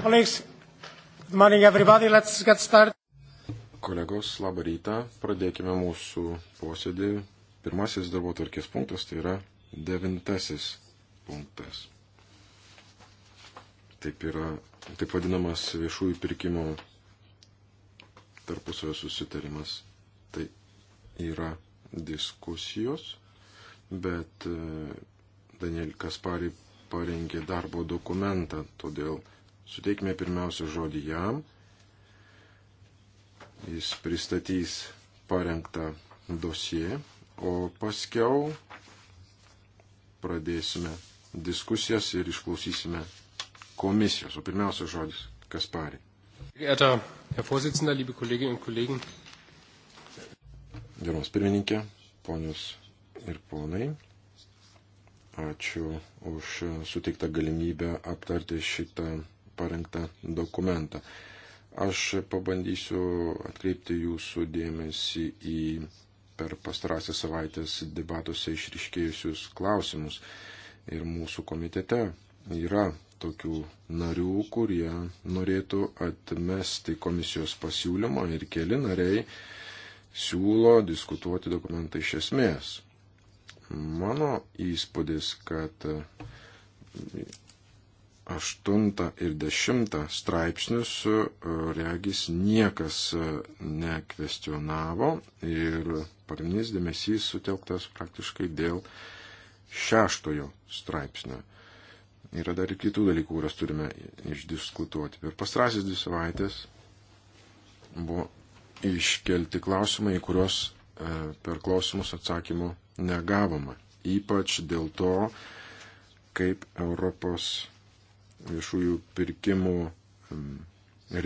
Kolegos, labą rytą. Pradėkime mūsų posėdį. Pirmasis darbo tvarkės punktas tai yra devintasis punktas. Taip yra taip vadinamas viešųjų pirkimų tarpusavio susitarimas. Tai yra diskusijos, bet e, Daniel Kaspari parengė darbo dokumentą, todėl Suteikime pirmiausia žodį jam. Jis pristatys parengtą dosiją, o paskiau pradėsime diskusijas ir išklausysime komisijos. O pirmiausia žodis Kaspari. Geehrter Herr Vorsitzender, liebe Kolleginnen und Kollegen. Gerbiamas pirmininkė, ponios ir ponai, ačiū už suteiktą galimybę aptarti šitą parengtą dokumentą. Aš pabandysiu atkreipti jūsų dėmesį į per pastarąsią savaitęs debatuose išriškėjusius klausimus. Ir mūsų komitete yra tokių narių, kurie norėtų atmesti komisijos pasiūlymą ir keli nariai siūlo diskutuoti dokumentą iš esmės. Mano įspūdis, kad 8 ir 10 straipsnius, e, regis, niekas e, nekvestionavo ir pagrindinis dėmesys sutelktas praktiškai dėl šeštojo straipsnio. Yra dar ir kitų dalykų, kurias turime išdiskutuoti. Per pastrasis dvi savaitės buvo iškelti klausimai, į kuriuos e, per klausimus atsakymų negavome. Ypač dėl to, kaip Europos viešųjų pirkimų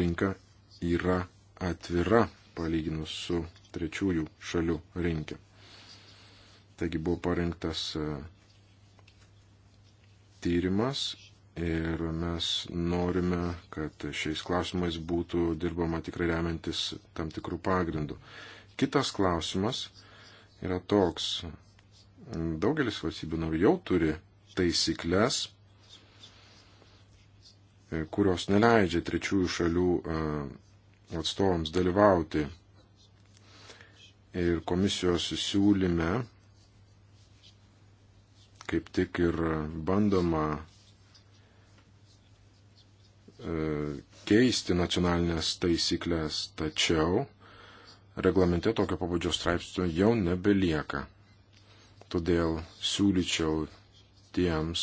rinka yra atvira palyginus su trečiųjų šalių rinkia. Taigi buvo parinktas e, tyrimas ir mes norime, kad šiais klausimais būtų dirbama tikrai remiantis tam tikrų pagrindų. Kitas klausimas yra toks. Daugelis valstybių narių jau turi taisyklės E, kurios neleidžia trečiųjų šalių e, atstovams dalyvauti. Ir komisijos siūlyme kaip tik ir bandoma e, keisti nacionalinės taisyklės, tačiau reglamente tokio pabudžio straipsnio jau nebelieka. Todėl siūlyčiau tiems,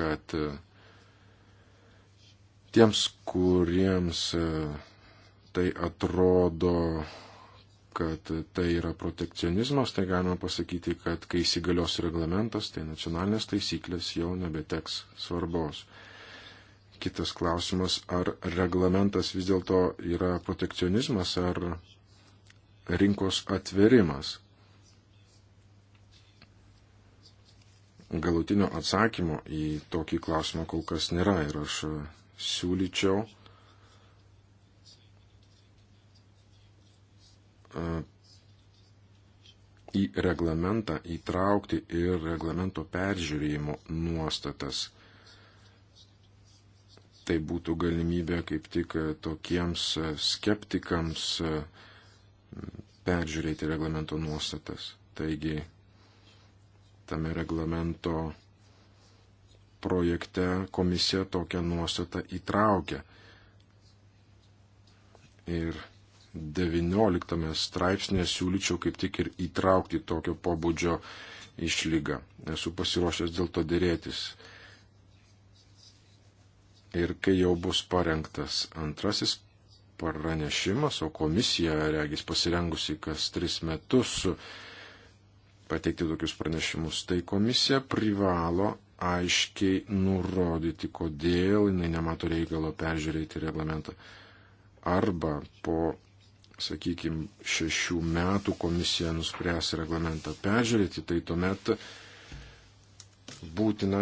kad Tiems, kuriems e, tai atrodo, kad tai yra protekcionizmas, tai galima pasakyti, kad kai įsigalios reglamentas, tai nacionalinės taisyklės jau nebeteks svarbos. Kitas klausimas, ar reglamentas vis dėlto yra protekcionizmas ar rinkos atverimas. Galutinio atsakymo į tokį klausimą kol kas nėra ir aš siūlyčiau e, į reglamentą įtraukti ir reglamento peržiūrėjimo nuostatas. Tai būtų galimybė kaip tik tokiems skeptikams peržiūrėti reglamento nuostatas. Taigi, tame reglamento projekte komisija tokią nuostatą įtraukia. Ir 19 straipsnė siūlyčiau kaip tik ir įtraukti tokio pobūdžio išlygą. Esu pasiruošęs dėl to dėrėtis. Ir kai jau bus parengtas antrasis pranešimas, o komisija regis pasirengusi kas tris metus pateikti tokius pranešimus, tai komisija privalo aiškiai nurodyti, kodėl jinai nemato reikalo peržiūrėti reglamentą. Arba po, sakykime, šešių metų komisija nuspręs reglamentą peržiūrėti, tai tuomet būtina,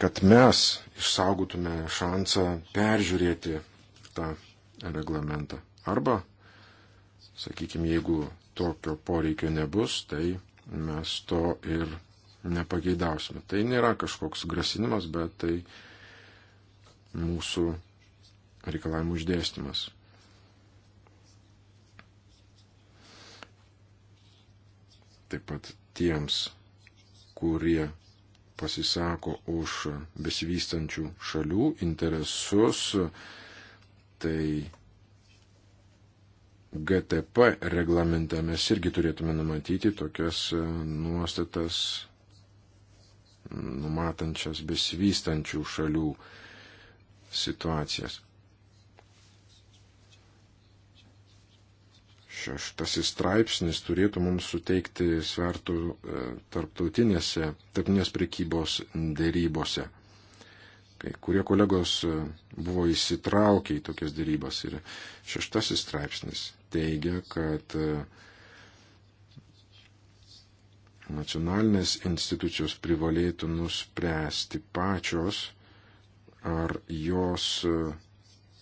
kad mes išsaugotume šansą peržiūrėti tą reglamentą. Arba, sakykime, jeigu tokio poreikio nebus, tai mes to ir nepageidausime. Tai nėra kažkoks grasinimas, bet tai mūsų reikalavimų išdėstymas. Taip pat tiems, kurie pasisako už besivystančių šalių interesus, tai GTP reglamente mes irgi turėtume numatyti tokias nuostatas numatančias besivystančių šalių situacijas. Šeštasis straipsnis turėtų mums suteikti svertų e, tarptautinėse, tarptautinės prekybos dėrybose. Kai kurie kolegos e, buvo įsitraukę į tokias dėrybas ir šeštasis straipsnis teigia, kad e, nacionalinės institucijos privalėtų nuspręsti pačios, ar jos e,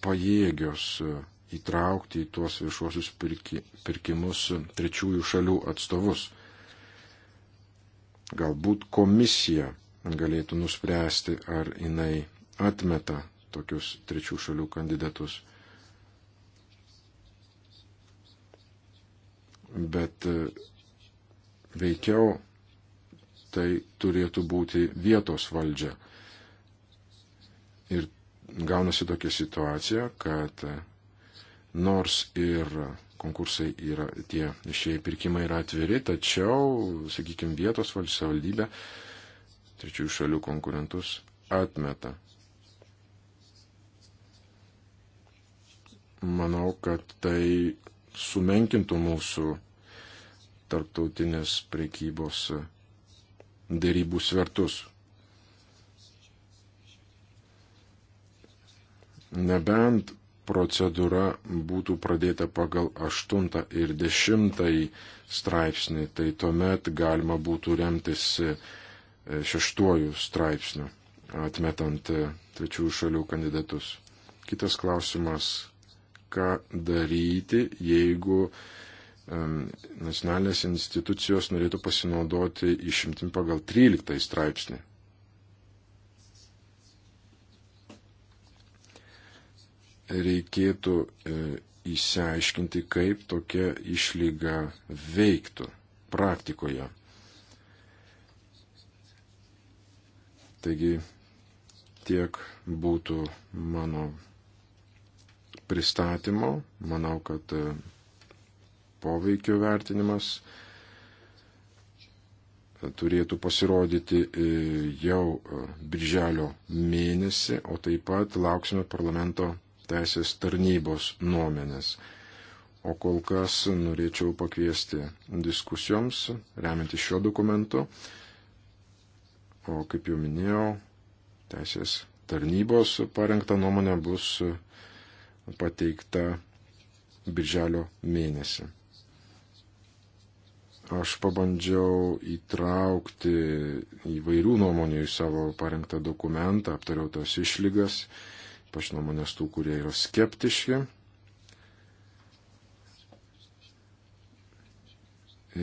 pajėgios e, įtraukti į tuos viešuosius pirki, pirkimus trečiųjų šalių atstovus. Galbūt komisija galėtų nuspręsti, ar jinai atmeta tokius trečių šalių kandidatus. Bet e, Veikiau tai turėtų būti vietos valdžia. Ir gaunasi tokia situacija, kad nors ir konkursai yra tie išėjai pirkimai yra atviri, tačiau, sakykime, vietos valdžia savivaldybė trečiųjų šalių konkurentus atmeta. Manau, kad tai sumenkintų mūsų tarptautinės prekybos dėrybų svertus. Nebent procedūra būtų pradėta pagal 8 ir 10 straipsnį, tai tuomet galima būtų remtis e, šeštuoju straipsniu, atmetant e, trečiųjų šalių kandidatus. Kitas klausimas, ką daryti, jeigu nacionalinės institucijos norėtų pasinaudoti išimtim pagal 13 straipsnį. Reikėtų e, įsiaiškinti, kaip tokia išlyga veiktų praktikoje. Taigi tiek būtų mano pristatymo. Manau, kad e, poveikio vertinimas turėtų pasirodyti e, jau e, birželio mėnesį, o taip pat lauksime parlamento teisės tarnybos nuomenės. O kol kas norėčiau pakviesti diskusijoms, remiantis šio dokumentu. O kaip jau minėjau, teisės tarnybos parengta nuomonė bus pateikta birželio mėnesį. Aš pabandžiau įtraukti įvairių nuomonių į savo parengtą dokumentą, aptariau tas išlygas, ypač nuomonės tų, kurie yra skeptiški.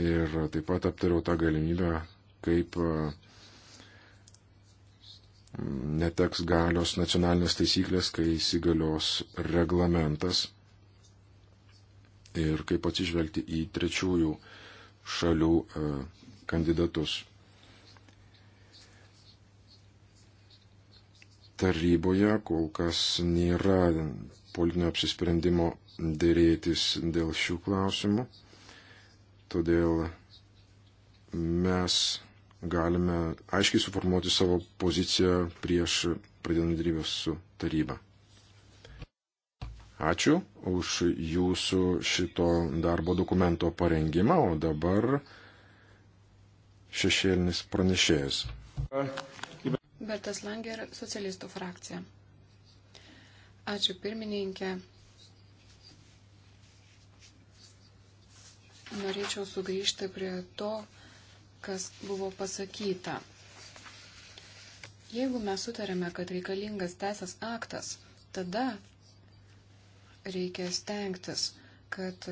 Ir taip pat aptariau tą galimybę, kaip e, neteks galios nacionalinės taisyklės, kai įsigalios reglamentas ir kaip atsižvelgti į trečiųjų šalių e, kandidatus. Taryboje kol kas nėra politinio apsisprendimo dėrėtis dėl šių klausimų, todėl mes galime aiškiai suformuoti savo poziciją prieš pradedant dėrybęs su taryba. Ačiū už jūsų šito darbo dokumento parengimą, o dabar šešėlinis pranešėjas. Bertas Langer, socialistų frakcija. Ačiū pirmininkė. Norėčiau sugrįžti prie to, kas buvo pasakyta. Jeigu mes sutarėme, kad reikalingas teisės aktas, tada reikia stengtis, kad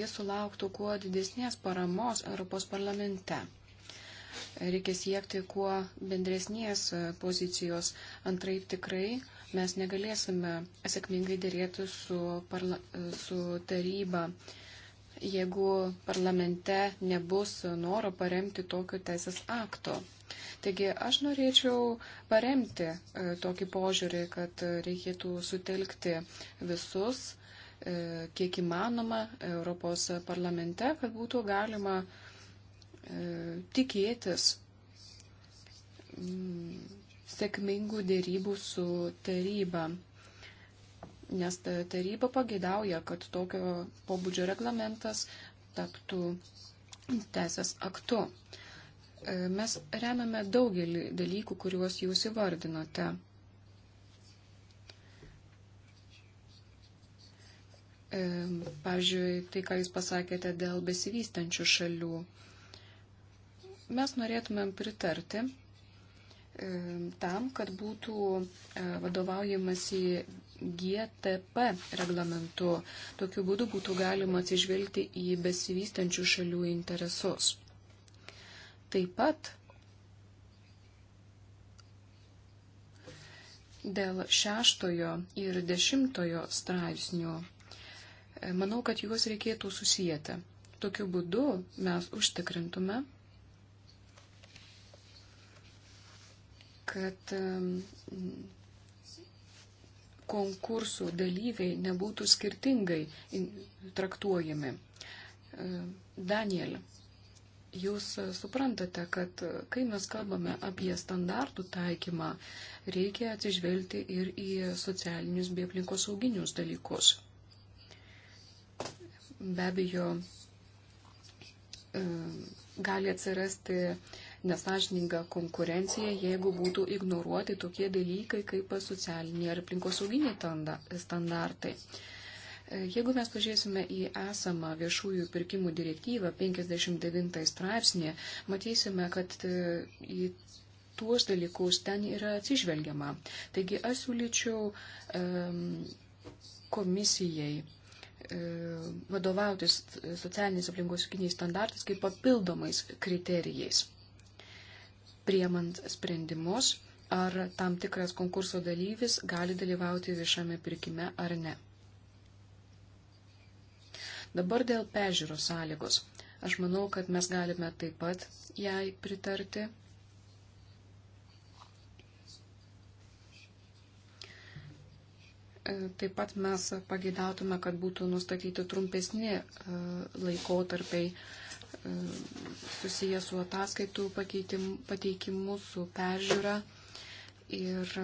jis sulauktų kuo didesnės paramos Europos parlamente. Reikia siekti kuo bendresnės e, pozicijos, antraip tikrai mes negalėsime sėkmingai dėrėti su, parla, e, su taryba. Uh, jeigu parlamente nebus noro paremti tokiu teisės akto. Taigi aš norėčiau paremti e, tokį požiūrį, kad reikėtų sutelkti visus, e, kiek įmanoma, Europos parlamente, kad būtų galima e, tikėtis m, mm, sėkmingų dėrybų su taryba nes taryba pagėdauja, kad tokio pobūdžio reglamentas taptų teisės aktu. E, mes remiame daugelį dalykų, kuriuos jūs įvardinote. E, pavyzdžiui, tai, ką jūs pasakėte dėl besivystančių šalių. Mes norėtumėm pritarti e, tam, kad būtų vadovaujamas į GTP reglamentu. Tokiu būdu būtų galima atsižvelgti į besivystančių šalių interesus. Taip pat dėl šeštojo ir dešimtojo straipsnių e, manau, kad juos reikėtų susijęti. Tokiu būdu mes užtikrintume, kad konkursų dalyviai nebūtų skirtingai traktuojami. E, Daniel, jūs suprantate, kad kai mes kalbame apie standartų taikymą, reikia atsižvelgti ir į socialinius bei aplinkos sauginius dalykus. Be abejo, e, gali atsirasti nesažininga konkurencija, jeigu būtų ignoruoti tokie dalykai kaip socialiniai ar aplinkosauginiai standartai. E, jeigu mes pažiūrėsime į esamą viešųjų pirkimų direktyvą 59 straipsnį, matysime, kad e, į tuos dalykus ten yra atsižvelgiama. Taigi aš siūlyčiau komisijai e, vadovautis socialiniais aplinkosauginiais standartais kaip papildomais kriterijais priemant sprendimus, ar tam tikras konkurso dalyvis gali dalyvauti viešame pirkime ar ne. Dabar dėl pežiūros sąlygos. Aš manau, kad mes galime taip pat jai pritarti. E, taip pat mes pagėdautume, kad būtų nustatyti trumpesni e, laikotarpiai susijęs su ataskaitų pateikimu, su peržiūra. Ir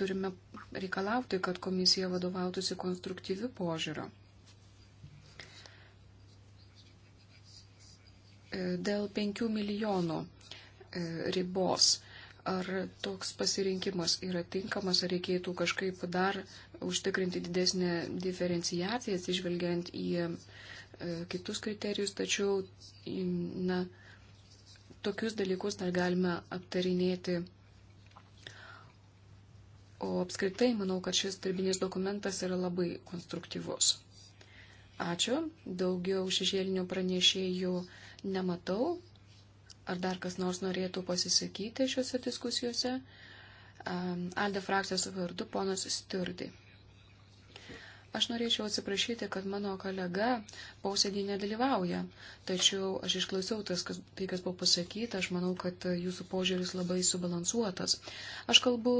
turime reikalauti, kad komisija vadovautųsi konstruktyviu požiūriu. Dėl 5 milijonų e, ribos ar toks pasirinkimas yra tinkamas, ar reikėtų kažkaip dar užtikrinti didesnę diferenciaciją, atsižvelgiant į e, kitus kriterijus, tačiau na, tokius dalykus dar galime aptarinėti. O apskritai manau, kad šis tarbinis dokumentas yra labai konstruktyvus. Ačiū, daugiau šešėlinių pranešėjų nematau. Ar dar kas nors norėtų pasisakyti šiuose diskusijose? Alde frakcijos vardu ponas Sturdi. Aš norėčiau atsiprašyti, kad mano kolega posėdį nedalyvauja, tačiau aš išklausiau tas, kas, tai, kas buvo pasakyta, aš manau, kad jūsų požiūris labai subalansuotas. Aš kalbu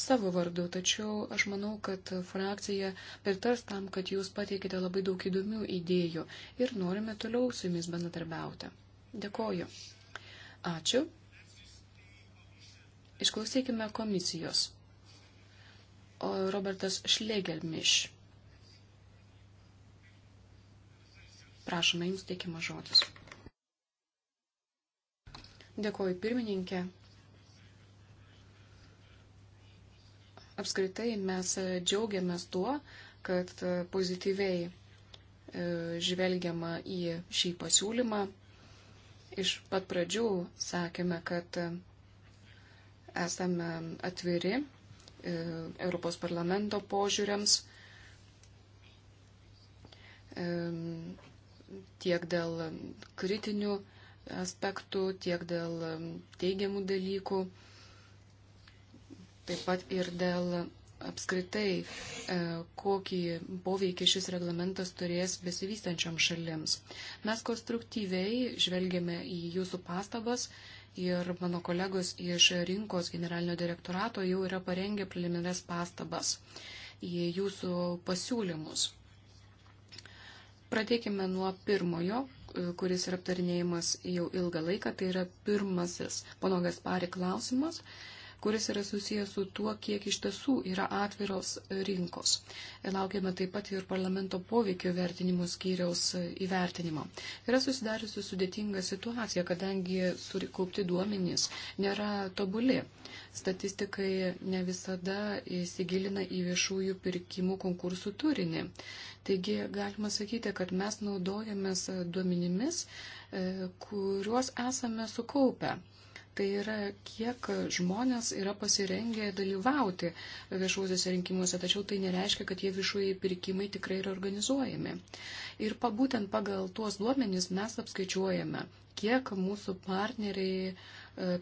savo vardu, tačiau aš manau, kad frakcija pritars tam, kad jūs pateikite labai daug įdomių idėjų ir norime toliau su jumis bendradarbiauti. Dėkoju. Ačiū. Išklausykime komisijos. Robertas Šlegelmiš. Prašome, jums teikimo žodis. Dėkuoju pirmininkė. Apskritai mes džiaugiamės tuo, kad pozityviai e, žvelgiama į šį pasiūlymą. Iš pat pradžių sakėme, kad e, esame atviri E, Europos parlamento požiūriams e, tiek dėl kritinių aspektų, tiek dėl teigiamų dalykų, taip pat ir dėl apskritai, e, kokį poveikį šis reglamentas turės besivystančiam šalims. Mes konstruktyviai žvelgėme į jūsų pastabas ir mano kolegos iš rinkos generalinio direktorato jau yra parengę preliminarias pastabas į jūsų pasiūlymus. Pradėkime nuo pirmojo, kuris yra aptarinėjimas jau ilgą laiką, tai yra pirmasis pono Gasparį klausimas kuris yra susijęs su tuo, kiek iš tiesų yra atviros rinkos. Laukiame taip pat ir parlamento poveikio vertinimų skyriaus įvertinimo. Yra susidariusi sudėtinga situacija, kadangi surikaupti duomenys nėra tobuli. Statistikai ne visada įsigilina į viešųjų pirkimų konkursų turinį. Taigi galima sakyti, kad mes naudojamės duomenimis, e, kuriuos esame sukaupę Tai yra, kiek žmonės yra pasirengę dalyvauti viešuosiuose rinkimuose, tačiau tai nereiškia, kad tie viešuojai pirkimai tikrai yra organizuojami. Ir pa, būtent pagal tuos duomenys mes apskaičiuojame, kiek mūsų partneriai e,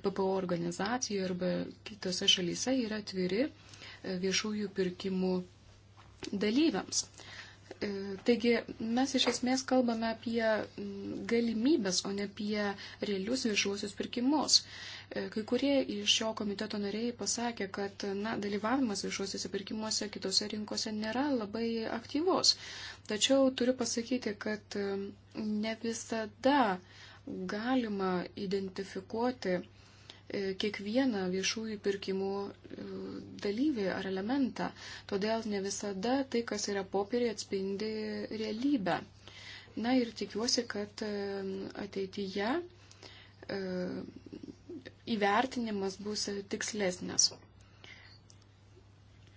PPO organizacijoje arba kitose šalyse yra atviri e, viešųjų pirkimų dalyviams. E, taigi mes iš esmės kalbame apie mm, galimybės, o ne apie realius viešuosius pirkimus. E, kai kurie iš šio komiteto nariai pasakė, kad na, dalyvavimas viešuosiuose pirkimuose kitose rinkose nėra labai aktyvus. Tačiau turiu pasakyti, kad mm, ne visada galima identifikuoti kiekvieną viešųjų pirkimų e, dalyvį ar elementą. Todėl ne visada tai, kas yra popieriai, atspindi realybę. Na ir tikiuosi, kad e, ateityje e, įvertinimas bus tikslesnis.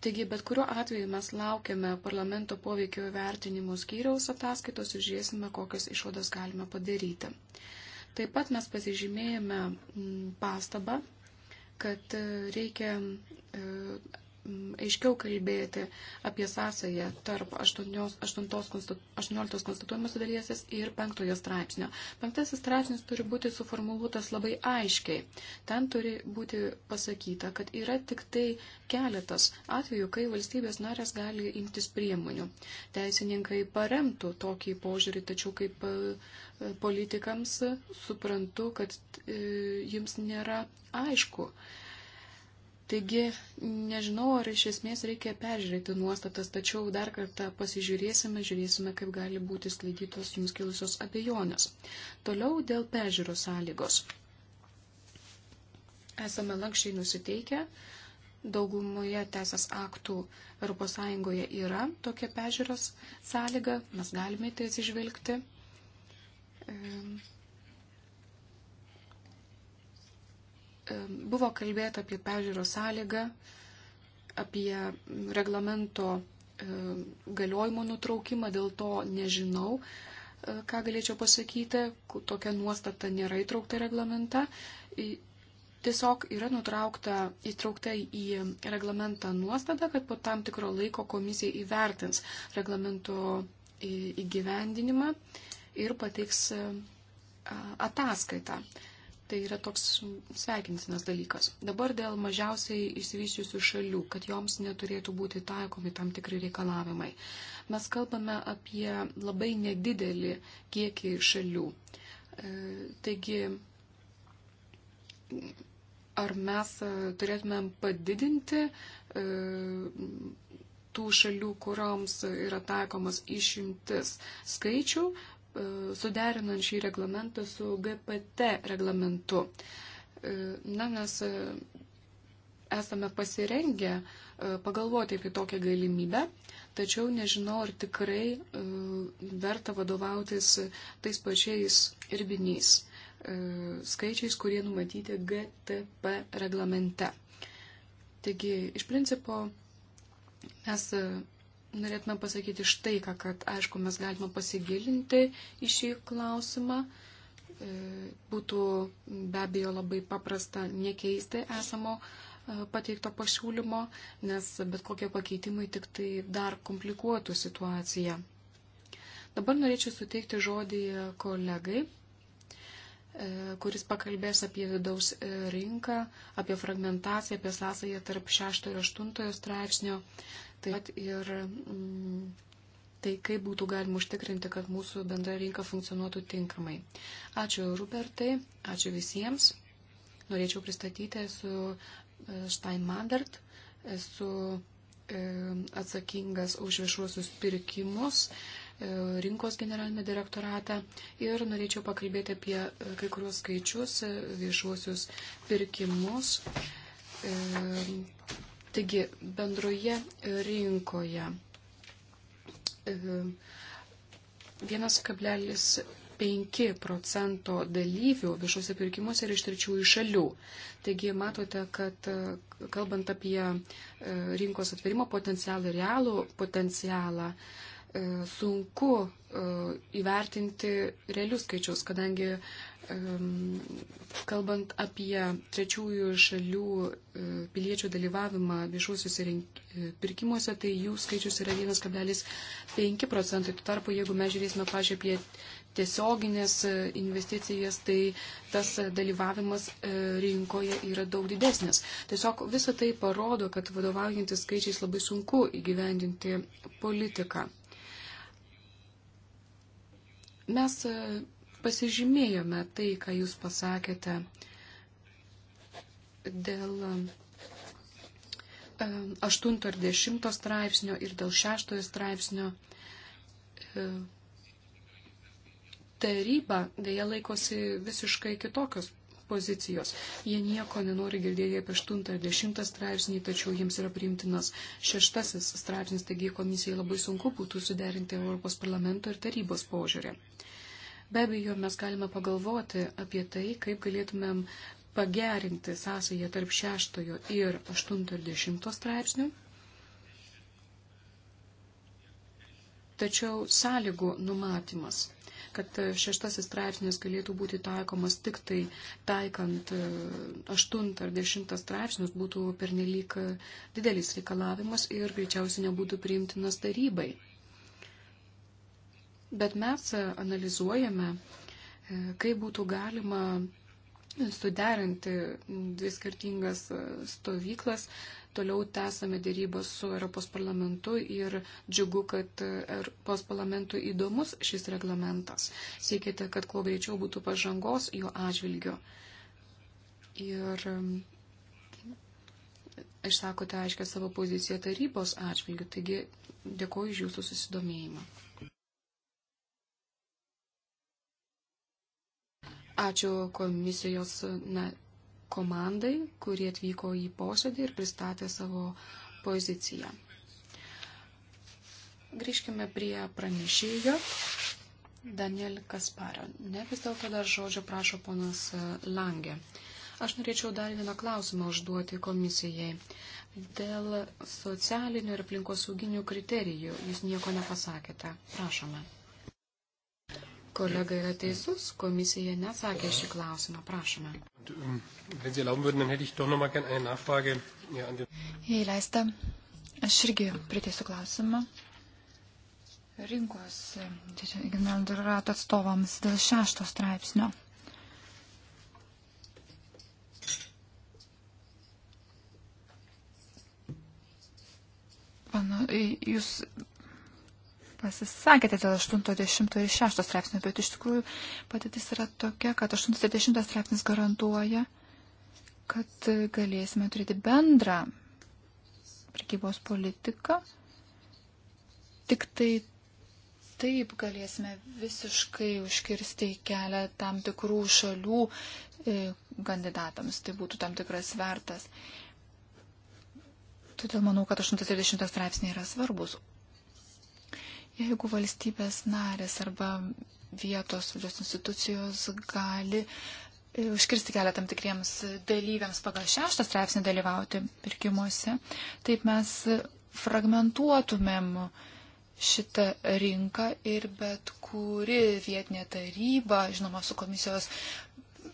Taigi, bet kuriuo atveju mes laukiame parlamento poveikio vertinimo skyriaus ataskaitos ir žiūrėsime, kokias išvadas galime padaryti. Taip pat mes pasižymėjome mm, pastabą, kad e, reikia e, mm, aiškiau kalbėti apie sąsąją tarp 18 konstatuojamos dalies ir 5 straipsnio. 5 straipsnis turi būti suformuluotas labai aiškiai. Ten turi būti pasakyta, kad yra tik tai keletas atvejų, kai valstybės narės gali imtis priemonių. Teisininkai paremtų tokį požiūrį, tačiau kaip e, politikams, suprantu, kad e, jums nėra aišku. Taigi, nežinau, ar iš esmės reikia peržiūrėti nuostatas, tačiau dar kartą pasižiūrėsime, žiūrėsime, kaip gali būti sklaidytos jums kilusios abejonės. Toliau dėl peržiūros sąlygos. Esame lankščiai nusiteikę, daugumoje teisės aktų ES yra tokia pežiūros sąlyga, mes galime tai atsižvelgti. Buvo kalbėta apie peržiūros sąlygą, apie reglamento galiojimo nutraukimą, dėl to nežinau, e, ką galėčiau pasakyti, tokia nuostata nėra įtraukta reglamente. Tiesiog yra nutraukta, įtraukta į reglamentą nuostata, kad po tam tikro laiko komisija įvertins reglamento įgyvendinimą. E, ir pateiks e, ataskaitą. Tai yra toks sveikintinas dalykas. Dabar dėl mažiausiai išsivyščiusių šalių, kad joms neturėtų būti taikomi tam tikri reikalavimai. Mes kalbame apie labai nedidelį kiekį šalių. E, taigi, ar mes e, turėtumėm padidinti tų šalių, kurioms yra taikomas išimtis skaičių, E, suderinant šį reglamentą su GPT reglamentu. E, na, mes e, esame pasirengę pagalvoti apie tokią galimybę, tačiau nežinau, ar tikrai verta vadovautis tais pačiais irbiniais skaičiais, kurie numatyti GTP reglamente. Taigi, iš principo, mes norėtume pasakyti štai ką, kad aišku, mes galime pasigilinti į šį klausimą. E, būtų be abejo labai paprasta nekeisti esamo e, pateikto pasiūlymo, nes bet kokie pakeitimai tik tai dar komplikuotų situaciją. Dabar norėčiau suteikti žodį kolegai E, kuris pakalbės apie vidaus e, rinką, apie fragmentaciją, apie sąsąją tarp 6 ir 8 straipsnio, taip pat ir mm, tai, kaip būtų galima užtikrinti, kad mūsų bendra rinka funkcionuotų tinkamai. Ačiū Rupertai, ačiū visiems. Norėčiau pristatyti su e, Steinmandert, esu atsakingas už viešuosius pirkimus. E, E, rinkos generalinį direktoratą ir norėčiau pakalbėti apie e, kai kuriuos skaičius, e, viešuosius pirkimus. Taigi, bendroje rinkoje 1,5 procento dalyvių viešuose pirkimuose yra iš trečiųjų šalių. Taigi matote, kad kalbant apie rinkos atvirimo potencialą ir realų potencialą, E, sunku e, įvertinti realius skaičius, kadangi e, kalbant apie trečiųjų šalių piliečių dalyvavimą viešuosiuose pirkimuose, tai jų skaičius yra 1,5 procentai. Tuo tarpu, jeigu mes žiūrėsime, pažiūrėjau, apie tiesioginės investicijas, tai tas dalyvavimas rinkoje yra daug didesnis. Tiesiog visa tai parodo, kad vadovaujantis skaičiais labai sunku įgyvendinti politiką. Mes e, pasižymėjome tai, ką jūs pasakėte dėl 8 ar 10 straipsnio ir dėl 6 straipsnio e, taryba dėja laikosi visiškai kitokios pozicijos. Jie nieko nenori girdėti apie 8 ar 10 straipsnį, tačiau jiems yra priimtinas 6 straipsnis, taigi komisijai labai sunku būtų suderinti Europos parlamento ir tarybos požiūrį. Be abejo, mes galime pagalvoti apie tai, kaip galėtumėm pagerinti sąsąją tarp 6 ir 8 ir 10 straipsnių. Tačiau sąlygų numatymas kad šeštasis straipsnis galėtų būti taikomas tik tai taikant e, aštuntą ar dešimtą straipsnius būtų pernelyg e, didelis reikalavimas ir greičiausiai nebūtų priimtinas tarybai. Bet mes e, analizuojame, kaip būtų galima suderinti dvi skirtingas stovyklas Toliau tęsame dėrybos su Europos parlamentu ir džiugu, kad Europos er, parlamentui įdomus šis reglamentas. Siekite, kad kuo greičiau būtų pažangos jo atžvilgiu. Ir e, išsakote aiškę savo poziciją tarybos atžvilgiu. Taigi dėkoju iš jūsų susidomėjimą. Ačiū komisijos na, komandai, kurie atvyko į posėdį ir pristatė savo poziciją. Grįžkime prie pranešėjo Daniel Kaspario. Ne vis dėlto dar žodžio prašo ponas e, Langė. Aš norėčiau dar vieną klausimą užduoti komisijai. Dėl socialinių ir aplinkosauginių kriterijų jūs nieko nepasakėte. Prašome. Kolega yra teisus, komisija nesakė šį klausimą, prašome. Ähm, Jei leista, aš irgi priteisiu klausimą rinkos e, generalinio direktorato atstovams dėl šešto straipsnio. Pana, e, jūs pasisakėte dėl 8, 10 ir 6 straipsnių, bet iš tikrųjų patirtis yra tokia, kad 8, 10 straipsnis garantuoja, kad galėsime turėti bendrą prekybos politiką. Tik tai taip galėsime visiškai užkirsti kelią tam tikrų šalių e, kandidatams. Tai būtų tam tikras vertas. Todėl manau, kad 80 straipsniai yra svarbus. Jeigu valstybės narės arba vietos valdžios institucijos gali e, užkirsti kelią tam tikriems dalyviams pagal šeštą straipsnį dalyvauti pirkimuose, taip mes fragmentuotumėm šitą rinką ir bet kuri vietinė taryba, žinoma, su komisijos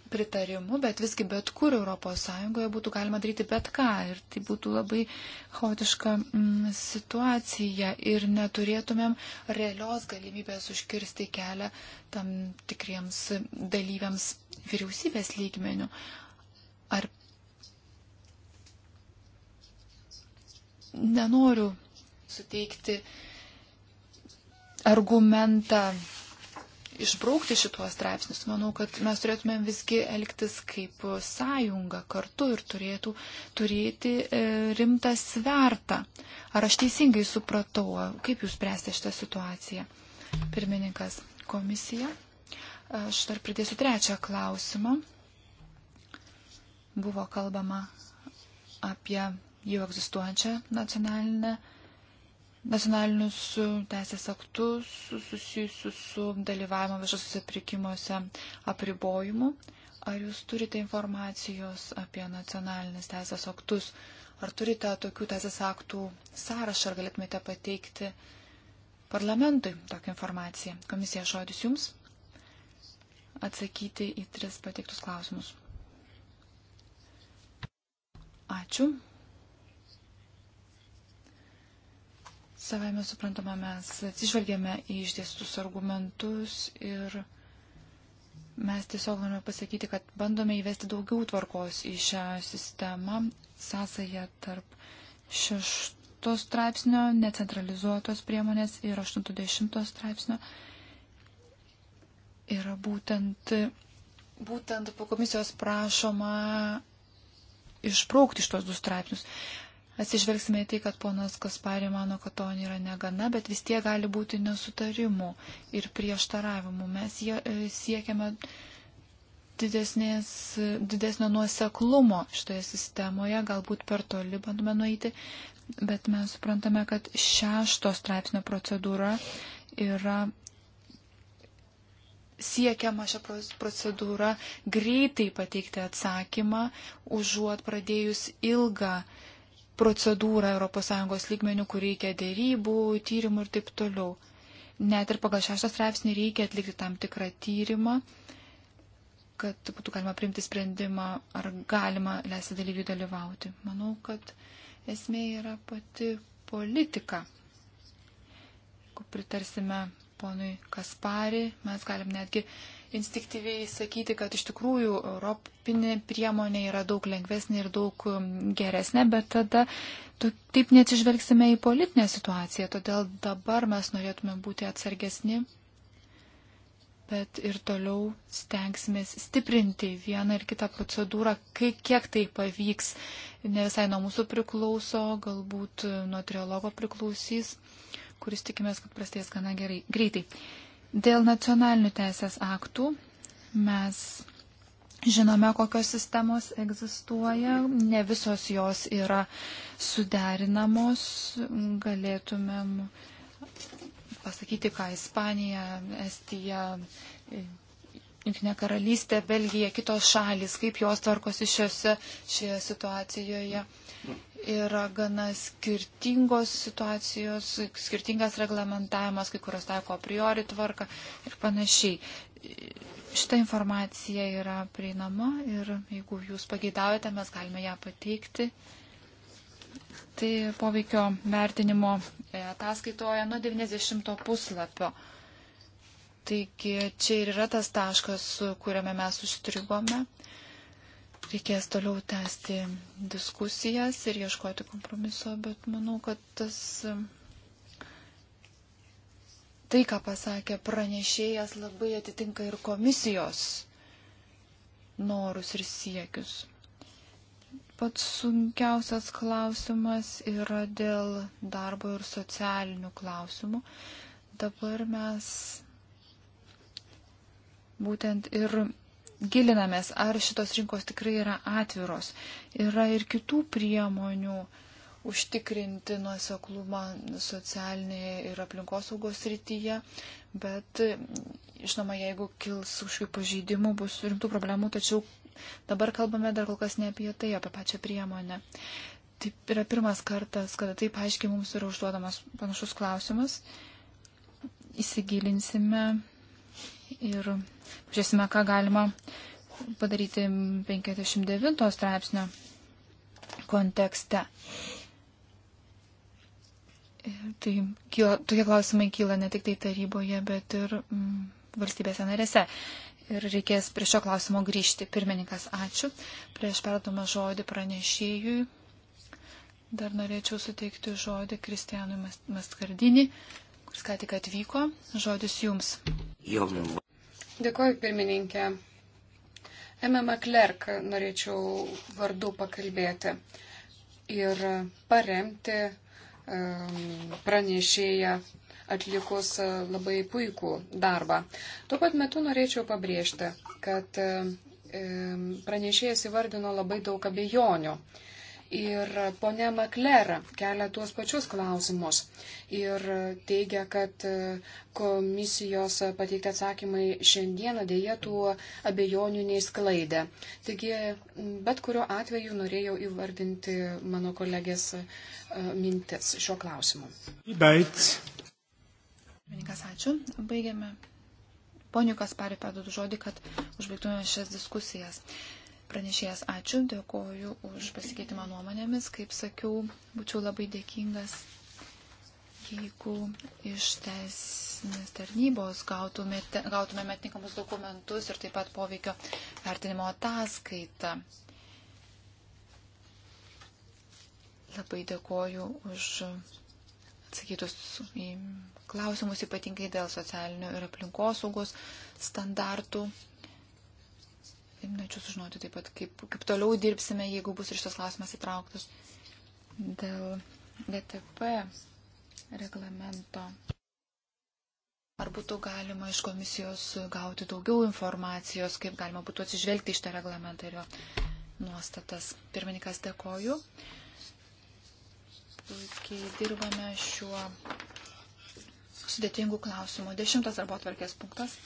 pritarimu, bet visgi bet kur ES būtų galima daryti bet ką ir tai būtų labai chaotiška mm, situacija ir neturėtumėm realios galimybės užkirsti kelią tam tikriems dalyviams vyriausybės lygmenių. Ar nenoriu suteikti argumentą išbraukti šituos straipsnius. Manau, kad mes turėtume visgi elgtis kaip sąjunga kartu ir turėtų turėti e, rimtą svertą. Ar aš teisingai supratau, kaip jūs spręsite šitą situaciją? Pirmininkas komisija. Aš dar pridėsiu trečią klausimą. Buvo kalbama apie jau egzistuojančią nacionalinę nacionalinius e, teisės aktus susijusius su dalyvavimo viešosiuose pirkimuose apribojimu. Ar jūs turite informacijos apie nacionalinius teisės aktus? Ar turite tokių teisės aktų sąrašą, ar galėtumėte pateikti parlamentui tokią informaciją? Komisija žodis jums atsakyti į tris pateiktus klausimus. Ačiū. Savai mes suprantama, mes atsižvelgėme į išdėstus argumentus ir mes tiesiog norime pasakyti, kad bandome įvesti daugiau tvarkos į šią sistemą, sąsąją tarp šešto straipsnio, necentralizuotos priemonės ir 80 straipsnio. Yra būtent, būtent po komisijos prašoma išbraukti šitos du straipsnius atsižvelgsime į tai, kad ponas Kasparė mano, kad to nėra negana, bet vis tiek gali būti nesutarimų ir prieštaravimų. Mes jie, e, siekiame didesnės, didesnio nuoseklumo šitoje sistemoje, galbūt per toli bandome nueiti, bet mes suprantame, kad šešto straipsnio procedūra yra siekiama šią procedūrą greitai pateikti atsakymą, užuot pradėjus ilgą uh, procedūrą ES lygmenių, kur reikia dėrybų, tyrimų ir taip toliau. Net ir pagal šeštą straipsnį reikia atlikti tam tikrą tyrimą, kad būtų galima priimti sprendimą, ar galima leisti dalyviui dalyvauti. Manau, kad esmė yra pati politika. Jeigu pritarsime ponui Kaspari, mes galim netgi instinktyviai sakyti, kad iš tikrųjų europinė priemonė yra daug lengvesnė ir daug um, geresnė, bet tada taip neatsižvelgsime į politinę situaciją. Todėl dabar mes norėtume būti atsargesni, bet ir toliau stengsimės stiprinti vieną ir kitą procedūrą, kai, kiek tai pavyks. Ne visai nuo mūsų priklauso, galbūt nuo triologo priklausys, kuris tikimės, kad prastės gana gerai, greitai. Dėl nacionalinių teisės aktų mes žinome, kokios sistemos egzistuoja, ne visos jos yra suderinamos, galėtumėm pasakyti, ką Ispanija, Estija, Junktinė karalystė, Belgija, kitos šalis, kaip jos tvarkosi šiose, šioje situacijoje yra gana skirtingos situacijos, skirtingas reglamentavimas, kai kurios taiko a priori tvarką ir panašiai. Šitą informaciją yra prieinama ir jeigu jūs pageidaujate, mes galime ją pateikti. Tai poveikio vertinimo e, ataskaitoje nuo 90 puslapio. Taigi čia ir yra tas taškas, kuriame mes užstrigome reikės toliau tęsti diskusijas ir ieškoti kompromiso, bet manau, kad tas tai, ką pasakė pranešėjas, labai atitinka ir komisijos norus ir siekius. Pats sunkiausias klausimas yra dėl darbo ir socialinių klausimų. Dabar mes būtent ir gilinamės, ar šitos rinkos tikrai yra atviros. Yra ir kitų priemonių užtikrinti nuoseklumą socialinėje ir aplinkosaugos rytyje, bet, žinoma, jeigu kils kažkokių pažeidimų, bus rimtų problemų, tačiau dabar kalbame dar kol kas ne apie tai, apie pačią priemonę. Tai yra pirmas kartas, kada taip aiškiai mums yra užduodamas panašus klausimas. Įsigilinsime ir pažiūrėsime, ką galima padaryti 59 straipsnio kontekste. Tai kyla, tokie klausimai kyla ne tik tai taryboje, bet ir mm, valstybėse narėse. Ir reikės prie šio klausimo grįžti. Pirmininkas, ačiū. Prieš perdamą žodį pranešėjui dar norėčiau suteikti žodį Kristijanui Maskardinį, kuris ką tik atvyko. Žodis jums. Jau Dėkuoju, pirmininkė. Emma Klerk norėčiau vardu pakalbėti ir paremti ehm, pranešėją atlikus e, labai puikų darbą. Tuo pat metu norėčiau pabrėžti, kad ehm, pranešėjas įvardino labai daug abejonių. Ir ponia Maklera kelia tuos pačius klausimus ir teigia, kad e, komisijos pateikti atsakymai šiandieną dėja tų abejonių neįsklaidė. Taigi, bet kuriuo atveju norėjau įvardinti mano kolegės e, mintis šiuo klausimu. Bet. Pirmininkas, ačiū. Baigiame. Poniukas paripėdų žodį, kad užbaigtume šias diskusijas pranešėjas, ačiū, dėkoju už pasikeitimą nuomonėmis. Kaip sakiau, būčiau labai dėkingas, jeigu iš teisinės tarnybos gautumėte, gautumėme tinkamus dokumentus ir taip pat poveikio vertinimo ataskaitą. Labai dėkoju už atsakytus į klausimus, ypatingai dėl socialinių ir aplinkosaugos standartų. Ir norėčiau sužinoti taip pat, kaip, kaip toliau dirbsime, jeigu bus ir šitas klausimas įtrauktas dėl DTP reglamento. Ar būtų galima iš komisijos gauti daugiau informacijos, kaip galima būtų atsižvelgti iš tą reglamentą ir jo nuostatas. Pirmininkas dėkoju. Puikiai dirbame šiuo sudėtingu klausimu. Dešimtas arba atvarkės punktas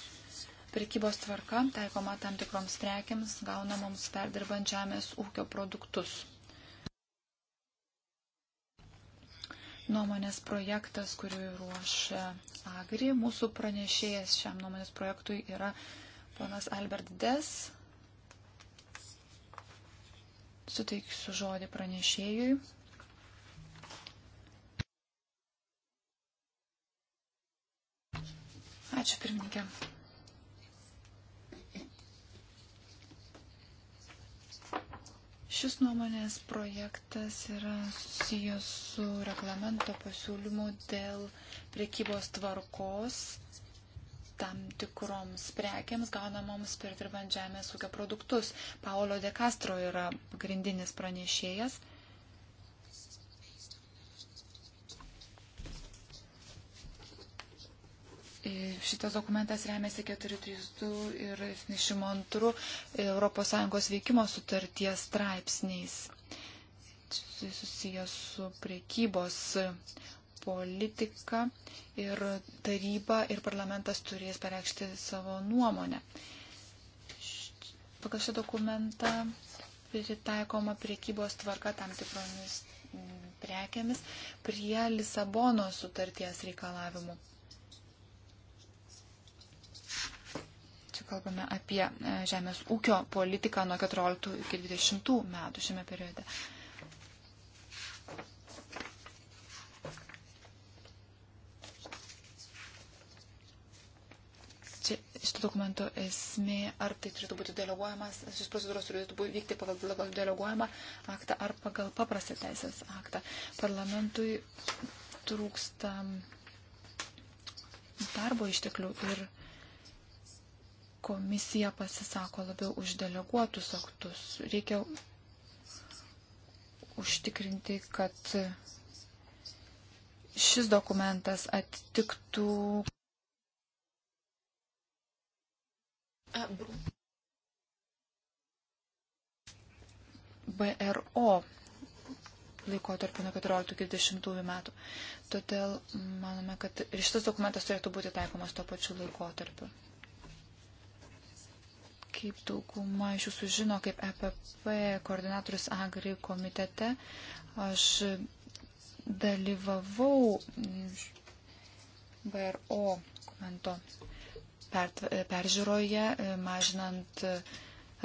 prekybos tvarka taikoma tam tikroms prekiams gaunamoms perdirbant žemės ūkio produktus. Nuomonės projektas, kurį ruošia Agri, mūsų pranešėjas šiam nuomonės projektui yra ponas Albert Des. Suteiksiu žodį pranešėjui. Ačiū pirmininkė. Šis nuomonės projektas yra susijęs su reglamento pasiūlymu dėl priekybos tvarkos tam tikroms prekiams gaunamoms per dirbant žemės ūkio produktus. Paolo De Castro yra pagrindinis pranešėjas. E, šitas dokumentas remiasi 432 ir 52 ES veikimo sutarties straipsniais susijęs su priekybos politika ir taryba ir parlamentas turės pareikšti savo nuomonę. Pagal šį dokumentą pritaikoma priekybos tvarka tam tikromis prekiamis prie Lisabono sutarties reikalavimų. kalbame apie e, žemės ūkio politiką nuo 14 iki 20 metų šiame periode. Čia šito dokumento esmė, ar tai turėtų būti deleguojamas, šis procedūros turėtų būti vykti pagal deleguojamą aktą ar pagal paprastą teisės aktą. Parlamentui trūksta darbo išteklių ir komisija pasisako labiau už deleguotus aktus. Reikia užtikrinti, kad šis dokumentas atitiktų. BRO laikotarpį nuo 14-20 metų. Todėl manome, kad ir šitas dokumentas turėtų būti taikomas tuo pačiu laikotarpiu kaip dauguma iš jūsų žino, kaip EPP koordinatorius Agri komitete, aš dalyvavau BRO komento peržiūroje, mažinant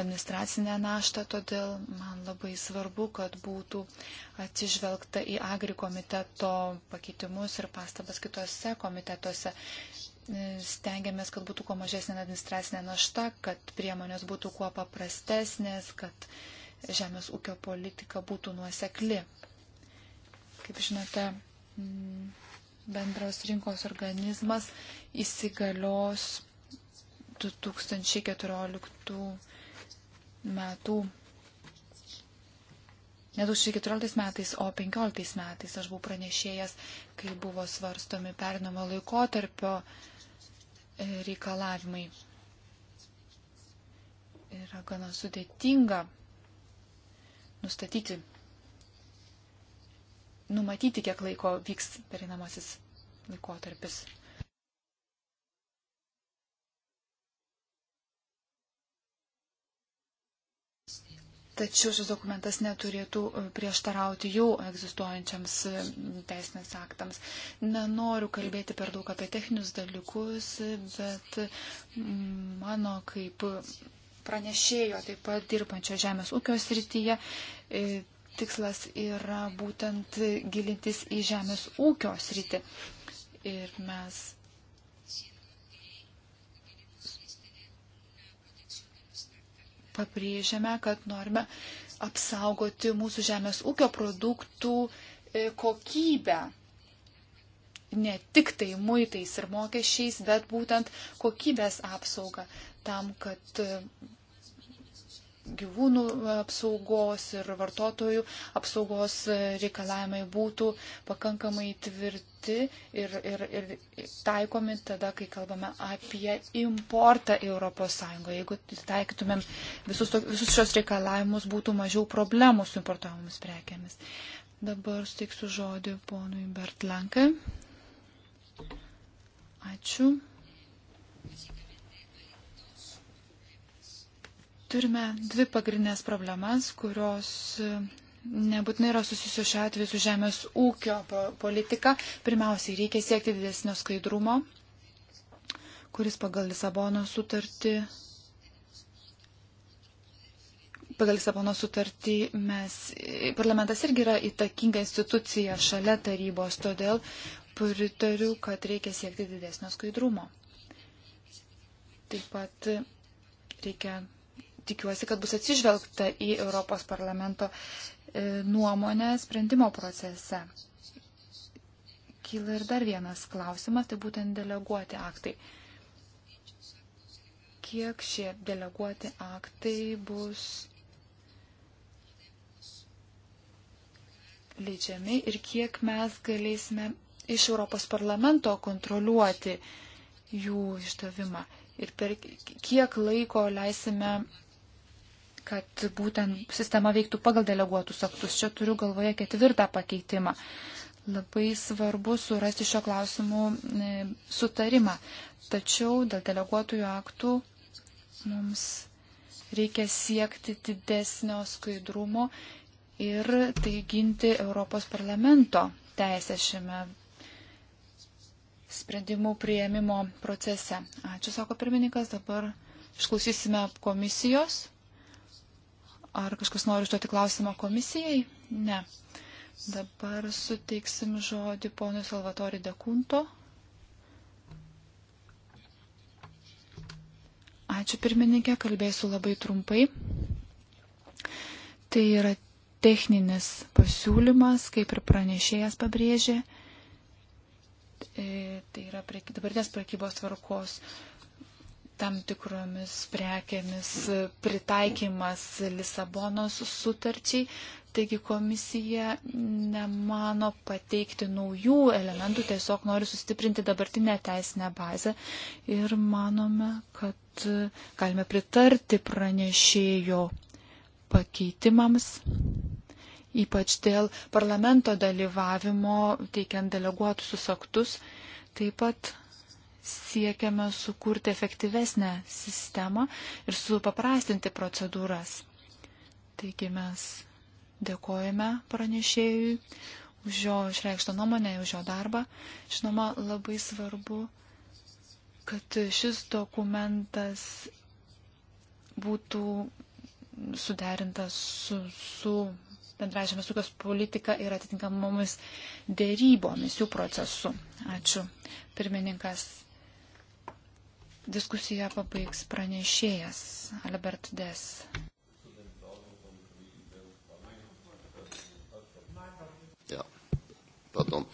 administracinę naštą, todėl man labai svarbu, kad būtų atsižvelgta į agri komiteto pakeitimus ir pastabas kitose komitetuose stengiamės, kad būtų kuo mažesnė administracinė našta, kad priemonės būtų kuo paprastesnės, kad žemės ūkio politika būtų nuosekli. Kaip žinote, mm, bendros rinkos organizmas įsigalios 2014 metų. Ne 2014 metais, o 2015 metais aš buvau pranešėjęs, kai buvo svarstomi pernamo laikotarpio tarpio reikalavimai. Yra gana sudėtinga nustatyti, numatyti, kiek laiko vyks perinamasis laikotarpis. tačiau šis dokumentas neturėtų e, prieštarauti jau egzistuojančiams e, teisinės aktams. Nenoriu kalbėti per daug apie techninius dalykus, bet mm, mano kaip pranešėjo taip pat dirbančio žemės ūkio srityje e, tikslas yra būtent gilintis į žemės ūkio sritį. Ir mes pabrėžiame, kad norime apsaugoti mūsų žemės ūkio produktų e, kokybę. Ne tik tai muitais ir mokesčiais, bet būtent kokybės apsauga tam, kad e, gyvūnų apsaugos ir vartotojų apsaugos e, reikalavimai būtų pakankamai tvirti priimti ir, ir, ir taikomi tada, kai kalbame apie importą į ES. Jeigu taikytumėm visus, to, visus šios reikalavimus, būtų mažiau problemų su importuojamomis prekiamis. Dabar steiksiu žodį ponui Bertlenkai. Ačiū. Turime dvi pagrindinės problemas, kurios nebūtinai yra susijusiu šiuo atveju su žemės ūkio politika. Pirmiausiai reikia siekti didesnio skaidrumo, kuris pagal Lisabono sutartį. Pagal Lisabono sutartį mes, parlamentas irgi yra įtakinga institucija šalia tarybos, todėl pritariu, kad reikia siekti didesnio skaidrumo. Taip pat reikia tikiuosi, kad bus atsižvelgta į Europos parlamento E, nuomonę sprendimo procese. Kyla ir dar vienas klausimas, tai būtent deleguoti aktai. Kiek šie deleguoti aktai bus leidžiami ir kiek mes galėsime iš Europos parlamento kontroliuoti jų išdavimą ir per kiek laiko leisime kad būtent sistema veiktų pagal deleguotus aktus. Čia turiu galvoje ketvirtą pakeitimą. Labai svarbu surasti šio klausimų e, sutarimą. Tačiau dėl deleguotųjų aktų mums reikia siekti didesnio skaidrumo ir tai ginti Europos parlamento teisę šiame sprendimų prieimimo procese. Ačiū, sako pirmininkas, dabar išklausysime komisijos. Ar kažkas nori užduoti klausimą komisijai? Ne. Dabar suteiksim žodį ponui Salvatori Dekunto. Ačiū pirmininkė, kalbėsiu labai trumpai. Tai yra techninis pasiūlymas, kaip ir pranešėjas pabrėžė. E, tai yra dabartės prekybos tvarkos tam tikromis prekėmis pritaikymas Lisabonos sutarčiai. Taigi komisija nemano pateikti naujų elementų, tiesiog nori sustiprinti dabartinę teisinę bazę ir manome, kad galime pritarti pranešėjo pakeitimams, ypač dėl parlamento dalyvavimo teikiant deleguotusius aktus. Taip pat siekiame sukurti efektyvesnę sistemą ir supaprastinti procedūras. Taigi mes dėkojame pranešėjui už jo išreikštą nuomonę, už jo darbą. Žinoma, labai svarbu, kad šis dokumentas būtų suderintas su, su bendražėmės tokios politika ir atitinkamomis dėrybomis jų procesu. Ačiū, pirmininkas. Diskusiją pabaigs pranešėjas Albert Des. Ja, pardon.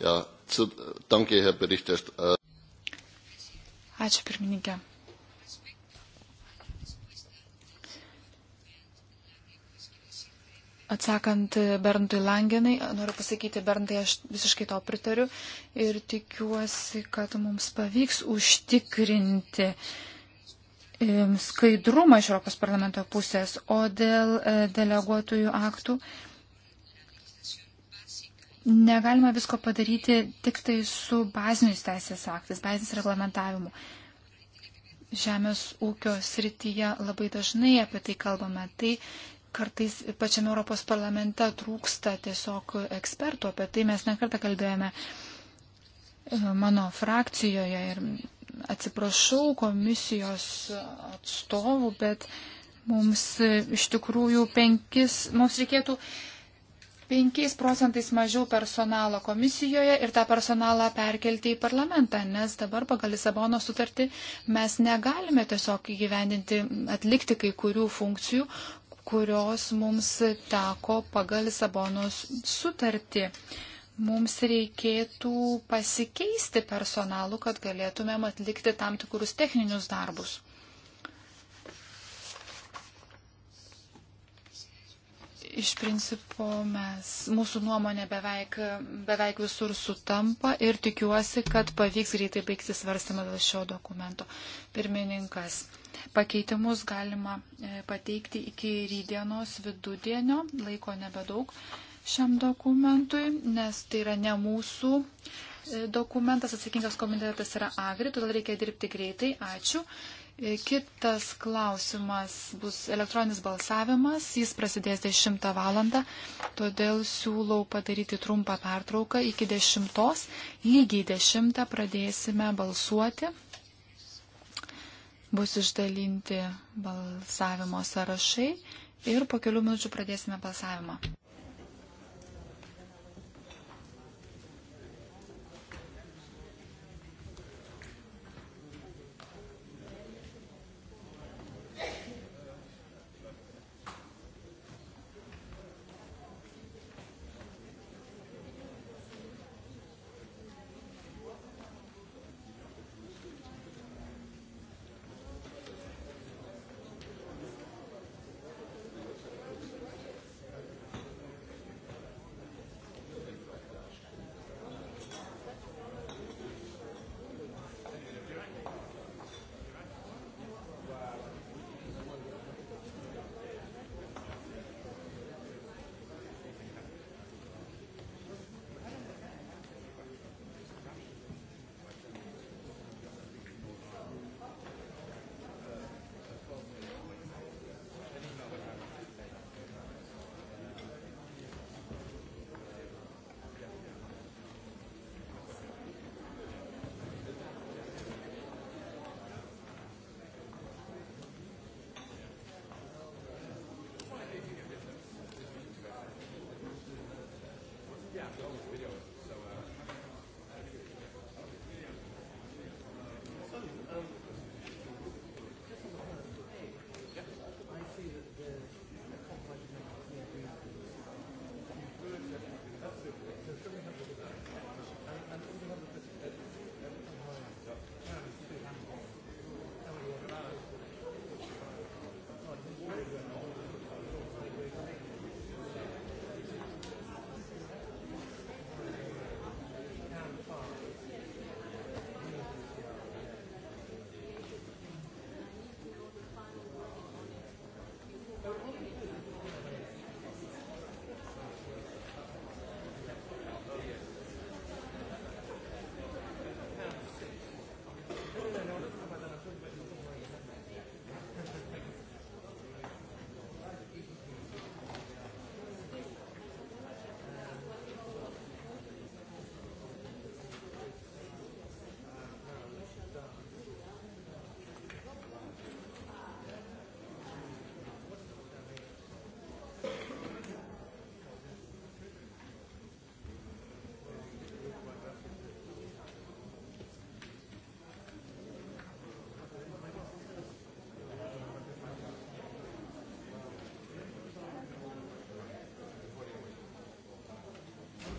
Ja, zu, danke, Herr Berichterstatter. Ačiū pirmininkė. Atsakant Berntui Langenai, noriu pasakyti, Berntai, aš visiškai to pritariu ir tikiuosi, kad mums pavyks užtikrinti skaidrumą iš Europos parlamento pusės, o dėl e, deleguotųjų aktų negalima visko padaryti tik tai su baziniais teisės aktais, bazinis reglamentavimu. Žemės ūkio srityje labai dažnai apie tai kalbame. Tai kartais pačiame Europos parlamente trūksta tiesiog ekspertų, apie tai mes nekartą kalbėjome e, mano frakcijoje ir atsiprašau komisijos atstovų, bet mums e, iš tikrųjų penkis, mums reikėtų 5 procentais mažiau personalo komisijoje ir tą personalą perkelti į parlamentą, nes dabar pagal Lisabono sutartį mes negalime tiesiog įgyvendinti, atlikti kai kurių funkcijų, kurios mums teko pagal Lisabonos sutartį. Mums reikėtų pasikeisti personalu, kad galėtumėm atlikti tam tikrus techninius darbus. Iš principo mes, mūsų nuomonė beveik, beveik visur sutampa ir tikiuosi, kad pavyks greitai baigti svarstymą dėl šio dokumento. Pirmininkas. Pakeitimus galima e, pateikti iki rydienos vidudienio, laiko nebedaug šiam dokumentui, nes tai yra ne mūsų e, dokumentas, atsakingas komitetas yra agri, todėl reikia dirbti greitai. Ačiū. E, kitas klausimas bus elektroninis balsavimas, jis prasidės 10 val. Todėl siūlau padaryti trumpą pertrauką iki 10. Lygiai 10 pradėsime balsuoti bus išdalinti balsavimo sąrašai ir po kelių minučių pradėsime balsavimą.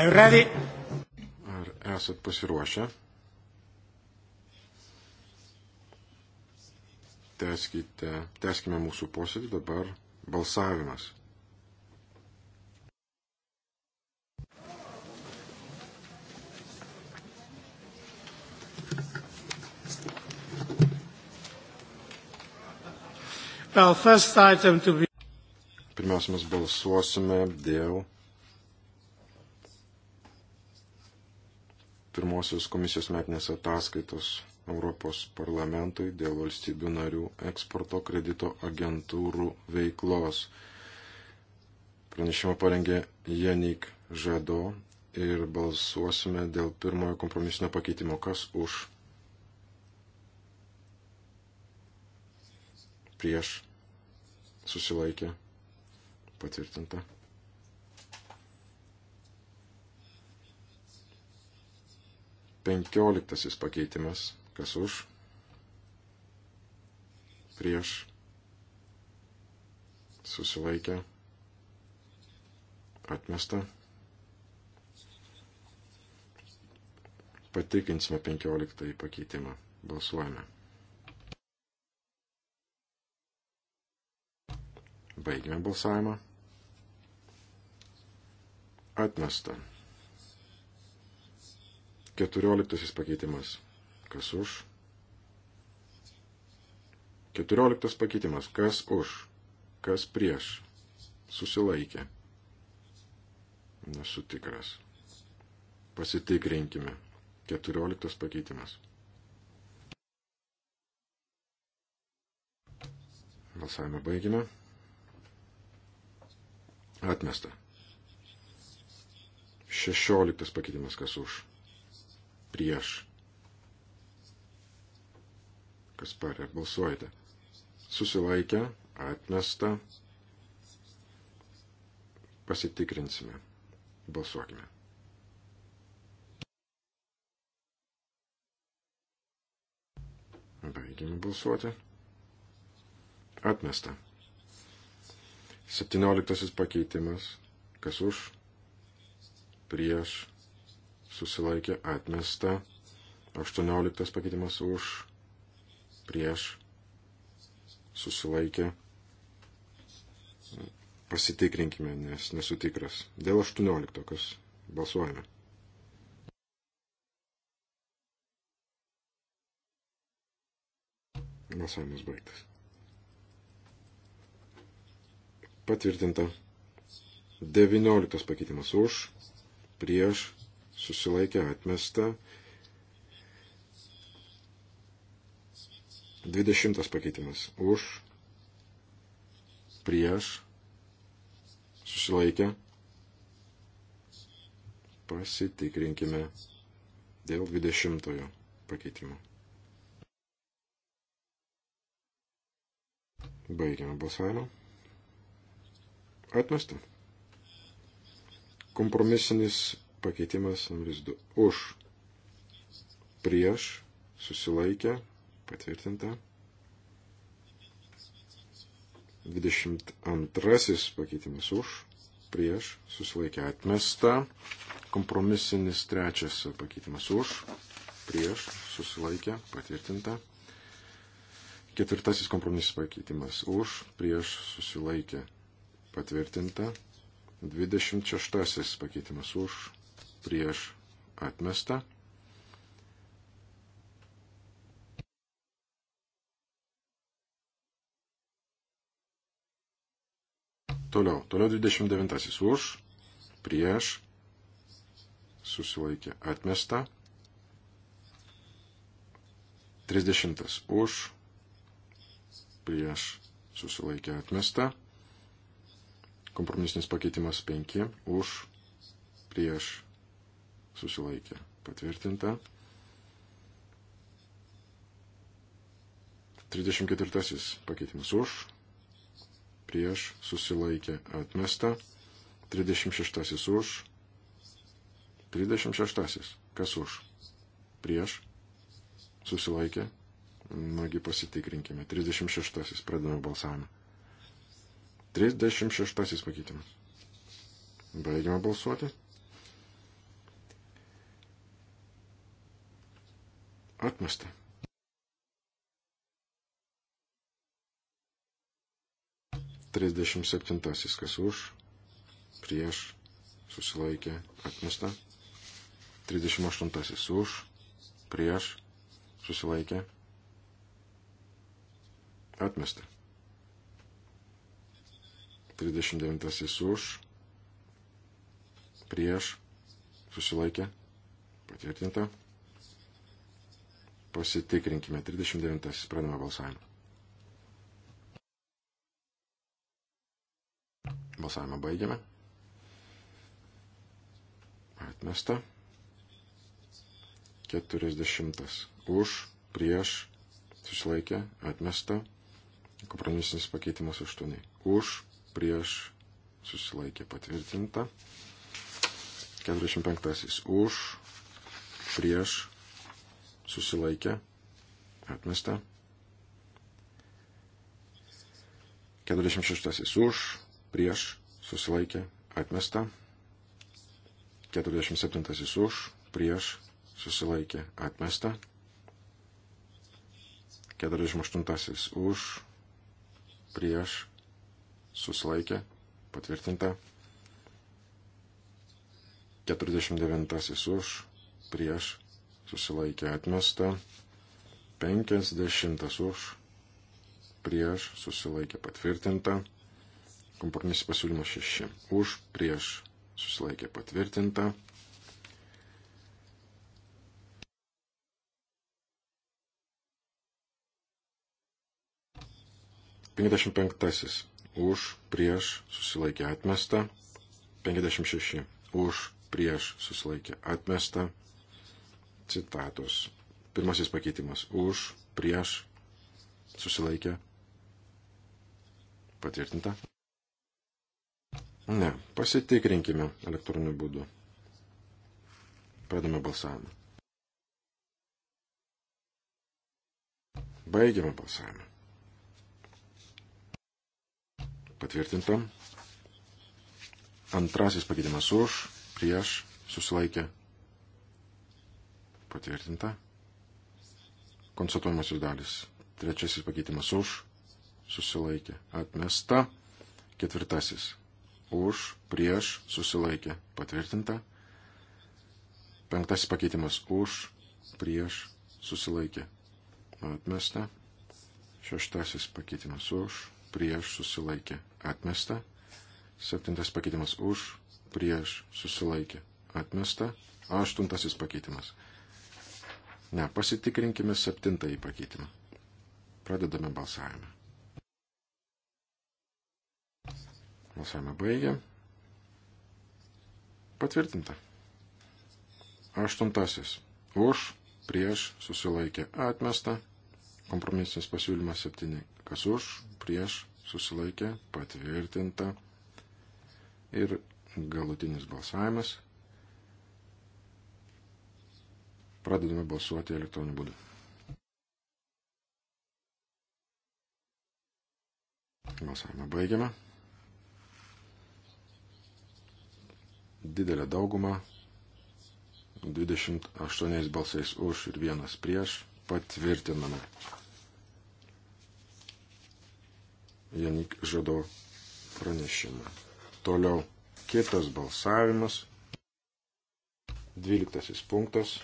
Ar esat pasiruošę? Teskite, teskime mūsų posėdį dabar balsavimas. Pirmiausia, mes balsuosime dėl pirmosios komisijos metinės ataskaitos Europos parlamentui dėl valstybių narių eksporto kredito agentūrų veiklos. Pranešimą parengė Janik Žado ir balsuosime dėl pirmojo kompromisinio pakeitimo. Kas už? Prieš. Susilaikė. Patvirtinta. Penkioliktasis pakeitimas. Kas už? Prieš. Susilaikę. Atmesta. Patikinsime penkioliktąjį pakeitimą. Balsuojame. Baigime balsavimą. Atmesta. Keturioliktasis pakeitimas. Kas už? Keturioliktas pakeitimas. Kas už? Kas prieš? Susilaikė. Nesu tikras. Pasitikrinkime. Keturioliktas pakeitimas. Balsavimą baigime. Atmesta. Šešioliktas pakeitimas. Kas už? prieš. Kas parė, balsuojate. Susilaikę, atmesta. Pasitikrinsime. Balsuokime. Baigime balsuoti. Atmesta. 17 pakeitimas. Kas už? Prieš susilaikė atmesta, 18 pakeitimas už, prieš, susilaikė, pasitikrinkime, nes nesu tikras, dėl 18, kas balsuojame. Balsavimas baigtas. Patvirtinta. 19 pakeitimas už, prieš, susilaikė atmesta. 20 pakeitimas už, prieš, susilaikė. Pasitikrinkime dėl 20 pakeitimo. Baigiame balsavimą. Atmesta. Kompromisinis Pakeitimas numeris 2. Už. Prieš. Susilaikė. Patvirtinta. 22 pakeitimas už. Prieš. Susilaikė atmesta. Kompromisinis trečias pakeitimas už. Prieš. Susilaikė. Patvirtinta. Ketvirtasis kompromisinis pakeitimas už. Prieš. Susilaikė. Patvirtinta. 26 pakeitimas už prieš atmestą. Toliau, toliau 29 už, prieš, susilaikė atmesta, 30 už, prieš, susilaikė atmesta, kompromisinis pakeitimas 5 už, prieš, susilaikė patvirtinta. 34 pakeitimas už, prieš susilaikė atmesta. 36 už, 36 kas už, prieš susilaikė. Nagi pasitikrinkime. 36 pradame balsavimą. 36 pakeitimas. Baigiame balsuoti. Atmesta. Trisdešimt septintasis, kas už, prieš, susilaikė, atmesta. Trisdešimt aštuntasis, už, prieš, susilaikė, atmesta. 39 už, prieš, susilaikė, patvirtinta. Pasitikrinkime. 39. Pradame balsavimą. Balsavimą baigiame. Atmesta. 40. Už, prieš, susilaikė, atmesta. Kompromisinis pakeitimas 8. Už, prieš, susilaikė, patvirtinta. 45. Už, prieš, susilaikė, atmesta. 46 už, prieš, susilaikė, atmesta. 47 už, prieš, susilaikė, atmesta. 48 už, prieš, susilaikė, patvirtinta. 49 už, prieš, susilaikė atmesta, 50 už, prieš susilaikė patvirtinta, kompromisis pasiūlymas 6, už, prieš susilaikė patvirtinta. Penkiasdešimt penktasis. Už, prieš, susilaikė atmesta. Penkiasdešimt šeši. Už, prieš, susilaikė atmesta citatos. Pirmasis pakeitimas už, prieš, susilaikė, patvirtinta. Ne, pasitikrinkime elektroniniu būdu. Pradame balsavimą. Baigiame balsavimą. Patvirtinta. Antrasis pakeitimas už, prieš, susilaikė, patvirtinta. Konstatuojamasis dalis. Trečiasis pakeitimas už, susilaikė, atmesta. Ketvirtasis už, prieš, susilaikė, patvirtinta. Penktasis pakeitimas už, prieš, susilaikė, atmesta. Šeštasis pakeitimas už, prieš, susilaikė, atmesta. Septintas pakeitimas už, prieš, susilaikė, atmesta. Aštuntasis pakeitimas Ne, pasitikrinkime septintąjį pakeitimą. Pradedame balsavimą. Balsavimą baigė. Patvirtinta. Aštuntasis. Už, prieš, susilaikė, atmesta. Kompromisinis pasiūlymas septyni. Kas už, prieš, susilaikė, patvirtinta. Ir galutinis balsavimas Pradedame balsuoti elektroniniu būdu. Balsavimą baigiame. Didelė dauguma 28 balsais už ir vienas prieš patvirtiname. Janik žado pranešimą. Toliau kitas balsavimas. 12 punktas.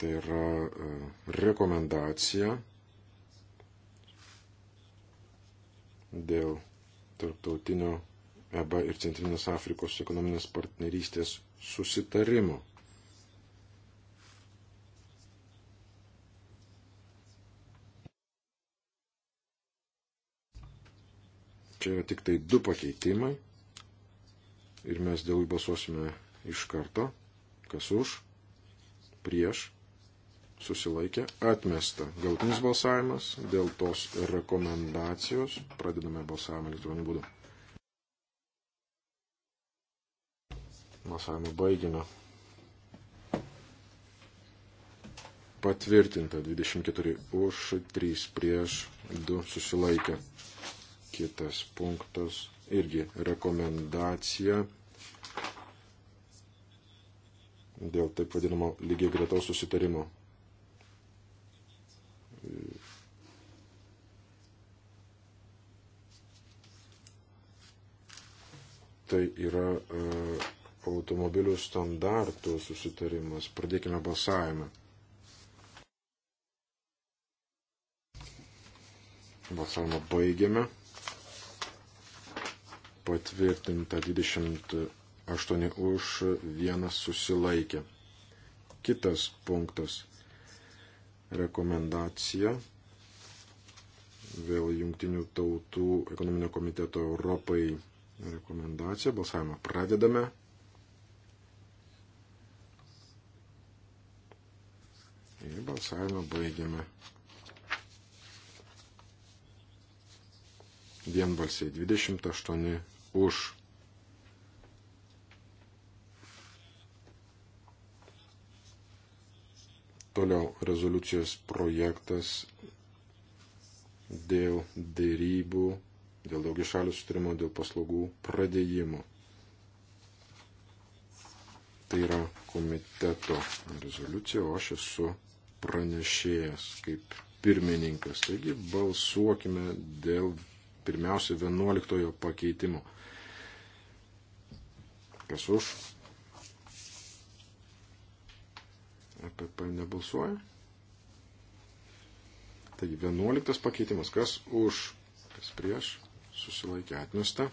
Tai yra e, rekomendacija dėl tarptautinio EBA ir Centrinės Afrikos ekonominės partnerystės susitarimo. Čia yra tik tai du pakeitimai ir mes dėl jų balsuosime iš karto, kas už, prieš, susilaikė, atmesta. Galtinis balsavimas dėl tos rekomendacijos. Pradedame balsavimą elektroniniu būdu. Balsavimą baigime. Patvirtinta 24 už, 3 prieš, 2 susilaikė. Kitas punktas irgi rekomendacija dėl taip vadinamo lygiai gretaus susitarimo tai yra e, automobilių standartų susitarimas. Pradėkime balsavimą. Balsavimą baigiame. Patvirtinta 28 už, vienas susilaikė. Kitas punktas. Rekomendacija vėl Jungtinių tautų ekonominio komiteto Europai rekomendaciją. Balsavimą pradedame. Ir balsavimą baigiame. Vienbalsiai 28 už. Toliau rezoliucijos projektas dėl dėrybų dėl daugia šalių sutarimo, dėl paslaugų pradėjimo. Tai yra komiteto rezoliucija, o aš esu pranešėjas kaip pirmininkas. Taigi balsuokime dėl pirmiausia 11 pakeitimo. Kas už? EPP nebalsuoja. Taigi 11 pakeitimas. Kas už? Kas prieš? susilaikė atmesta.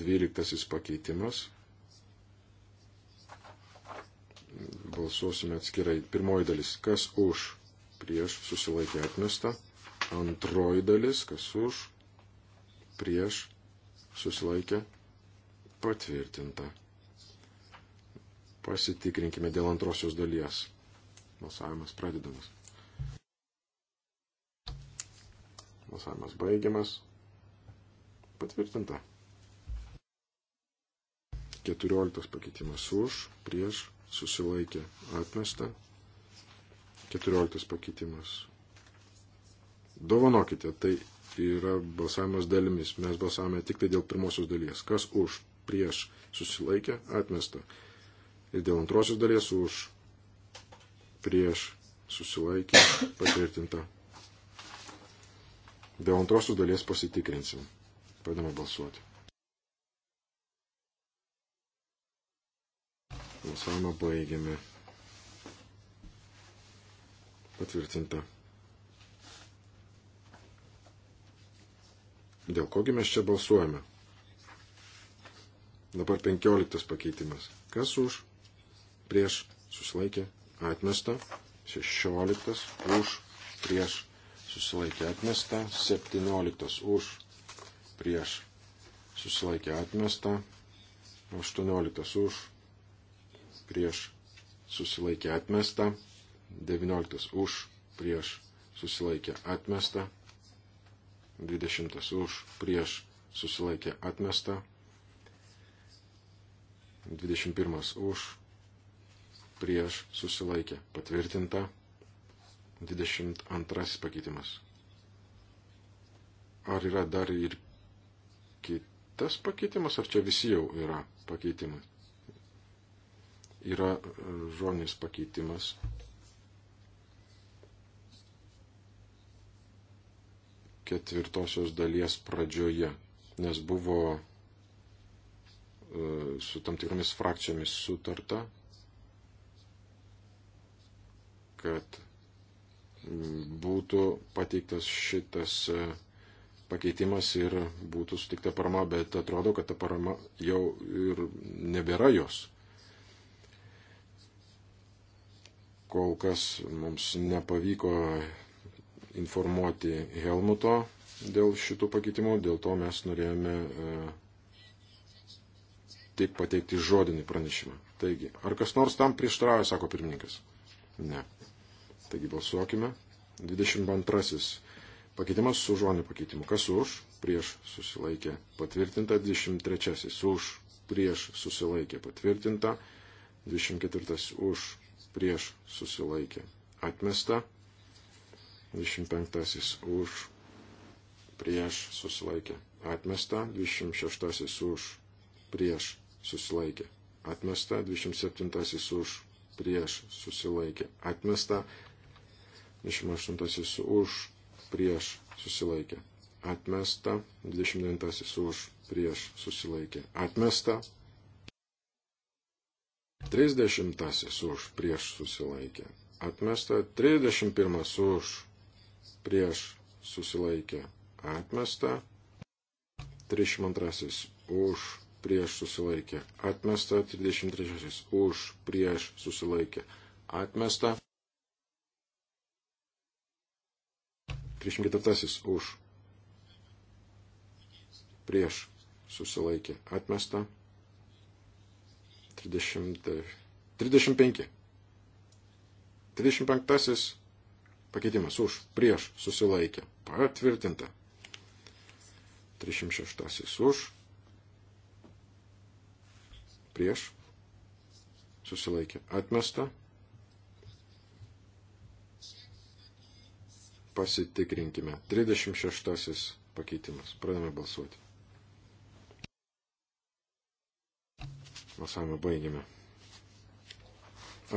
Dvyliktasis pakeitimas. Balsuosime atskirai. Pirmoji dalis, kas už, prieš susilaikė atmesta. Antroji dalis, kas už, prieš susilaikė patvirtinta. Pasitikrinkime dėl antrosios dalies. Balsavimas pradedamas. Balsavimas baigiamas. Patvirtinta. 14 pakeitimas už, prieš, susilaikė, atmesta. 14 pakeitimas. Dovanokite, tai yra balsavimas dalimis. Mes balsavome tik tai dėl pirmosios dalies. Kas už, prieš, susilaikė, atmesta. Ir dėl antrosios dalies už, prieš, susilaikė, patvirtinta. Be antrosios dalies pasitikrinsim. Pradame balsuoti. Balsavimą baigiame. Patvirtinta. Dėl kogi mes čia balsuojame? Dabar penkioliktas pakeitimas. Kas už? Prieš susilaikė atmesta. Šešioliktas už prieš susilaikė atmesta, 17 už, prieš susilaikė atmesta, 18 už, prieš susilaikė atmesta, 19 už, prieš susilaikė atmesta, 20 už, prieš susilaikė atmesta, 21 už, prieš susilaikė patvirtinta, 22 pakeitimas. Ar yra dar ir kitas pakeitimas, ar čia visi jau yra pakeitimai? Yra e, žodinis pakeitimas. Ketvirtosios dalies pradžioje, nes buvo e, su tam tikromis frakcijomis sutarta, kad būtų pateiktas šitas e, pakeitimas ir būtų sutikta parama, bet atrodo, kad ta parama jau ir nebėra jos. Kol kas mums nepavyko informuoti Helmuto dėl šitų pakeitimų, dėl to mes norėjome e, tik pateikti žodinį pranešimą. Taigi, ar kas nors tam prieštarauja, sako pirmininkas? Ne. Taigi balsuokime. 22. Pakeitimas su žodiniu pakeitimu. Kas už, prieš susilaikė patvirtinta. 23. Už, prieš susilaikė patvirtinta. 24. Už, prieš susilaikė atmesta. 25. Už, prieš susilaikė atmesta. 26. Už, prieš susilaikė atmesta. 27. Už, prieš susilaikė atmesta. 28 už, prieš susilaikė. Atmesta. 29 už, prieš susilaikė. Atmesta. 30 už, prieš susilaikė. Atmesta. 31 už, prieš susilaikė. Atmesta. 32 už, prieš susilaikė. Atmesta 33. Už prieš susilaikė. Atmesta 34 už. Prieš susilaikė atmesta. 30, 35. 35 pakeitimas už. Prieš susilaikė patvirtinta. 306 už. Prieš susilaikė atmesta. pasitikrinkime. 36 pakeitimas. Pradame balsuoti. Balsavimą baigėme.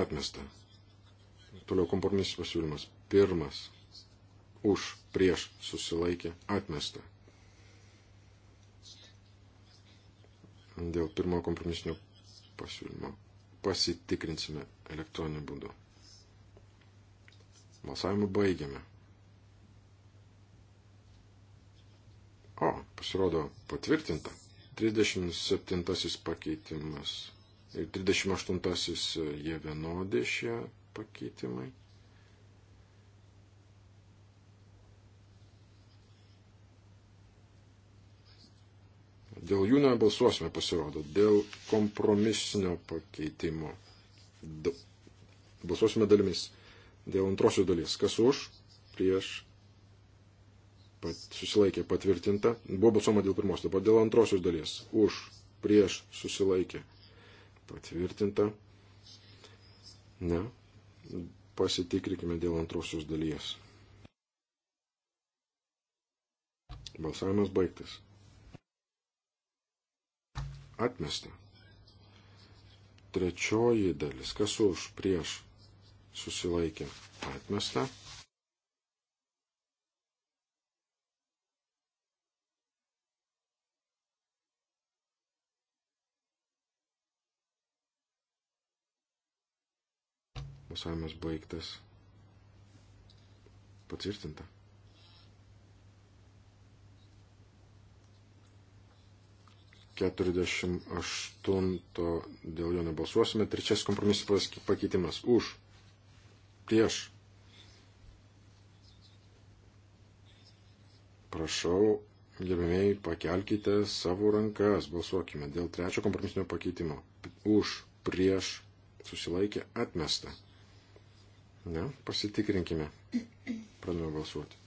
Atmesta. Toliau kompromisinis pasiūlymas. Pirmas. Už, prieš, susilaikė. Atmesta. Dėl pirmo kompromisinio pasiūlymo pasitikrinsime elektroniniu būdu. Balsavimą baigėme. O, pasirodo patvirtinta. 37 pakeitimas ir 38 e, jie vienodi šie pakeitimai. Dėl jų nebalsuosime, pasirodo, dėl kompromisinio pakeitimo. D balsuosime dalimis. Dėl antrosios dalies. Kas už, prieš, pat, susilaikė patvirtinta. Buvo balsuoma dėl pirmos, dabar dėl antrosios dalies. Už, prieš, susilaikė patvirtinta. Ne. Pasitikrinkime dėl antrosios dalies. Balsavimas baigtas. Atmesta. Trečioji dalis. Kas už, prieš, susilaikė atmesta. Balsavimas baigtas. Patvirtinta. Keturiasdešimt aštunto dėl jo nebalsuosime. Trečias kompromisas pakeitimas. Už. Prieš. Prašau, gerbėmiai, pakelkite savo rankas, balsuokime dėl trečio kompromisinio pakeitimo. Už, prieš, susilaikė, atmesta. Ne, pasitikrinkime. Pradėjome balsuoti.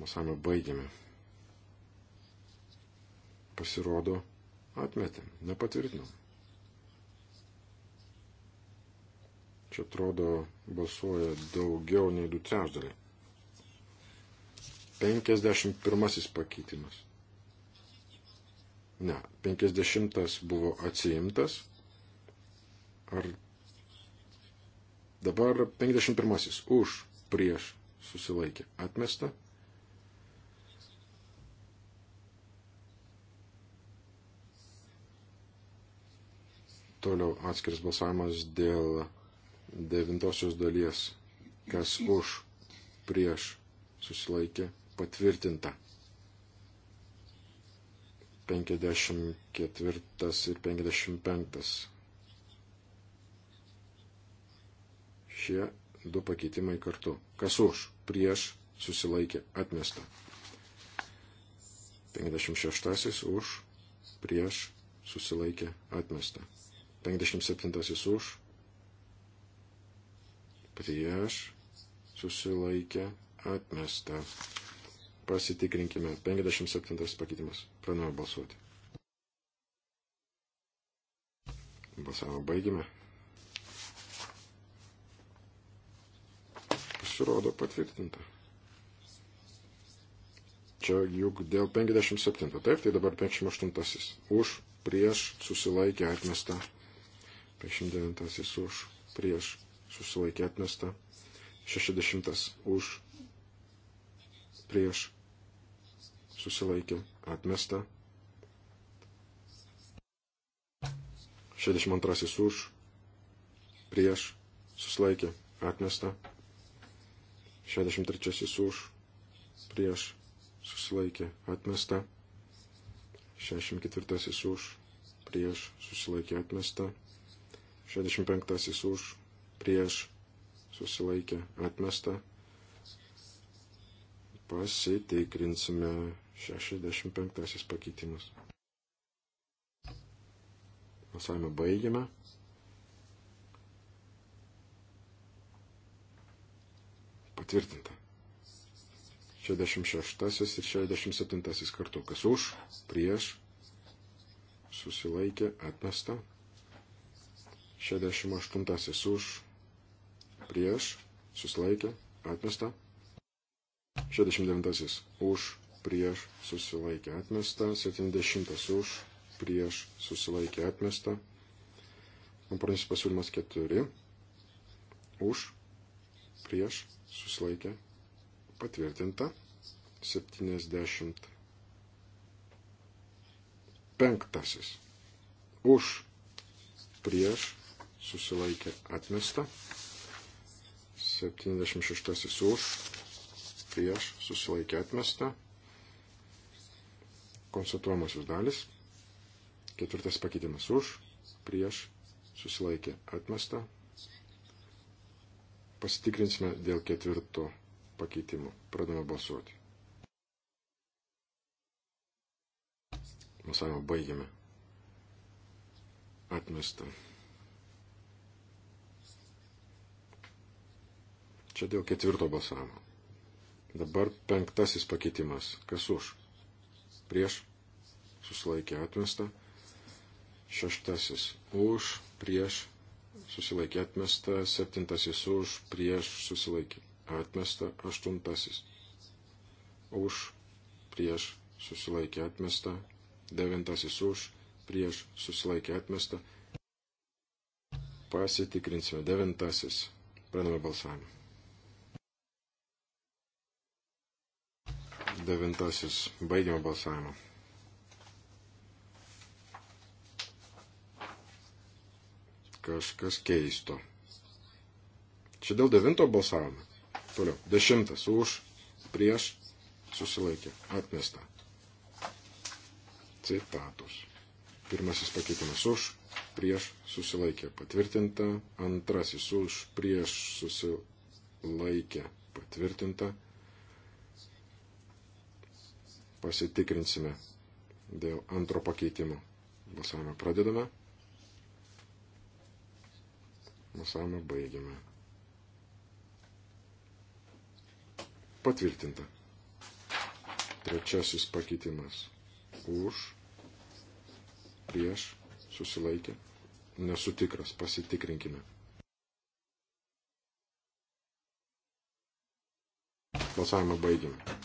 Balsavimą baigėme. Pasirodo, atmetėm, nepatvirtinom. Čia atrodo balsuoja daugiau nei du trečdaliai. 51 pakeitimas. Ne, 50 buvo atsiimtas, Ar dabar 51. Už prieš susilaikė atmesta. Toliau atskirs balsavimas dėl devintosios dalies, kas už prieš susilaikė patvirtinta. 54 ir 55 šie du pakeitimai kartu. Kas už, prieš, susilaikė, atmesta. 56 už, prieš, susilaikė, atmesta. 57 už, prieš, susilaikė, atmesta. Pasitikrinkime. 57 pakeitimas. Pradėjome balsuoti. Balsavimą baigime. pasirodo patvirtinta. Čia juk dėl 57, taip, tai dabar 58. Už, prieš, susilaikė atmesta. 59. Už, prieš, susilaikė atmesta. 60. Už, prieš, susilaikė atmesta. 62. Už, prieš, susilaikė atmesta. 63 už, prieš, susilaikė, atmesta. 64 už, prieš, susilaikė, atmesta. 65 už, prieš, susilaikė, atmesta. Pasitikrinsime 65 pakeitimus. Balsavimą baigiame. patvirtinta. 66 ir 67 kartu, kas už, prieš, susilaikė, atmesta. 68 už, prieš, susilaikė, atmesta. 69 už, prieš, susilaikė, atmesta. 70 už, prieš, susilaikė, atmesta. Kompromisinis pasiūlymas 4, už, prieš, susilaikė, patvirtinta. 75. Už, prieš, susilaikė, atmesta. 76. Už, prieš, susilaikė, atmesta. Konstatuojamosios dalis. Ketvirtas pakeitimas už, prieš, susilaikė, atmesta. Pasitikrinsime dėl ketvirto pakeitimo. Pradame balsuoti. Balsavimą baigiame. Atmesta. Čia dėl ketvirto balsavimo. Dabar penktasis pakeitimas. Kas už? Prieš. Susilaikė atmesta. Šeštasis. Už. Prieš susilaikė atmesta, septintasis už, prieš susilaikė atmesta, aštuntasis už, prieš susilaikė atmesta, devintasis už, prieš susilaikė atmesta. Pasitikrinsime devintasis. Pradame balsavimą. Devintasis. Baigiame balsavimą. Kažkas keisto. Čia dėl devinto balsavome. Toliau. Dešimtas. Už, prieš, susilaikė. Atmesta. Citatus. Pirmasis pakeitimas už, prieš, susilaikė. Patvirtinta. Antrasis už, prieš, susilaikė. Patvirtinta. Pasitikrinsime dėl antro pakeitimo. Balsavimą pradedame. Balsavimą baigiame. Patvirtinta. Trečiasis pakeitimas. Už, prieš, susilaikė. Nesu tikras, pasitikrinkime. Balsavimą baigiame.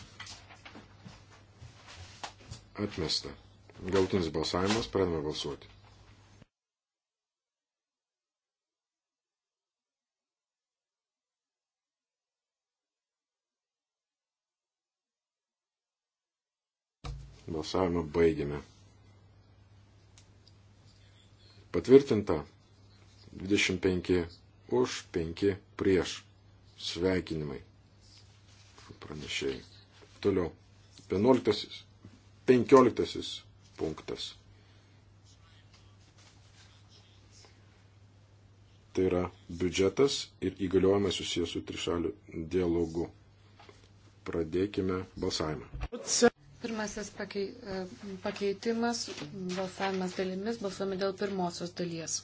Atmesta. Gautinis balsavimas, pradame balsuoti. Balsavimą baigiame. Patvirtinta 25 už 5 prieš. Sveikinimai. Pranešėjai. Toliau. 11. 15 punktas. Tai yra biudžetas ir įgaliojimai susijęs su trišaliu dialogu. Pradėkime balsavimą. Pirmasis pakei, e, pakeitimas, balsavimas dalimis, balsuojame dėl pirmosios dalies.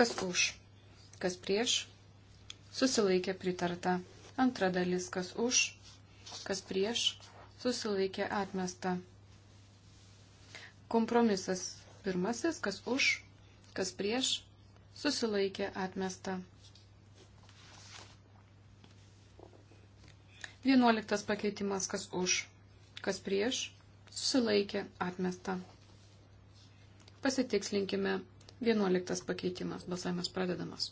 Kas už? Kas prieš? Susilaikė pritarta. Antra dalis, kas už? Kas prieš? Susilaikė atmesta. Kompromisas pirmasis, kas už? Kas prieš? Susilaikė atmesta. Vienuoliktas pakeitimas, kas už, kas prieš, susilaikė, atmesta. Pasitikslinkime, vienuoliktas pakeitimas, balsavimas pradedamas.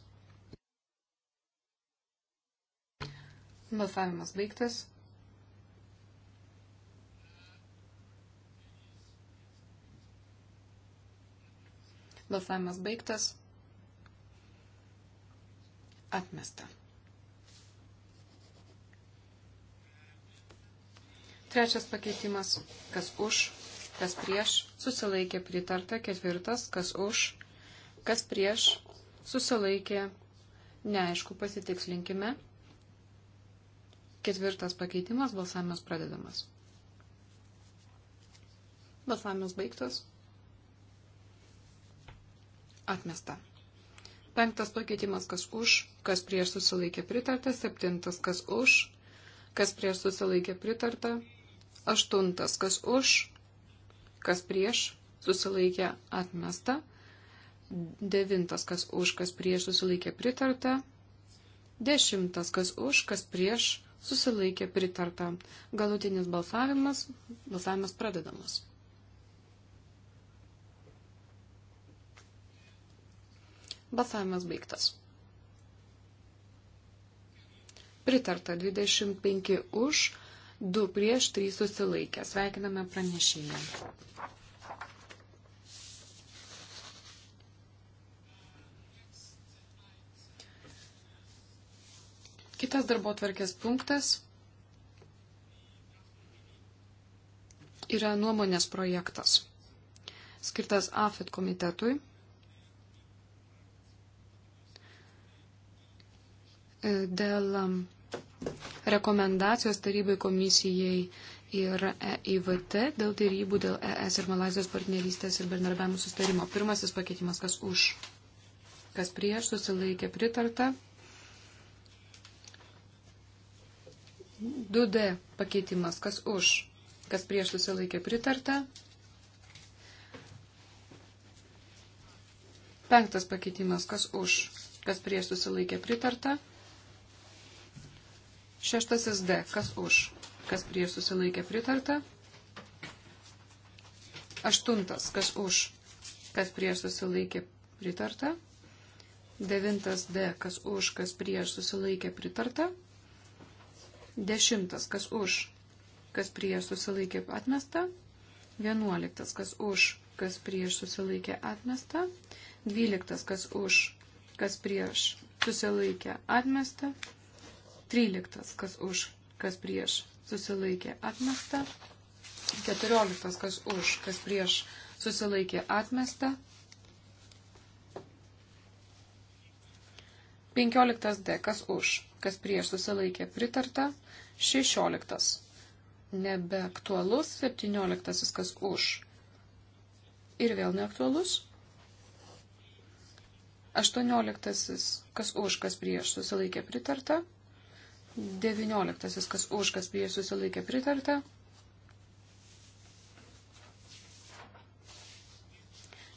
Balsavimas baigtas. Balsavimas baigtas. Atmesta. Trečias pakeitimas, kas už, kas prieš, susilaikė pritarta. Ketvirtas, kas už, kas prieš, susilaikė. Neaišku, pasitikslinkime. Ketvirtas pakeitimas, balsavimas pradedamas. Balsavimas baigtas. Atmesta. Penktas pakeitimas, kas už, kas prieš susilaikė pritarta. Septintas, kas už, kas prieš susilaikė pritarta aštuntas, kas už, kas prieš, susilaikė atmesta, devintas, kas už, kas prieš, susilaikė pritarta, dešimtas, kas už, kas prieš, susilaikė pritarta. Galutinis balsavimas, balsavimas pradedamas. Balsavimas baigtas. Pritarta 25 už, 2 prieš, 3 susilaikė. Sveikiname pranešėją. Kitas darbo tvarkės punktas yra nuomonės projektas, skirtas AFIT komitetui. Dėl um, rekomendacijos tarybai komisijai ir EIVT dėl dėrybų dėl ES ir Malazijos partnerystės ir bendarbiavimo sustarimo. Pirmasis pakeitimas, kas už, kas prieš, susilaikė pritarta. 2D pakeitimas, kas už, kas prieš, susilaikė pritarta. Penktas pakeitimas, kas už, kas prieš, susilaikė pritarta. Šeštasis D. Kas už? Kas prieš susilaikė pritarta? Aštuntas. Kas už? Kas prieš susilaikė pritarta? Devintas D. Kas už? Kas prieš susilaikė pritarta? Dešimtas. Kas už? Kas prieš susilaikė atmesta? Vienuoliktas. Kas už? Kas prieš susilaikė atmesta? Dvyliktas. Kas už? Kas prieš susilaikė atmesta? 13. Kas už, kas prieš susilaikė atmesta. 14. Kas už, kas prieš susilaikė atmesta. 15. D. Kas už, kas prieš susilaikė pritarta. 16. Nebeaktualus. 17. Kas už. Ir vėl neaktualus. 18. Kas už, kas prieš susilaikė pritarta. 19. Kas už, kas prieš susilaikė pritarta.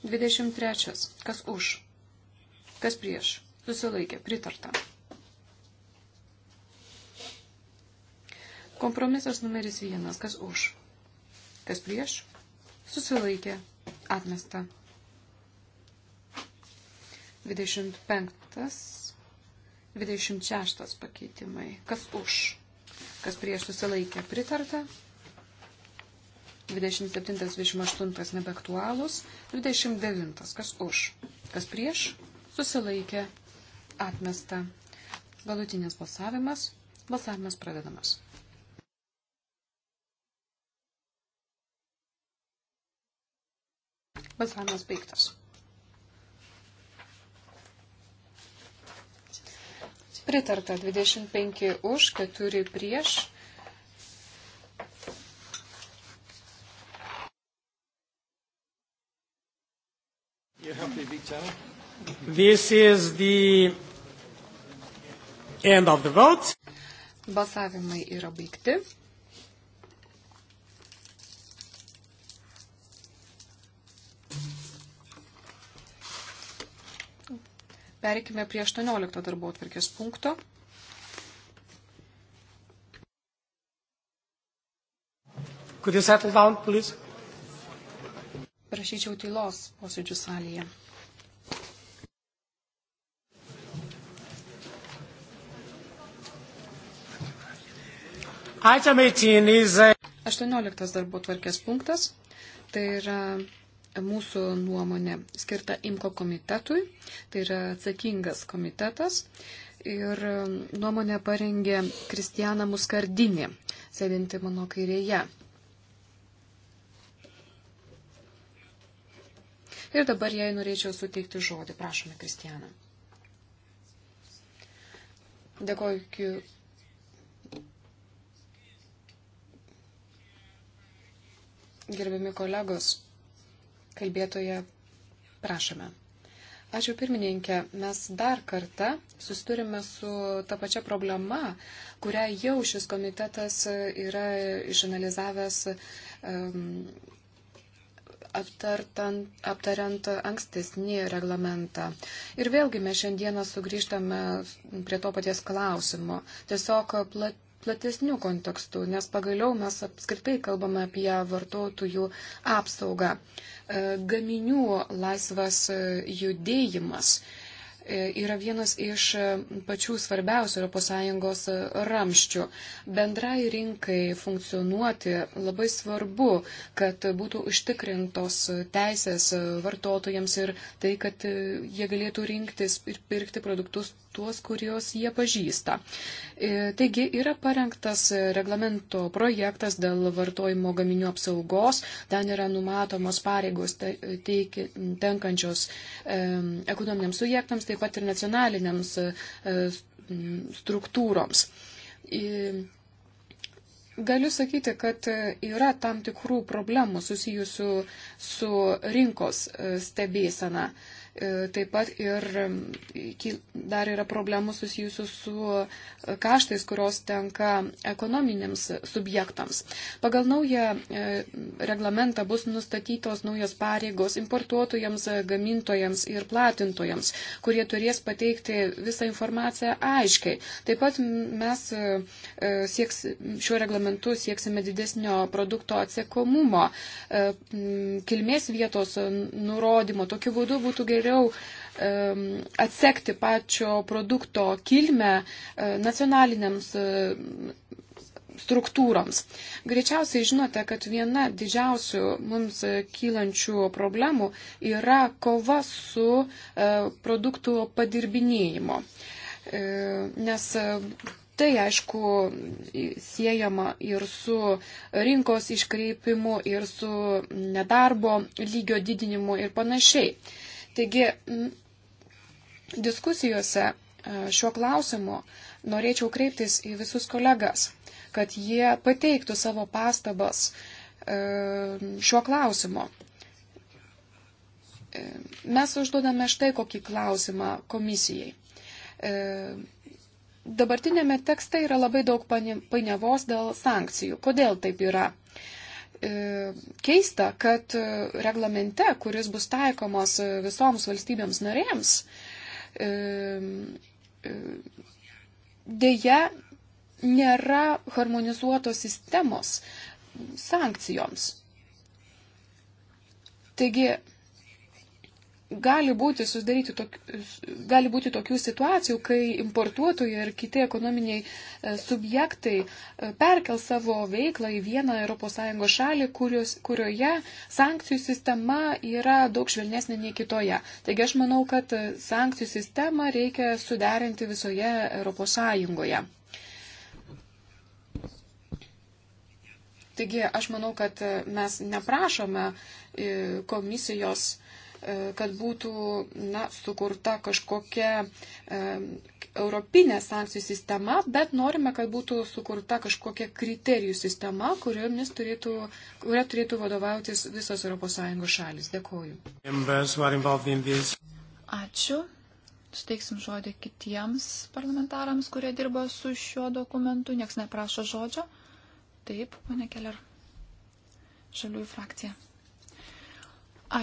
23. Kas už, kas prieš susilaikė pritarta. Kompromisas numeris vienas. Kas už? Kas prieš? Susilaikė. Atmesta. 25. 26 pakeitimai. Kas už? Kas prieš susilaikė? Pritarta. 27-28 nebeaktualūs. 29. Kas už? Kas prieš? Susilaikė. Atmesta. Galutinės balsavimas. Balsavimas pradedamas. Balsavimas baigtas. pritarta 25 už, 4 prieš. This is the end of the vote. Balsavimai yra baigti. Perikime prie 18 darbo atvarkės punkto. Could you settle down, please? Prašyčiau tylos posėdžių salėje. Item 18 is... 18 darbo tvarkės punktas. Tai yra mūsų nuomonė skirta IMKO komitetui, tai yra atsakingas komitetas. Ir um, nuomonę parengė Kristiana Muskardinė, sėdinti mano kairėje. Ir dabar jai norėčiau suteikti žodį. Prašome, Kristiana. Dėkoju. Gerbiami kolegos, Kalbėtoje prašome. Ačiū pirmininkė, mes dar kartą susidurime su ta pačia problema, kurią jau šis komitetas yra išanalizavęs um, aptariant ankstesnį reglamentą. Ir vėlgi mes šiandieną sugrįžtame prie to paties klausimo. Tiesiog plat, platesniu kontekstu, nes pagaliau mes apskritai kalbame apie vartotojų apsaugą. E, gaminių laisvas e, judėjimas e, yra vienas iš pačių svarbiausių ES ramščių. Bendrai rinkai funkcionuoti labai svarbu, kad būtų užtikrintos teisės vartotojams ir tai, kad jie galėtų rinktis ir pirkti produktus tuos, kuriuos jie pažįsta. E, taigi yra parengtas reglamento projektas dėl vartojimo gaminių apsaugos, ten yra numatomos pareigos teiki, tenkančios ekonominiams subjektams, taip pat ir nacionaliniams e, struktūroms. E, galiu sakyti, kad yra tam tikrų problemų susijusių su rinkos stebėsena. E, E, taip pat ir dar yra problemų susijusių su e, kaštais, kurios tenka ekonominėms subjektams. Pagal naują e, reglamentą bus nustatytos naujos pareigos importuotojams, gamintojams ir platintojams, kurie turės pateikti visą informaciją aiškiai. Taip pat mes sieks, šiuo reglamentu sieksime didesnio produkto atsekomumo, kilmės vietos nurodymo. Tokiu būdu būtų geriau geriau atsekti pačio produkto kilmę e, nacionaliniams e, struktūroms. Greičiausiai žinote, kad viena didžiausių mums kylančių problemų yra kova su e, produktų padirbinėjimo. Nes tai, aišku, siejama ir su rinkos iškreipimu, ir su nedarbo lygio didinimu ir panašiai. Taigi diskusijose e, šiuo klausimu norėčiau kreiptis į visus kolegas, kad jie pateiktų savo pastabas e, šiuo klausimu. E, mes užduodame štai kokį klausimą komisijai. Dabartinėme tekste yra labai daug painiavos dėl sankcijų. Kodėl taip yra? E, keista, kad e, reglamente, kuris bus taikomos e, visoms valstybėms narėms, dėja nėra harmonizuotos sistemos sankcijoms. Taigi gali būti, tok, gali būti tokių situacijų, kai importuotojai ir kiti ekonominiai e, subjektai e, perkel savo veiklą į vieną ES šalį, kurios, kurioje sankcijų sistema yra daug švelnesnė nei kitoje. Taigi aš manau, kad e, sankcijų sistemą reikia suderinti visoje ES. Taigi aš manau, kad mes neprašome komisijos E, kad būtų na, sukurta kažkokia e, europinė sankcijų sistema, bet norime, kad būtų sukurta kažkokia kriterijų sistema, turėtų, kuria turėtų vadovautis visos ES šalis. Dėkoju. Ačiū. Suteiksim žodį kitiems parlamentarams, kurie dirba su šiuo dokumentu. Niekas neprašo žodžio. Taip, pane Keller. Žaliųjų frakcija.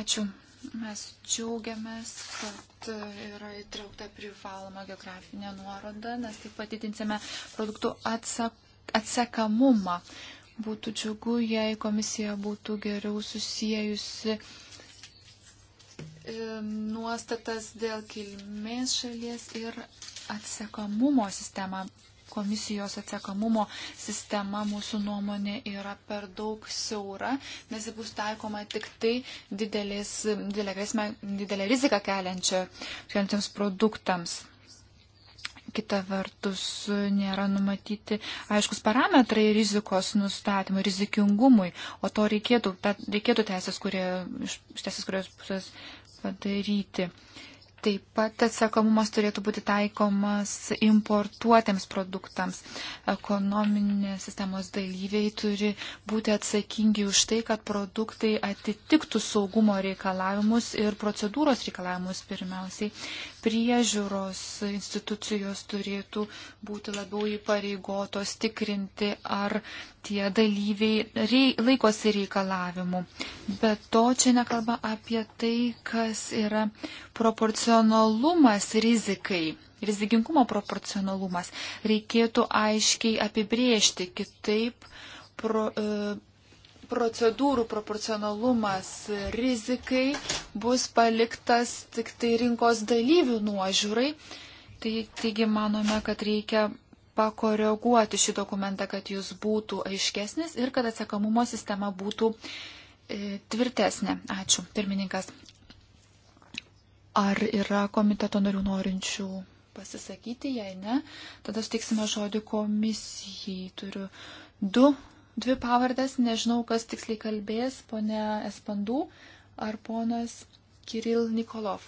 Ačiū. Mes džiaugiamės, kad e, yra įtraukta privaloma geografinė nuoroda, nes taip padidinsime produktų atsak atsekamumą. Būtų džiugu, jei komisija būtų geriau susijusi nuostatas dėl kilmės šalies ir atsekamumo sistemą komisijos atsekamumo sistema mūsų nuomonė yra per daug siaura, nes ji bus taikoma tik tai didelės, didelė, grėsmė, didelė rizika keliančiams produktams. Kita vertus, nėra numatyti aiškus parametrai rizikos nustatymui, rizikingumui, o to reikėtų, reikėtų teisės, kurie, iš teisės, kurios pusės padaryti. Uh, Taip pat atsakomumas turėtų būti taikomas importuotiems produktams. Ekonominės sistemos dalyviai turi būti atsakingi už tai, kad produktai atitiktų saugumo reikalavimus ir procedūros reikalavimus pirmiausiai. Priežiūros institucijos turėtų būti labiau įpareigotos tikrinti, ar tie dalyviai rei, laikosi reikalavimų. Bet to čia nekalba apie tai, kas yra proporcionalumas rizikai. Rizikingumo proporcionalumas reikėtų aiškiai apibriežti, kitaip pro, e, procedūrų proporcionalumas rizikai bus paliktas tik tai rinkos dalyvių nuožiūrai. Tai, taigi manome, kad reikia pakoreguoti šį dokumentą, kad jis būtų aiškesnis ir kad atsekamumo sistema būtų e, tvirtesnė. Ačiū, pirmininkas. Ar yra komiteto narių norinčių pasisakyti, jei ne, tada sutiksime žodį komisijai. Turiu du, dvi pavardės, nežinau, kas tiksliai kalbės, ponia Espandų ar ponas Kiril Nikolov.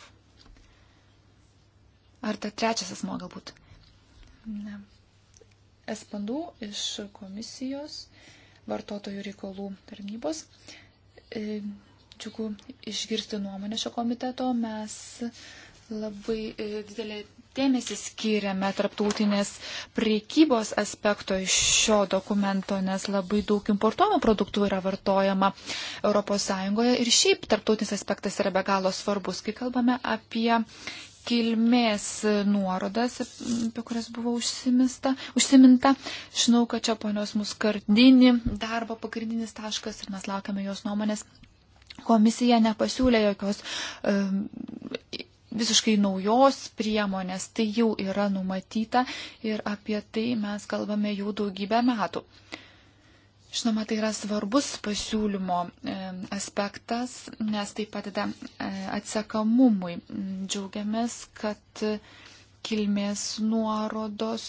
Ar ta trečias asmo galbūt? Ne espandų iš komisijos vartotojų reikalų tarnybos. E, džiugu išgirsti nuomonę šio komiteto. Mes labai e, didelį dėmesį skiriame tarptautinės priekybos aspekto iš šio dokumento, nes labai daug importuojamų produktų yra vartojama ES ir šiaip tarptautinis aspektas yra be galo svarbus, kai kalbame apie kilmės nuorodas, apie kurias buvo užsimista, užsiminta. Žinau, kad čia ponios mūsų kardinį darbo pagrindinis taškas ir mes laukiame jos nuomonės. Komisija nepasiūlė jokios um, visiškai naujos priemonės, tai jau yra numatyta ir apie tai mes kalbame jau daugybę metų. Uh, Žinoma, tai yra svarbus pasiūlymo e, aspektas, nes tai padeda e, atsekamumui. Džiaugiamės, kad kilmės nuorodos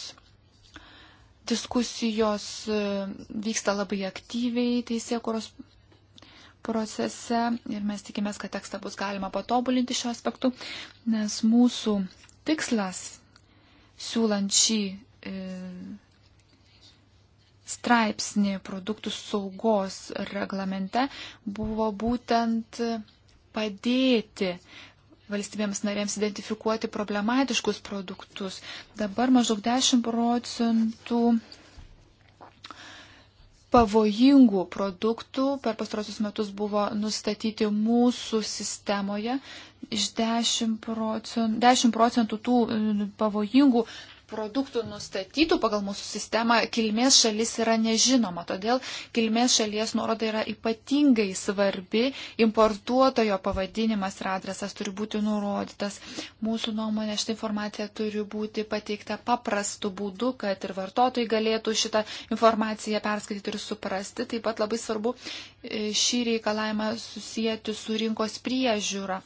diskusijos e, vyksta labai aktyviai teisėkuros procese ir mes tikimės, kad tekstą bus galima patobulinti šiuo aspektu, nes mūsų tikslas siūlant šį straipsnį produktų saugos reglamente buvo būtent padėti valstybėms narėms identifikuoti problematiškus produktus. Dabar maždaug 10 procentų pavojingų produktų per pastarosius metus buvo nustatyti mūsų sistemoje. Iš 10 procentų, 10 procentų tų pavojingų produktų nustatytų pagal mūsų sistemą kilmės šalis yra nežinoma, todėl kilmės šalies nuoroda yra ypatingai svarbi, importuotojo pavadinimas ir adresas turi būti nurodytas. Mūsų nuomonė šitą informaciją turi būti pateikta paprastu būdu, kad ir vartotojai galėtų šitą informaciją perskaityti ir suprasti. Taip pat labai svarbu e, šį reikalavimą susijęti su rinkos priežiūra,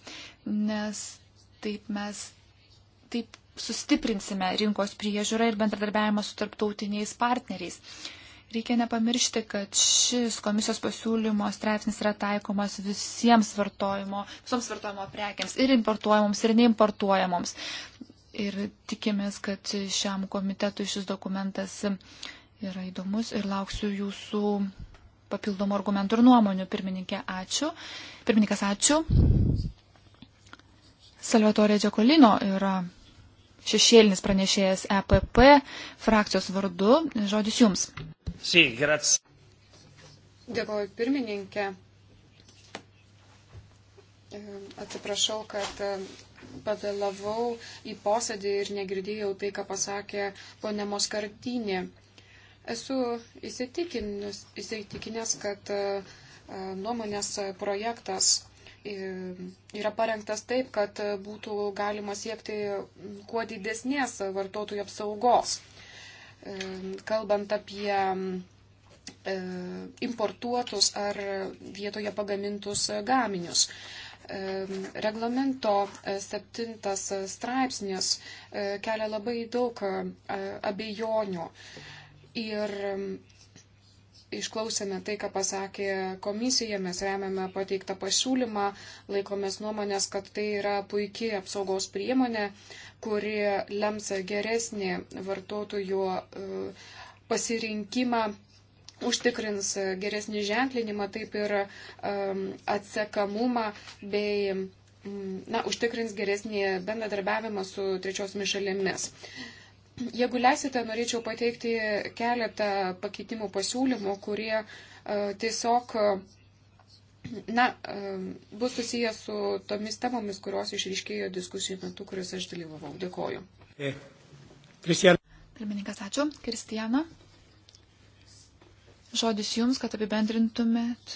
nes taip mes taip sustiprinsime rinkos priežiūrą ir bendradarbiavimą su tarptautiniais partneriais. Reikia nepamiršti, kad šis komisijos pasiūlymo straipsnis yra taikomas visiems vartojimo, visoms vartojimo prekiams ir importuojamoms, ir neimportuojamoms. Ir tikimės, kad šiam komitetui šis dokumentas yra įdomus ir lauksiu jūsų papildomų argumentų ir nuomonių. Pirmininkė, ačiū. Pirmininkas, ačiū. Salvatore Džekolino yra šešėlinis pranešėjas EPP frakcijos vardu. Žodis jums. Sí, grats. Dėkoju pirmininkė. Atsiprašau, kad pavėlavau į posėdį ir negirdėjau tai, ką pasakė ponė Moskartinė. Esu įsitikinęs, kad nuomonės projektas yra parengtas taip, kad būtų galima siekti kuo didesnės vartotojų apsaugos. E, kalbant apie e, importuotus ar vietoje pagamintus gaminius. E, reglamento septintas straipsnis kelia labai daug abejonių ir išklausėme tai, ką pasakė komisija, mes remiame pateiktą pasiūlymą, laikomės nuomonės, kad tai yra puikiai apsaugos priemonė, kuri lems geresnį vartotojų e, pasirinkimą užtikrins geresnį ženklinimą, taip ir um, atsekamumą bei na, užtikrins geresnį bendradarbiavimą su trečiosiomis šalimis. Uh, Jeigu leisite, norėčiau pateikti keletą pakeitimų pasiūlymų, kurie e, tiesiog na, e, bus susijęs su tomis temomis, kurios išryškėjo diskusijų metu, kuriuose aš dalyvavau. Dėkoju. E, Kristijan. Pirmininkas, ačiū. Kristijana. Žodis jums, kad apibendrintumėt.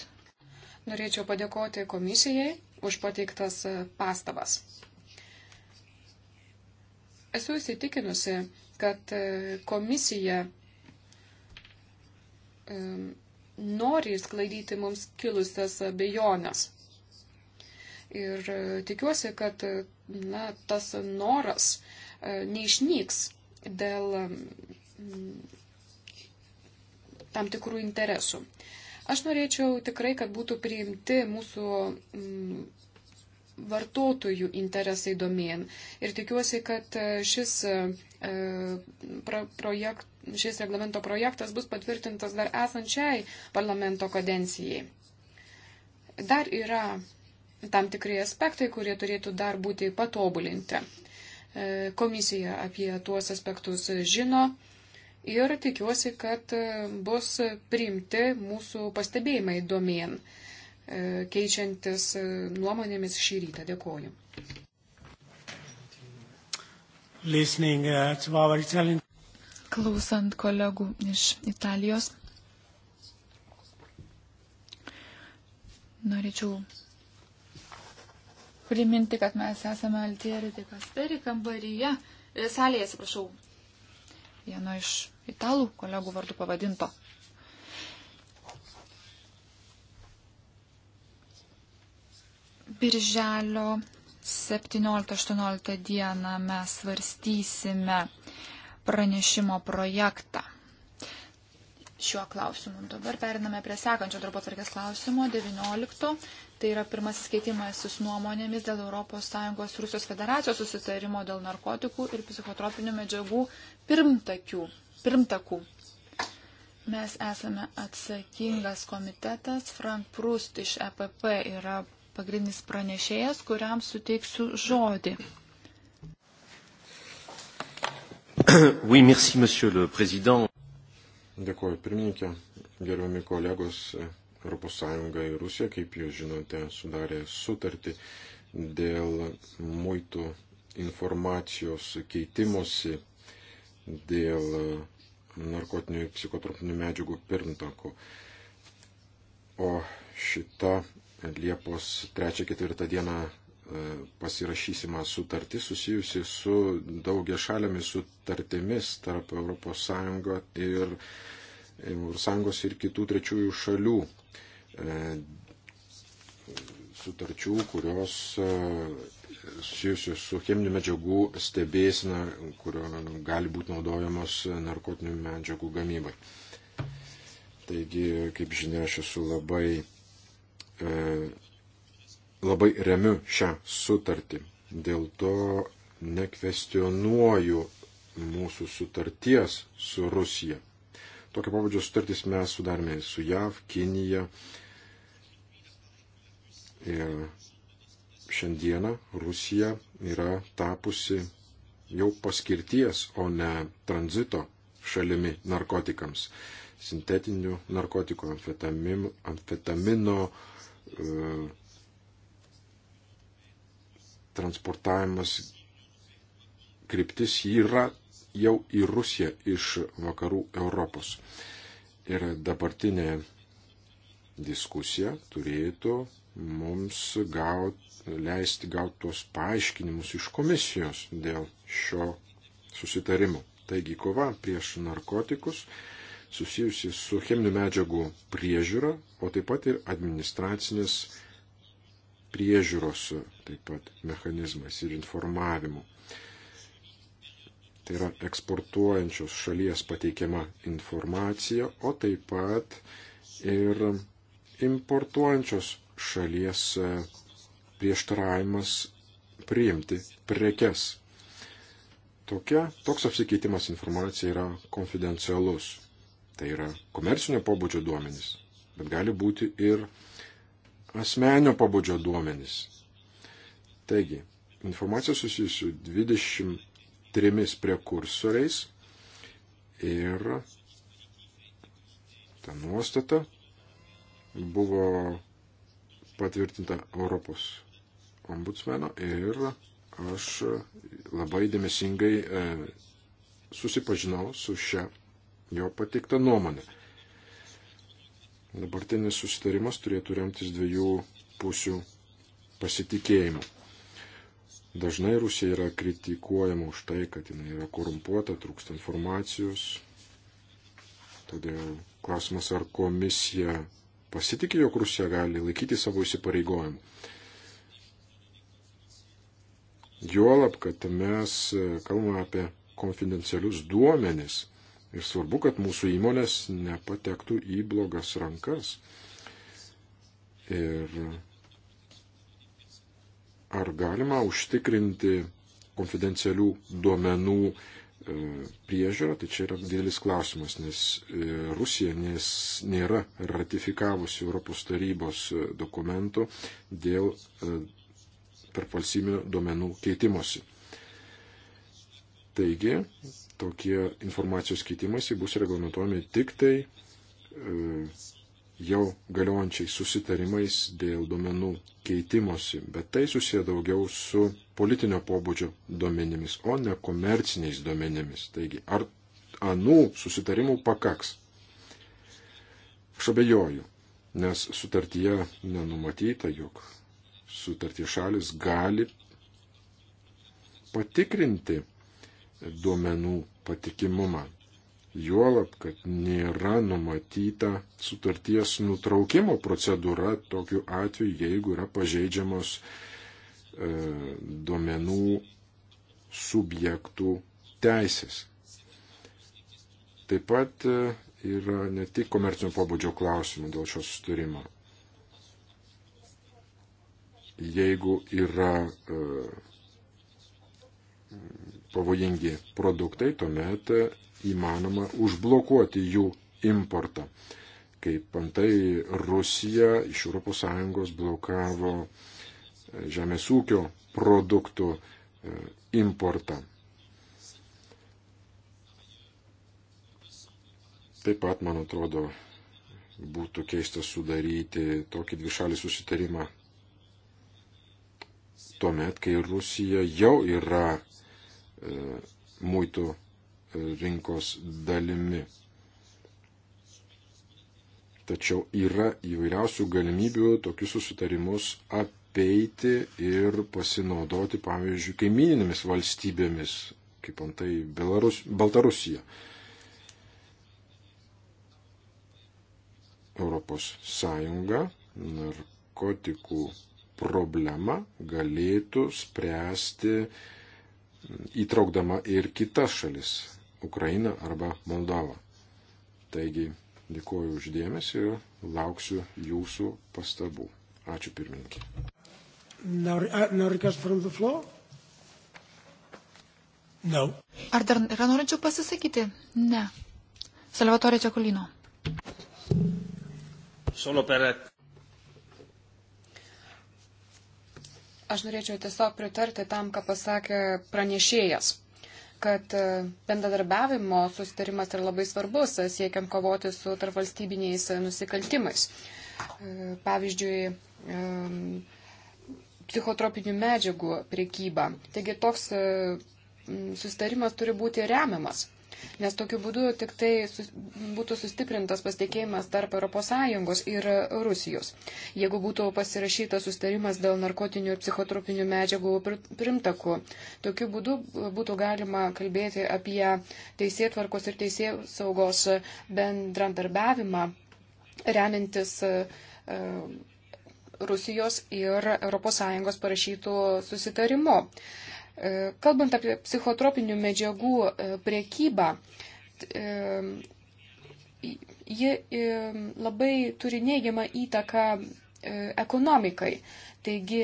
Norėčiau padėkoti komisijai už pateiktas pastabas. Esu įsitikinusi, kad e, komisija e, nori išsklaidyti mums kilusias abejonės. Ir e, tikiuosi, kad na, tas noras neišnyks dėl mm, tam tikrų interesų. Aš norėčiau tikrai, kad būtų priimti mūsų mm, vartotojų interesai domėn. Ir tikiuosi, kad e, šis, e, e, projekt, šis reglamento projektas bus patvirtintas dar esančiai parlamento kadencijai. Dar yra tam tikrai aspektai, kurie turėtų dar būti patobulinti. Komisija apie tuos aspektus žino ir tikiuosi, kad bus priimti mūsų pastebėjimai domėn. E, keičiantis e, nuomonėmis šį rytą. Dėkoju. Uh, Klausant kolegų iš Italijos, norėčiau priminti, kad mes esame Altieri de Kasperi kambaryje, e, salėje, atsiprašau, vieno iš italų kolegų vardu pavadinto. Birželio 17-18 dieną mes svarstysime pranešimo projektą. Šiuo klausimu dabar periname prie sekančio darbo tvarkės klausimo 19. Tai yra pirmasis keitimasis nuomonėmis dėl ES Rusijos federacijos susitarimo dėl narkotikų ir psichotropinių medžiagų pirmtakių, pirmtakų. Mes esame atsakingas komitetas, Frank Prust iš EPP yra pagrindinis pranešėjas, kuriam suteiksiu žodį. Oui, merci, monsieur le président. Dėkuoju, pirmininkė, gerbiami kolegos, ES ir Rusija, kaip jūs žinote, sudarė sutartį dėl muitų informacijos keitimosi dėl narkotinių ir psichotropinių medžiagų pirmtakų. O šita Liepos 3-4 dieną e, pasirašysima sutartis susijusi su daugia šalėmis sutartimis tarp ES ir ES ir kitų trečiųjų šalių e, sutarčių, kurios e, susijusių su cheminių medžiagų stebėsina, kurio gali būti naudojamos narkotinių medžiagų gamybai. Taigi, kaip žinia, aš esu labai E, labai remiu šią sutartį. Dėl to nekvestionuoju mūsų sutarties su Rusija. Tokio pabudžio sutartys mes sudarėme su JAV, Kinija. Ir šiandieną Rusija yra tapusi jau paskirties, o ne tranzito šalimi narkotikams. Sintetinių narkotikų, amfetamino, E, transportavimas kryptis yra jau į Rusiją iš vakarų Europos. Ir dabartinė diskusija turėtų mums gaut, leisti gauti tuos paaiškinimus iš komisijos dėl šio susitarimo. Taigi kova prieš narkotikus susijusi su cheminių medžiagų priežiūra, o taip pat ir administracinės priežiūros taip pat mechanizmais ir informavimu. Tai yra eksportuojančios šalies pateikiama informacija, o taip pat ir importuojančios šalies e, prieštaravimas priimti prekes. Tokia, toks apsikeitimas informacija yra konfidencialus tai yra komercinio pobūdžio duomenys, bet gali būti ir asmenio pobūdžio duomenys. Taigi, informacija susijusi su 23 prekursoriais ir ta nuostata buvo patvirtinta Europos ombudsmeno ir aš labai dėmesingai e, susipažinau su šia jo pateiktą nuomonę. Dabartinis susitarimas turėtų remtis dviejų pusių pasitikėjimu. Dažnai Rusija yra kritikuojama už tai, kad jinai yra korumpuota, trūksta informacijos. Todėl klausimas, ar komisija pasitikė, jog Rusija gali laikyti savo įsipareigojimų. Juolab, kad mes kalbame apie konfidencialius duomenis Ir svarbu, kad mūsų įmonės nepatektų į blogas rankas. Ir ar galima užtikrinti konfidencialių duomenų e, priežiūrą, tai čia yra didelis klausimas, nes e, Rusija nes nėra ratifikavusi Europos tarybos e, dokumento dėl tarpvalstybinio duomenų keitimosi. Taigi, tokie informacijos keitimasi bus reglamentuojami tik tai e, jau galiojančiais susitarimais dėl duomenų keitimosi, bet tai susiję daugiau su politinio pobūdžio duomenimis, o ne komerciniais duomenimis. Taigi, ar anų susitarimų pakaks? Aš abejoju, nes sutartyje nenumatyta, jog sutartie šalis gali patikrinti duomenų patikimumą. Juolab, kad nėra numatyta sutarties nutraukimo procedūra tokiu atveju, jeigu yra pažeidžiamos e, duomenų subjektų teisės. Taip pat e, yra ne tik komercinio pobūdžio klausimų dėl šios sustarimo. Jeigu yra e, pavojingi produktai, tuomet įmanoma užblokuoti jų importą. Kaip antai Rusija iš ES blokavo e, žemės ūkio produktų e, importą. Taip pat, man atrodo, būtų keista sudaryti tokį dvišalį susitarimą tuomet, kai Rusija jau yra E, muitų e, rinkos dalimi. Tačiau yra įvairiausių galimybių tokius susitarimus apeiti ir pasinaudoti, pavyzdžiui, kaimininėmis valstybėmis, kaip antai Belarus, Baltarusija. Europos Sąjunga narkotikų problemą galėtų spręsti įtraukdama ir kitas šalis - Ukrainą arba Moldovą. Taigi dėkuoju uždėmesi ir lauksiu jūsų pastabų. Ačiū pirmininkė. No. Ar dar yra norinčių pasisakyti? Ne. Salvatore Čekulino. Solo per Aš norėčiau tiesiog pritarti tam, ką pasakė pranešėjas kad e, bendradarbiavimo susitarimas yra labai svarbus, e, siekiant kovoti su tarpvalstybiniais e, nusikaltimais. Pavyzdžiui, psichotropinių medžiagų priekyba. Taigi toks susitarimas turi būti remiamas. Nes tokiu būdu tik tai sus, būtų sustiprintas pasitikėjimas tarp ES ir Rusijos. Jeigu būtų pasirašytas sustarimas dėl narkotinių ir psichotropinių medžiagų primtakų, tokiu būdu būtų galima kalbėti apie teisėtvarkos ir teisėsaugos bendrandarbiavimą, remintis e, e, Rusijos ir ES parašytų susitarimu. E, kalbant apie psichotropinių medžiagų e, priekybą, e, ji labai turi neigiamą įtaką ekonomikai. Taigi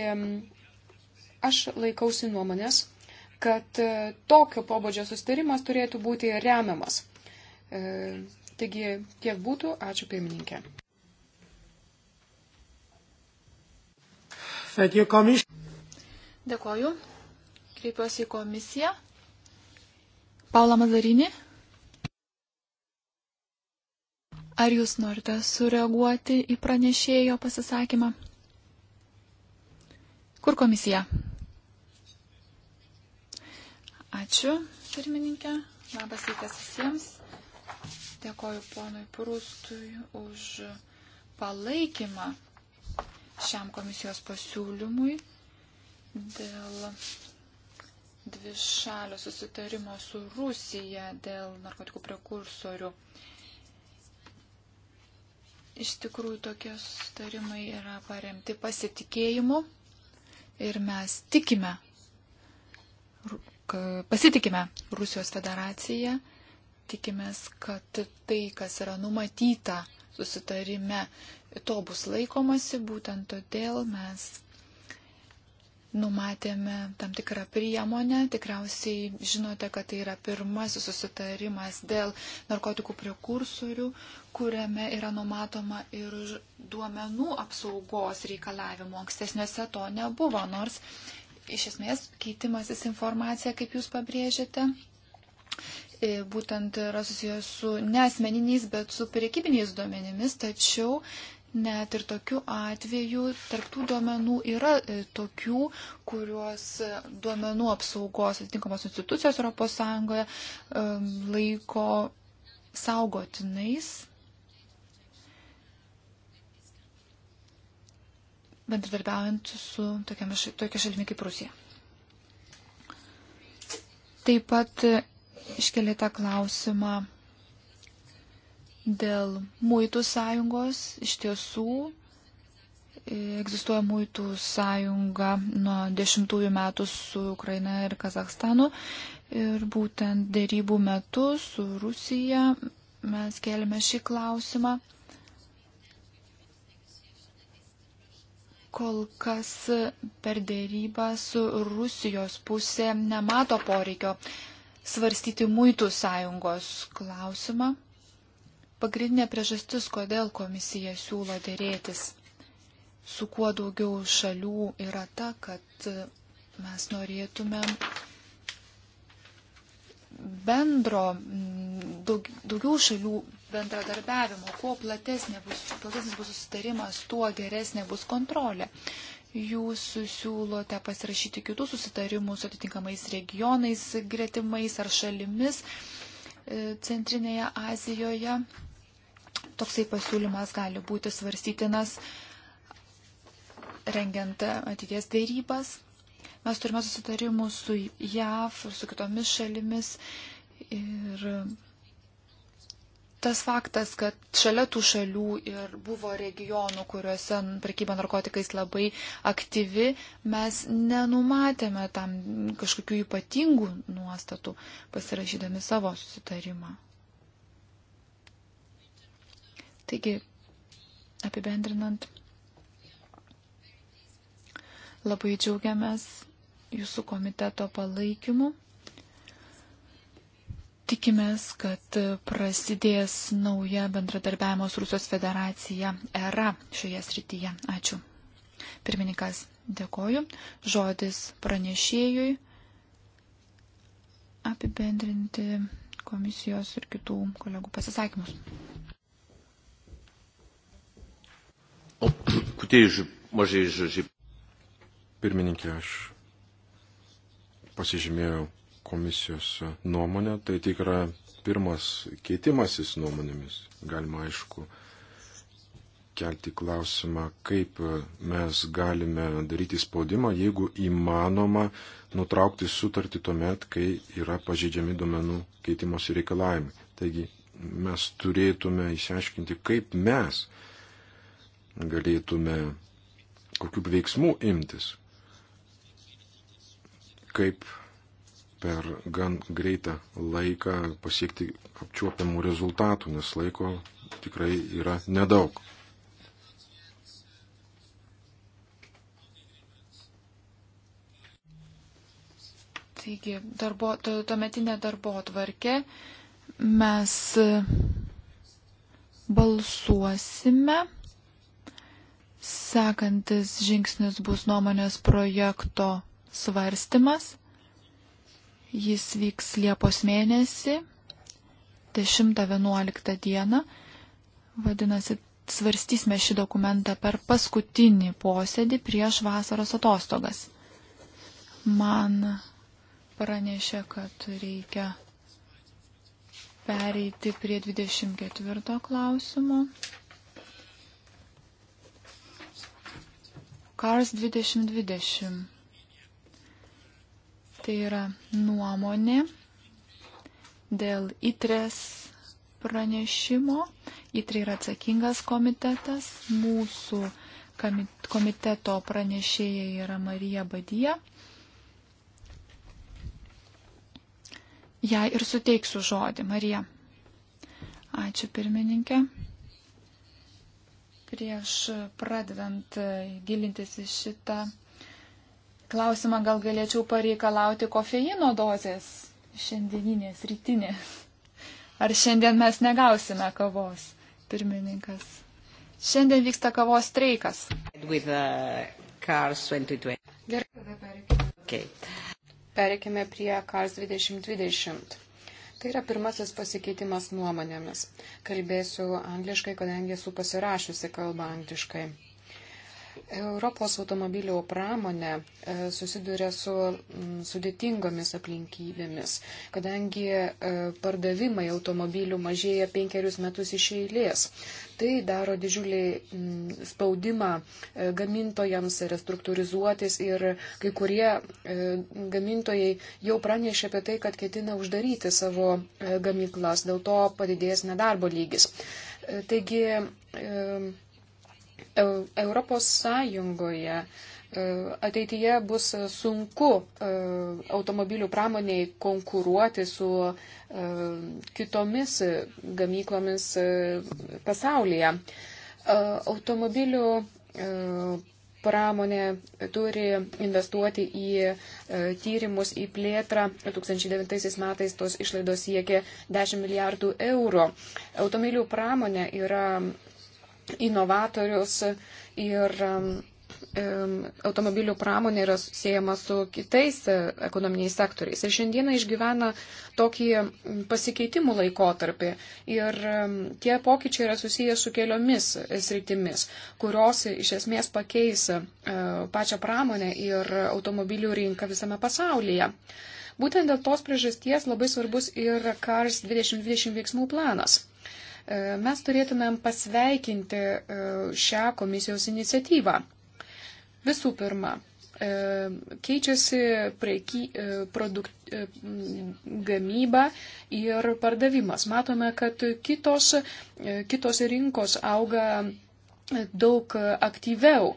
aš laikausi nuomonės, kad tokio pobūdžio sustarimas turėtų būti remiamas. Taigi tiek būtų. Ačiū pirmininkė. Dėkoju kreipiuosi į komisiją. Paula Mazarini. Ar jūs norite sureaguoti į pranešėjo pasisakymą? Kur komisija? Ačiū, pirmininkė. Labas rytas visiems. Dėkoju ponui Prūstui už palaikymą šiam komisijos pasiūlymui dėl dvišalio susitarimo su Rusija dėl narkotikų prekursorių. Iš tikrųjų tokie susitarimai yra paremti pasitikėjimu ir mes tikime, pasitikime Rusijos federaciją, tikimės, kad tai, kas yra numatyta susitarime, to bus laikomasi, būtent todėl mes numatėme tam tikrą priemonę. Tikriausiai žinote, kad tai yra pirmasis susitarimas dėl narkotikų prekursorių, kuriame yra numatoma ir duomenų apsaugos reikalavimų. Ankstesniuose to nebuvo, nors iš esmės keitimasis informacija, kaip jūs pabrėžėte, e, būtent yra susijęs su ne asmeniniais, bet su priekybiniais duomenimis, tačiau Net ir tokiu atveju tarptų duomenų yra e, tokių, kuriuos e, duomenų apsaugos atitinkamos institucijos ES laiko saugotinais. bendradarbiaujant su tokia, tokia šalimi kaip Rusija. Taip pat e, iškelėta klausimą Dėl muitų sąjungos iš tiesų e, egzistuoja muitų sąjunga nuo dešimtųjų metų su Ukraina ir Kazakstanu. Ir būtent dėrybų metu su Rusija mes keliame šį klausimą. Kol kas per dėrybą su Rusijos pusė nemato poreikio svarstyti muitų sąjungos klausimą pagrindinė priežastis, kodėl komisija siūlo dėrėtis su kuo daugiau šalių yra ta, kad mes norėtumėm bendro, daug, daugiau šalių bendradarbiavimo, kuo platesnė bus, platesnis bus susitarimas, tuo geresnė bus kontrolė. Jūs siūlote pasirašyti kitus susitarimus su atitinkamais regionais, gretimais ar šalimis e, Centrinėje Azijoje toksai pasiūlymas gali būti svarstytinas rengiant ateities dėrybas. Mes turime susitarimų su JAV ir su kitomis šalimis. Ir tas faktas, kad šalia tų šalių ir buvo regionų, kuriuose prekyba narkotikais labai aktyvi, mes nenumatėme tam kažkokių ypatingų nuostatų pasirašydami savo susitarimą. Taigi, apibendrinant, labai džiaugiamės jūsų komiteto palaikymu. Tikimės, kad prasidės nauja bendradarbiavimo su Rusijos federacija era šioje srityje. Ačiū. Pirmininkas, dėkoju. Žodis pranešėjui apibendrinti komisijos ir kitų kolegų pasisakymus. Oh, Pirmininkė, aš pasižymėjau komisijos nuomonę, tai tikra pirmas keitimasis nuomonėmis. Galima aišku kelti klausimą, kaip mes galime daryti spaudimą, jeigu įmanoma nutraukti sutartį tuomet, kai yra pažeidžiami duomenų keitimosi reikalavimai. Taigi mes turėtume išsiaiškinti, kaip mes galėtume kokių veiksmų imtis, kaip per gan greitą laiką pasiekti apčiuopiamų rezultatų, nes laiko tikrai yra nedaug. Taigi, darbo, tuometinė darbo tvarkė mes balsuosime Sekantis žingsnis bus nuomonės projekto svarstymas. Jis vyks Liepos mėnesį, 10-11 dieną. Vadinasi, svarstysime šį dokumentą per paskutinį posėdį prieš vasaros atostogas. Man pranešė, kad reikia pereiti prie 24 klausimo. Kars 2020. Tai yra nuomonė dėl ITRES pranešimo. ITRE yra atsakingas komitetas. Mūsų komiteto pranešėja yra Marija Badija. Jei ir suteiksiu žodį, Marija. Ačiū pirmininkė. Prieš pradedant gilintis į šitą klausimą, gal galėčiau pareikalauti kofeino dozės šiandieninės, rytinės. Ar šiandien mes negausime kavos, pirmininkas? Šiandien vyksta kavos streikas. Uh, Gerai, tada perikime. Okay. Perikime prie Kars 2020. Tai yra pirmasis pasikeitimas nuomonėmis. Kalbėsiu angliškai, kadangi esu pasirašusi kalbą angliškai. Europos automobilių pramonė e, susiduria su sudėtingomis aplinkybėmis, kadangi e, pardavimai automobilių mažėja penkerius metus iš eilės. Tai daro didžiulį spaudimą e, gamintojams restruktūrizuotis ir kai kurie gamintojai jau pranešė apie tai, kad ketina uždaryti savo gamyklas, dėl to padidės nedarbo lygis. Taigi, Europos Sąjungoje e, ateityje bus sunku e, automobilių pramoniai konkuruoti su e, kitomis gamyklomis pasaulyje. Automobilių pramonė turi investuoti į tyrimus, į plėtrą. 2009 metais tos išlaidos siekė 10 milijardų eurų. Automobilių pramonė yra inovatorius ir um, um, automobilių pramonė yra siejama su kitais e, ekonominiais sektoriais. Ir šiandieną išgyvena tokį pasikeitimų laikotarpį. Ir um, tie pokyčiai yra susiję su keliomis sritimis, kurios iš esmės pakeis e, pačią pramonę ir automobilių rinką visame pasaulyje. Būtent dėl tos priežasties labai svarbus ir Kars 2020 veiksmų planas. E, mes turėtumėm pasveikinti e, šią komisijos iniciatyvą. Visų pirma, e, keičiasi preky, produkt, gamyba ir pardavimas. Matome, kad kitos, kitos rinkos auga daug aktyviau.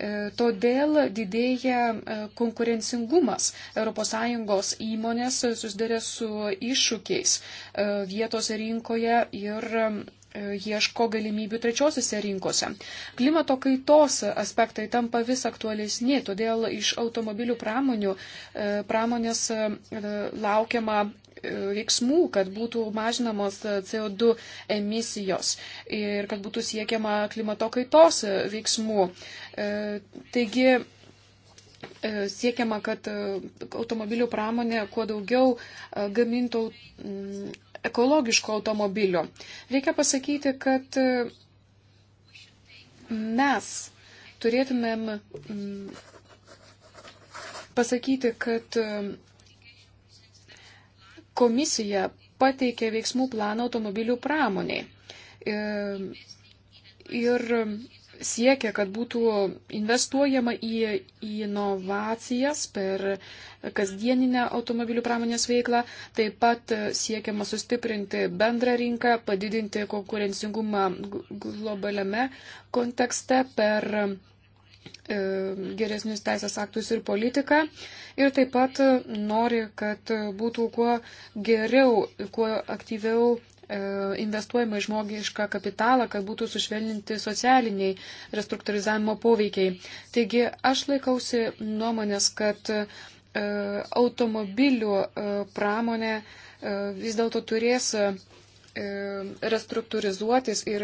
E, todėl didėja e, konkurencingumas. ES įmonės susiduria su iššūkiais e, vietos rinkoje ir ieško galimybių trečiosiose rinkose. Klimato kaitos aspektai tampa vis aktualesni, todėl iš automobilių pramonių, pramonės laukiama veiksmų, kad būtų mažinamos CO2 emisijos ir kad būtų siekiama klimato kaitos veiksmų. E, taigi e, siekiama, kad e, automobilių pramonė kuo daugiau gamintų mm, ekologiško automobilio. Reikia pasakyti, kad mes turėtumėm mm, pasakyti, kad komisija pateikė veiksmų planą automobilių pramoniai e, ir siekia, kad būtų investuojama į inovacijas per kasdieninę automobilių pramonės veiklą, taip pat siekiama sustiprinti bendrą rinką, padidinti konkurencingumą globaliame kontekste per E, geresnius teisės aktus ir politiką ir taip pat nori, kad būtų kuo geriau, kuo aktyviau e, investuojama į žmogišką kapitalą, kad būtų sušvelninti socialiniai restruktūrizavimo poveikiai. Taigi aš laikausi nuomonės, kad e, automobilių pramonė vis dėlto turės E, restruktūrizuotis ir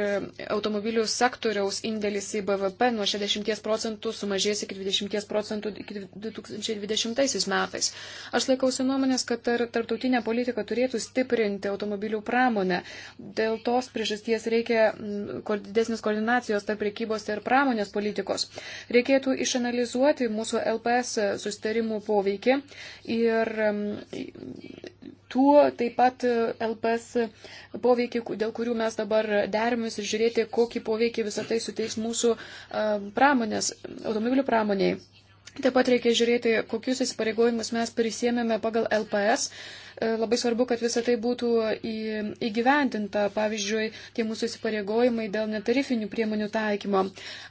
automobilių sektoriaus indėlis į BVP nuo 60 procentų sumažės iki 20 procentų iki 2020 metais. Aš laikausi nuomonės, kad tarptautinė politika turėtų stiprinti automobilių pramonę. Dėl tos priežasties reikia didesnės koordinacijos tarp priekybos ir pramonės politikos. Reikėtų išanalizuoti mūsų LPS sustarimų poveikį ir tuo taip pat e, LPS poveikį, dėl kurių mes dabar derimus ir žiūrėti, kokį poveikį visą tai suteiks mūsų e, pramonės, automobilių pramoniai. Taip pat reikia žiūrėti, kokius įsipareigojimus mes prisėmėme pagal LPS E, labai svarbu, kad visa tai būtų įgyvendinta, pavyzdžiui, tie mūsų įsipareigojimai dėl netarifinių priemonių taikymo.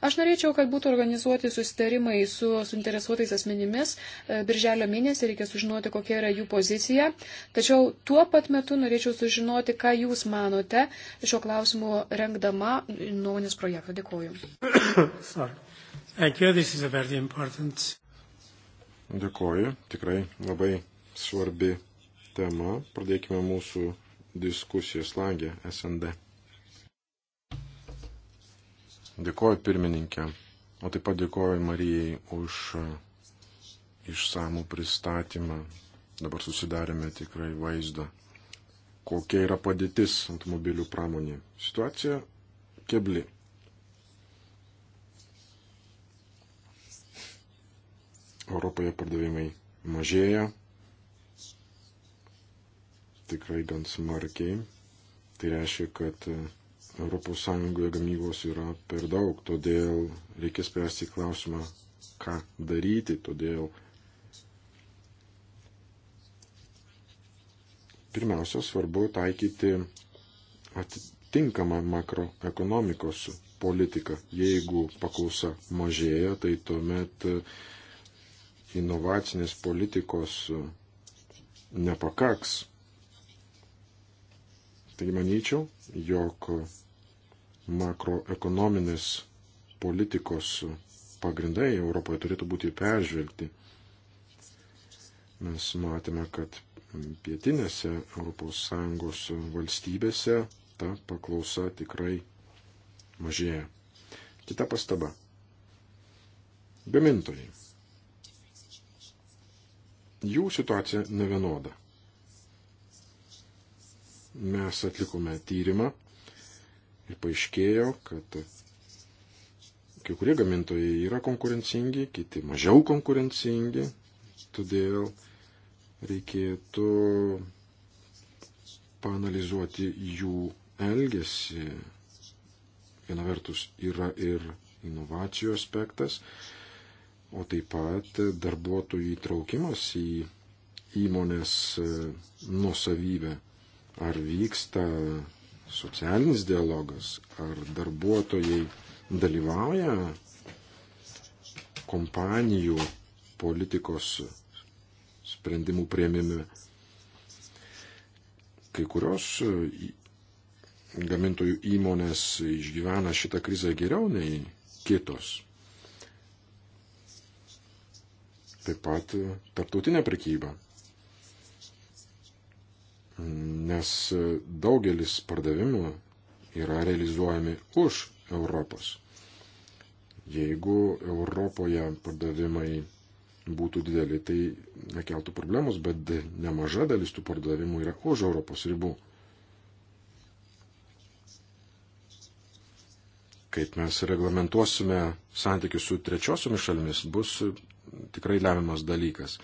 Aš norėčiau, kad būtų organizuoti susitarimai su suinteresuotais asmenimis. E, birželio mėnesį reikia sužinoti, kokia yra jų pozicija. Tačiau tuo pat metu norėčiau sužinoti, ką Jūs manote šio klausimu rengdama nuomonės projektą. Dėkuoju. Dėkuoju, tikrai labai svarbi tema. Pradėkime mūsų diskusijos langę SND. Dėkoju pirmininkė, o taip pat dėkoju Marijai už išsamų pristatymą. Dabar susidarėme tikrai vaizdą, kokia yra padėtis automobilių pramonėje. Situacija kebli. Europoje pardavimai mažėja, tikrai gan smarkiai. Tai reiškia, kad ES gamybos yra per daug, todėl reikia spręsti klausimą, ką daryti. Todėl pirmiausia, svarbu taikyti atitinkamą makroekonomikos politiką. Jeigu paklausa mažėja, tai tuomet e, inovacinės politikos e, nepakaks Taigi manyčiau, jog makroekonominis politikos pagrindai Europoje turėtų būti peržvelgti. Mes matėme, kad pietinėse ES valstybėse ta paklausa tikrai mažėja. Kita pastaba. Gamintojai. Jų situacija nevienoda mes atlikome tyrimą ir paaiškėjo, kad kai kurie gamintojai yra konkurencingi, kiti mažiau konkurencingi, todėl reikėtų panalizuoti jų elgesį. Viena vertus yra ir inovacijų aspektas, o taip pat darbuotojų įtraukimas į įmonės nusavybę ar vyksta socialinis dialogas, ar darbuotojai dalyvauja kompanijų politikos sprendimų prieimime. Kai kurios gamintojų įmonės išgyvena šitą krizę geriau nei kitos. Taip pat tarptautinė prekyba nes daugelis pardavimų yra realizuojami už Europos. Jeigu Europoje pardavimai būtų dideli, tai nekeltų problemos, bet nemaža dalis tų pardavimų yra už Europos ribų. Kaip mes reglamentuosime santykius su trečiosiomis šalimis, bus tikrai lemiamas dalykas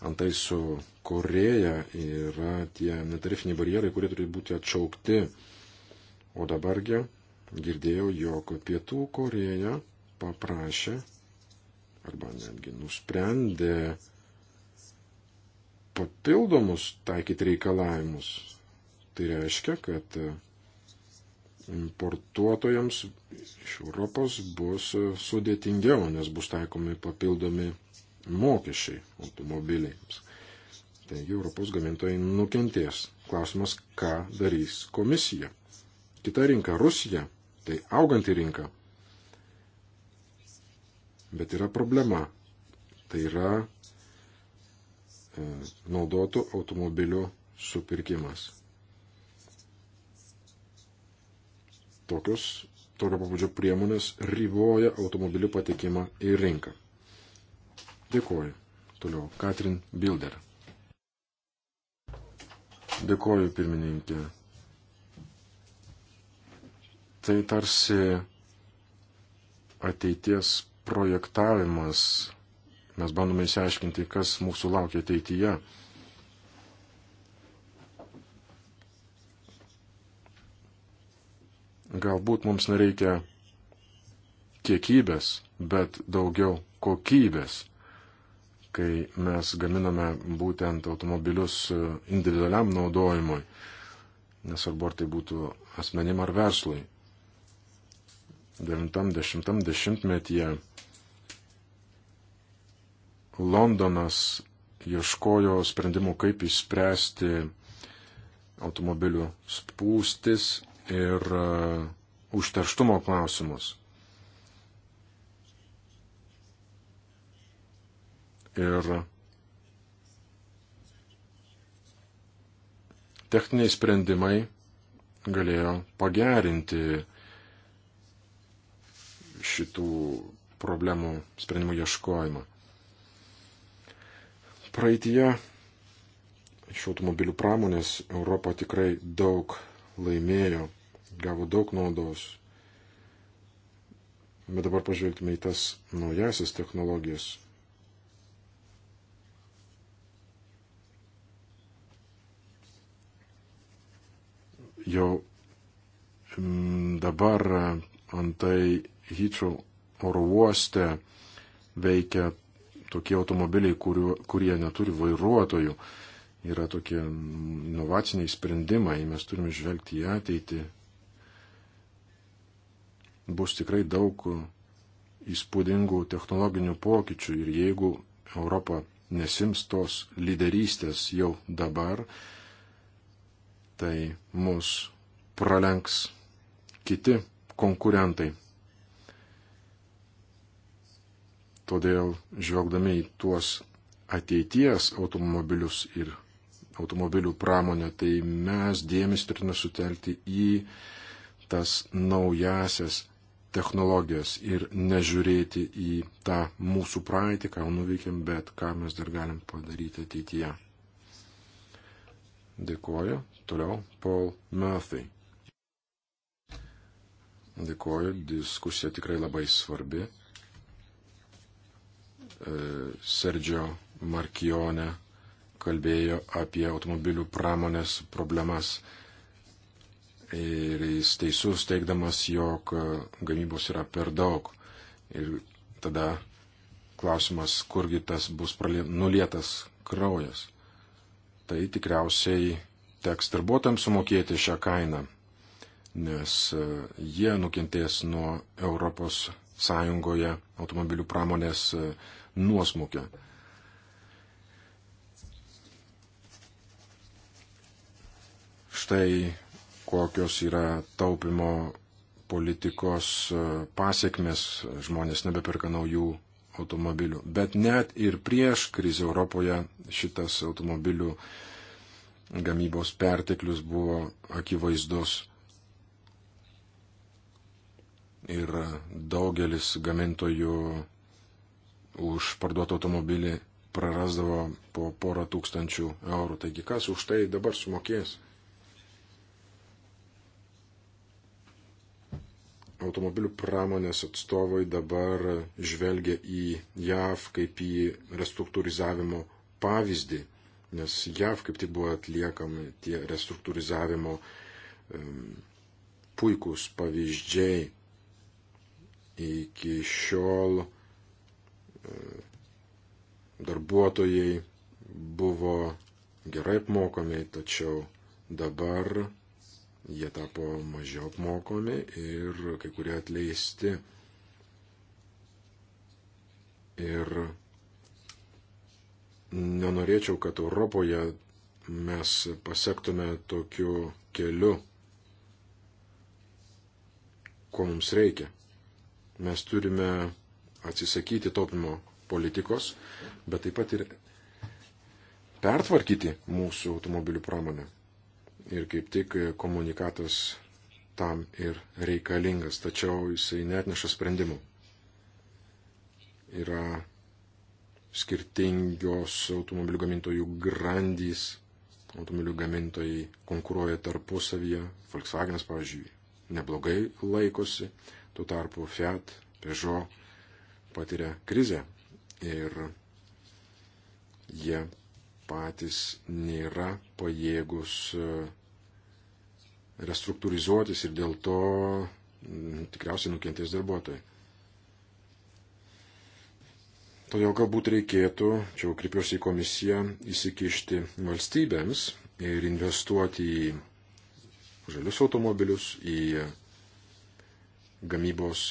antai su Koreja yra tie netarifiniai barjerai, kurie turi būti atšaukti. O dabargi girdėjau, jog Pietų Koreja paprašė arba netgi nusprendė papildomus taikyti reikalavimus. Tai reiškia, kad importuotojams iš Europos bus sudėtingiau, nes bus taikomi papildomi mokesčiai automobiliams. Taigi Europos gamintojai nukentės. Klausimas, ką darys komisija. Kita rinka - Rusija. Tai auganti rinka. Bet yra problema. Tai yra e, naudotų automobilių supirkimas. Tokios tokio pabudžio priemonės riboja automobilių patekimą į rinką. Dėkuoju. Toliau, Katrin Bilder. Dėkuoju, pirmininkė. Tai tarsi ateities projektavimas. Mes bandome įsiaiškinti, kas mūsų laukia ateityje. Galbūt mums nereikia kiekybės, bet daugiau kokybės kai mes gaminame būtent automobilius individualiam naudojimui, nesvarbu ar tai būtų asmenim ar verslui. 90-10 metyje Londonas ieškojo sprendimų, kaip įspręsti automobilių spūstis ir e, užterštumo klausimus. ir techniniai sprendimai galėjo pagerinti šitų problemų sprendimų ieškojimą. Praeitie iš automobilių pramonės Europa tikrai daug laimėjo, gavo daug naudos. Bet dabar pažvelgime į tas naujasias technologijas, jau mm, dabar e, antai Hyčiau oro uoste veikia tokie automobiliai, kuriu, kurie neturi vairuotojų. Yra tokie mm, inovaciniai sprendimai, mes turime žvelgti į ateitį. Bus tikrai daug įspūdingų technologinių pokyčių ir jeigu Europa nesims tos lyderystės jau dabar, tai mus pralenks kiti konkurentai. Todėl žvelgdami į tuos ateities automobilius ir automobilių pramonę, tai mes dėmesį turime sutelkti į tas naujasias technologijas ir nežiūrėti į tą mūsų praeitį, ką nuveikėm, bet ką mes dar galim padaryti ateityje. Dėkuoju. Toliau Paul Murphy. Dėkuoju. Diskusija tikrai labai svarbi. E, Sergio Markione kalbėjo apie automobilių pramonės problemas. Ir jis teisus teikdamas, jog gamybos yra per daug. Ir tada klausimas, kurgi tas bus nulietas kraujas tai tikriausiai teks darbuotojams sumokėti šią kainą, nes e, jie nukentės nuo ES automobilių pramonės e, nuosmukio. Štai kokios yra taupimo politikos e, pasiekmes, žmonės nebeperka naujų automobilių. Bet net ir prieš krizę Europoje šitas automobilių gamybos perteklius buvo akivaizdus. Ir daugelis gamintojų už parduotą automobilį prarasdavo po porą tūkstančių eurų. Taigi kas už tai dabar sumokės? automobilių pramonės atstovai dabar žvelgia į JAV kaip į restruktūrizavimo pavyzdį, nes JAV kaip tik buvo atliekami tie restruktūrizavimo um, puikūs pavyzdžiai. Iki šiol um, darbuotojai buvo gerai apmokami, tačiau dabar Jie tapo mažiau apmokomi ir kai kurie atleisti. Ir nenorėčiau, kad Europoje mes pasektume tokiu keliu, ko mums reikia. Mes turime atsisakyti taupimo politikos, bet taip pat ir pertvarkyti mūsų automobilių pramonę ir kaip tik komunikatas tam ir reikalingas, tačiau jisai net neša sprendimų. Yra skirtingios automobilių gamintojų grandys, automobilių gamintojai konkuruoja tarpusavyje, Volkswagenas, pavyzdžiui, neblogai laikosi, tuo tarpu Fiat, Peugeot patiria krizę ir jie patys nėra pajėgus e, restruktūrizuotis ir dėl to tikriausiai nukentės darbuotojai. Todėl galbūt reikėtų, čia jau kreipiuosi į komisiją, įsikišti valstybėms ir investuoti į žalius automobilius, į gamybos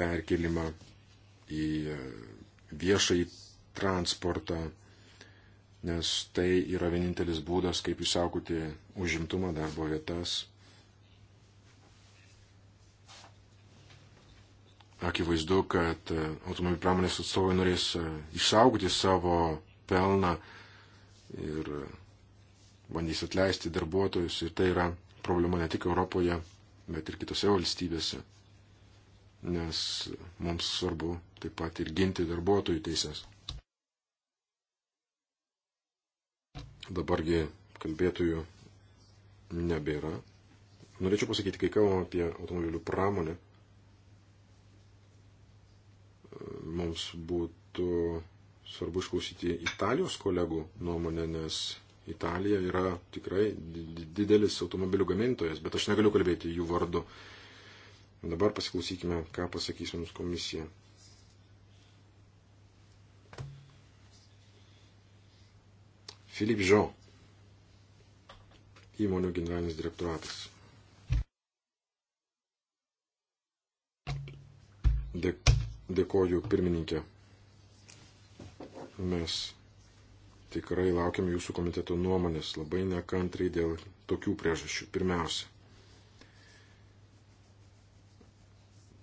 perkelimą, į viešai transportą, nes tai yra vienintelis būdas, kaip išsaugoti užimtumą darbo vietas. Akivaizdu, kad e, automobilių pramonės atstovai norės e, išsaugoti savo pelną ir e, bandys atleisti darbuotojus ir tai yra problema ne tik Europoje, bet ir kitose valstybėse, nes mums svarbu taip pat ir ginti darbuotojų teises. dabargi kalbėtojų nebėra. Norėčiau pasakyti, kai kalbam apie automobilių pramonę, mums būtų svarbu išklausyti Italijos kolegų nuomonę, nes Italija yra tikrai didelis automobilių gamintojas, bet aš negaliu kalbėti jų vardu. Dabar pasiklausykime, ką pasakys mums komisija. Filip Žo, įmonių generalinis direktoratas. Dėkoju pirmininkė. Mes tikrai laukiam jūsų komiteto nuomonės labai nekantriai dėl tokių priežasčių. Pirmiausia,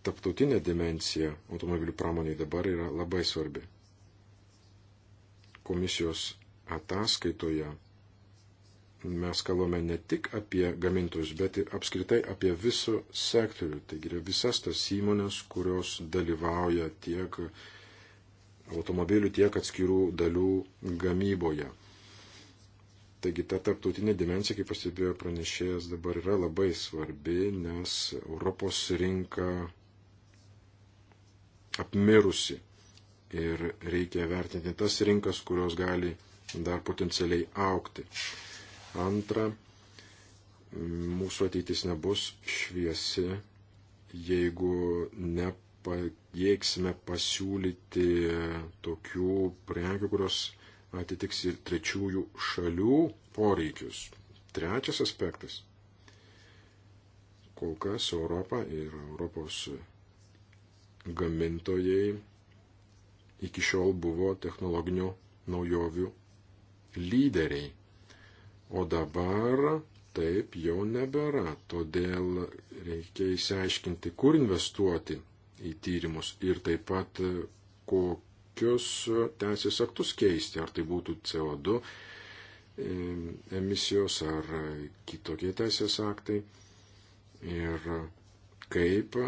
taptautinė dimencija automobilių pramoniai dabar yra labai svarbi. Komisijos ataskaitoje mes kalbame ne tik apie gamintojus, bet ir apskritai apie visų sektorių. Taigi yra visas tas įmonės, kurios dalyvauja tiek automobilių, tiek atskirų dalių gamyboje. Taigi ta tarptautinė dimensija, kaip pastebėjo pranešėjas, dabar yra labai svarbi, nes Europos rinka apmirusi ir reikia vertinti tas rinkas, kurios gali dar potencialiai aukti. Antra, mūsų ateitis nebus šviesi, jeigu nepajėgsime pasiūlyti tokių prekių, kurios atitiks ir trečiųjų šalių poreikius. Trečias aspektas. Kol kas Europa ir Europos gamintojai iki šiol buvo technologinių naujovių lyderiai. O dabar taip jau nebėra, todėl reikia įsiaiškinti, kur investuoti į tyrimus ir taip pat e, kokius teisės aktus keisti, ar tai būtų CO2 e, emisijos ar kitokie teisės aktai ir kaip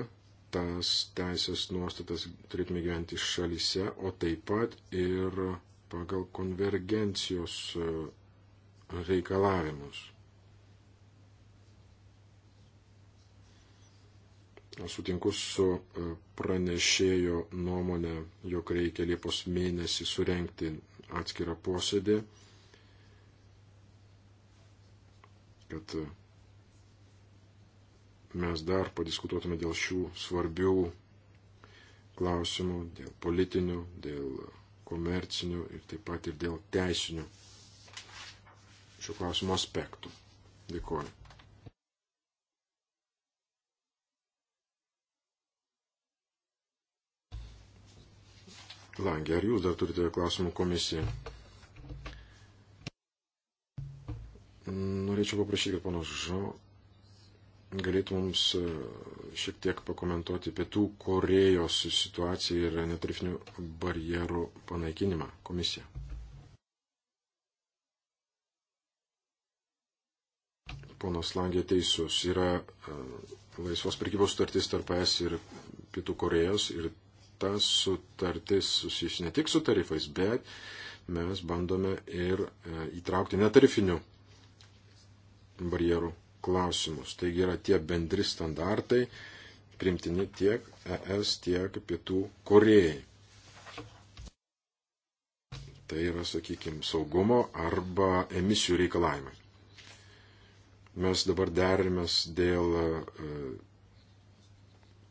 tas teisės nuostatas turėtume gyventi šalyse, o taip pat ir pagal konvergencijos e, reikalavimus. Sutinku su e, pranešėjo nuomonė, jog reikia Liepos mėnesį surenkti atskirą posėdį, kad e, mes dar padiskutuotume dėl šių svarbių klausimų, dėl politinių, dėl komercinių ir taip pat ir dėl teisinių šio klausimo aspektų. Dėkuoju. Langė, ar jūs dar turite klausimų komisiją? Norėčiau paprašyti, kad panas Žau galėtų mums e, šiek tiek pakomentuoti pietų Korejos situaciją ir netarifinių barjerų panaikinimą komisija. Ponas Langė teisus, yra e, laisvos prekybos sutartis tarp ES ir Pietų Korejos ir ta sutartis susijusi ne tik su tarifais, bet mes bandome ir e, įtraukti netarifinių barjerų klausimus. Taigi yra tie bendri standartai, primtini tiek ES, tiek Pietų Korejai. Tai yra, sakykime, saugumo arba emisijų reikalavimai. Mes dabar derimės dėl e,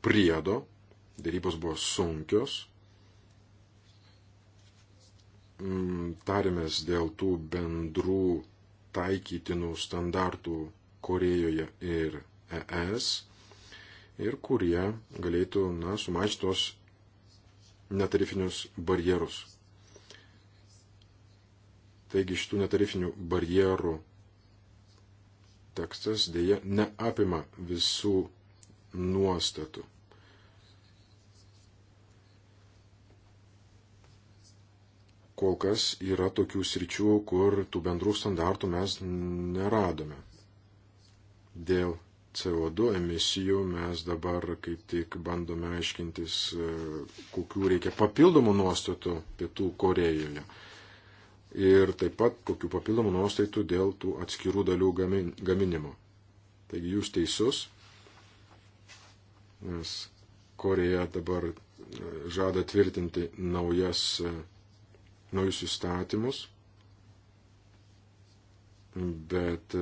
priedo. Dėrybos buvo sunkios. Mm, tarėmės dėl tų bendrų taikytinų standartų Korejoje ir ES ir kurie galėtų na, sumažinti tos netarifinius barjerus. Taigi šitų netarifinių barjerų tekstas dėja neapima visų nuostatų. Kol kas yra tokių sričių, kur tų bendrų standartų mes neradome. Dėl CO2 emisijų mes dabar kaip tik bandome aiškintis, e, kokių reikia papildomų nuostatų Pietų Korejoje. Ir taip pat kokių papildomų nuostatų dėl tų atskirų dalių gamin, gaminimo. Taigi jūs teisus, nes Koreja dabar e, žada tvirtinti naujas, e, naujus įstatymus, bet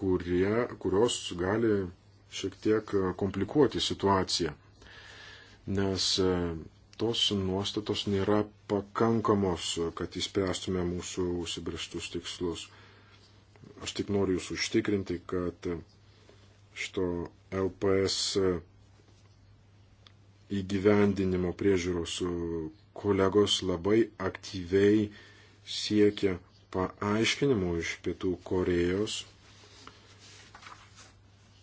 kurie, kurios gali šiek tiek e, komplikuoti situaciją, nes e, tos nuostatos nėra pakankamos, kad įspręstume mūsų užsibrištus tikslus. Aš tik noriu jūs užtikrinti, kad e, šito LPS įgyvendinimo priežiūros kolegos labai aktyviai siekia paaiškinimų iš Pietų Korejos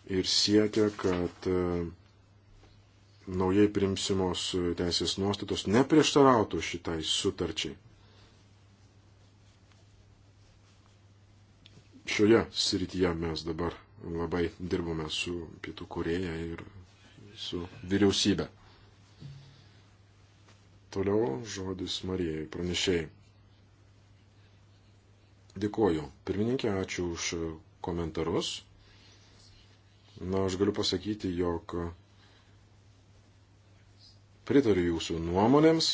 ir siekia, kad e, naujai primsimos teisės nuostatos neprieštarautų šitai sutarčiai. Šioje srityje mes dabar labai dirbame su Pietų Koreja ir su vyriausybė. Toliau žodis Marijai pranešėjai. Dėkoju. Pirmininkė, ačiū už komentarus. Na, aš galiu pasakyti, jog pritariu jūsų nuomonėms.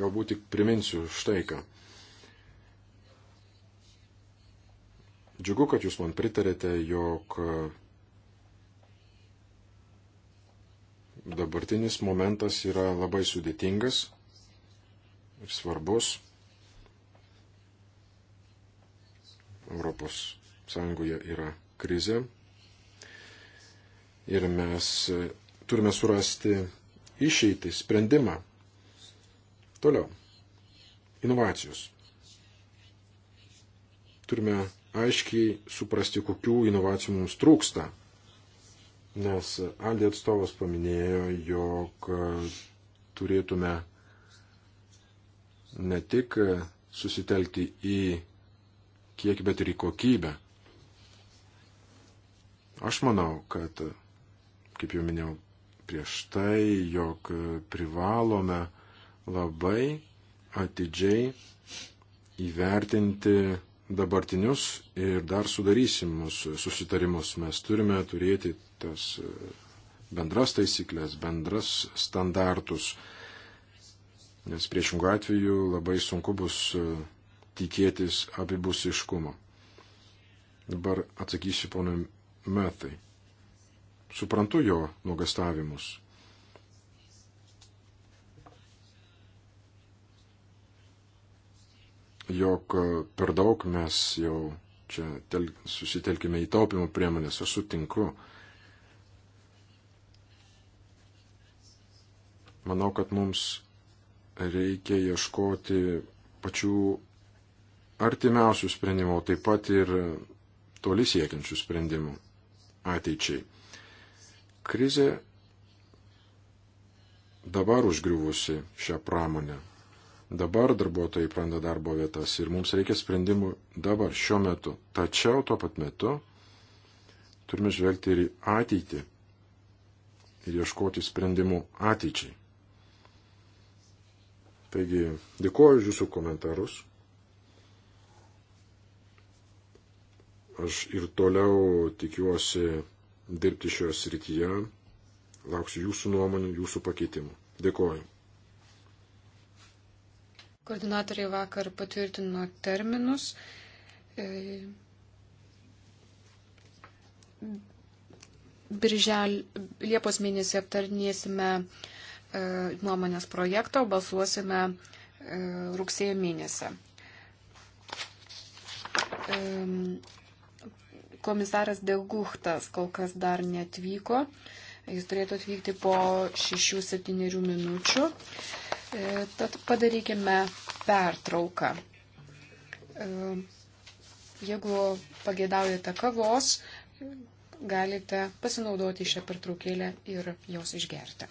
Galbūt tik priminsiu štai ką. Džiugu, kad jūs man pritarėte, jog dabartinis momentas yra labai sudėtingas ir svarbus. Europos Sąjungoje yra krizę ir mes e, turime surasti išeitį, sprendimą. Toliau. Inovacijos. Turime aiškiai suprasti, kokių inovacijų mums trūksta. Nes Aldė atstovas paminėjo, jog e, turėtume ne tik e, susitelkti į kiekį, bet ir į kokybę. Aš manau, kad, kaip jau minėjau prieš tai, jog privalome labai atidžiai įvertinti dabartinius ir dar sudarysimus susitarimus. Mes turime turėti tas bendras taisyklės, bendras standartus, nes priešingų atveju labai sunku bus e, tikėtis abipusiškumo. Dabar atsakysiu ponui metai. Suprantu jo nuogastavimus. Jok e, per daug mes jau čia tel, susitelkime į taupimo priemonės, aš sutinku. Manau, kad mums reikia ieškoti pačių artimiausių sprendimų, o taip pat ir toli siekiančių sprendimų ateičiai. Krize dabar užgriuvusi šią pramonę. Dabar darbuotojai pranda darbo vietas ir mums reikia sprendimų dabar, šiuo metu. Tačiau tuo pat metu turime žvelgti ir į ateitį ir ieškoti sprendimų ateičiai. Taigi, dėkuoju už jūsų komentarus. Aš ir toliau tikiuosi dirbti šioje srityje. Lauksiu jūsų nuomonių, jūsų pakeitimų. Dėkoju. Koordinatoriai vakar patvirtino terminus. E, biržel, Liepos mėnesį aptarnėsime e, nuomonės projektą, balsuosime e, rugsėjo mėnesį komisaras Deguchtas kol kas dar netvyko. Jis turėtų atvykti po 6-7 minučių. E, tad padarykime pertrauką. E, jeigu pagėdaujate kavos, galite pasinaudoti šią pertraukėlę ir jos išgerti.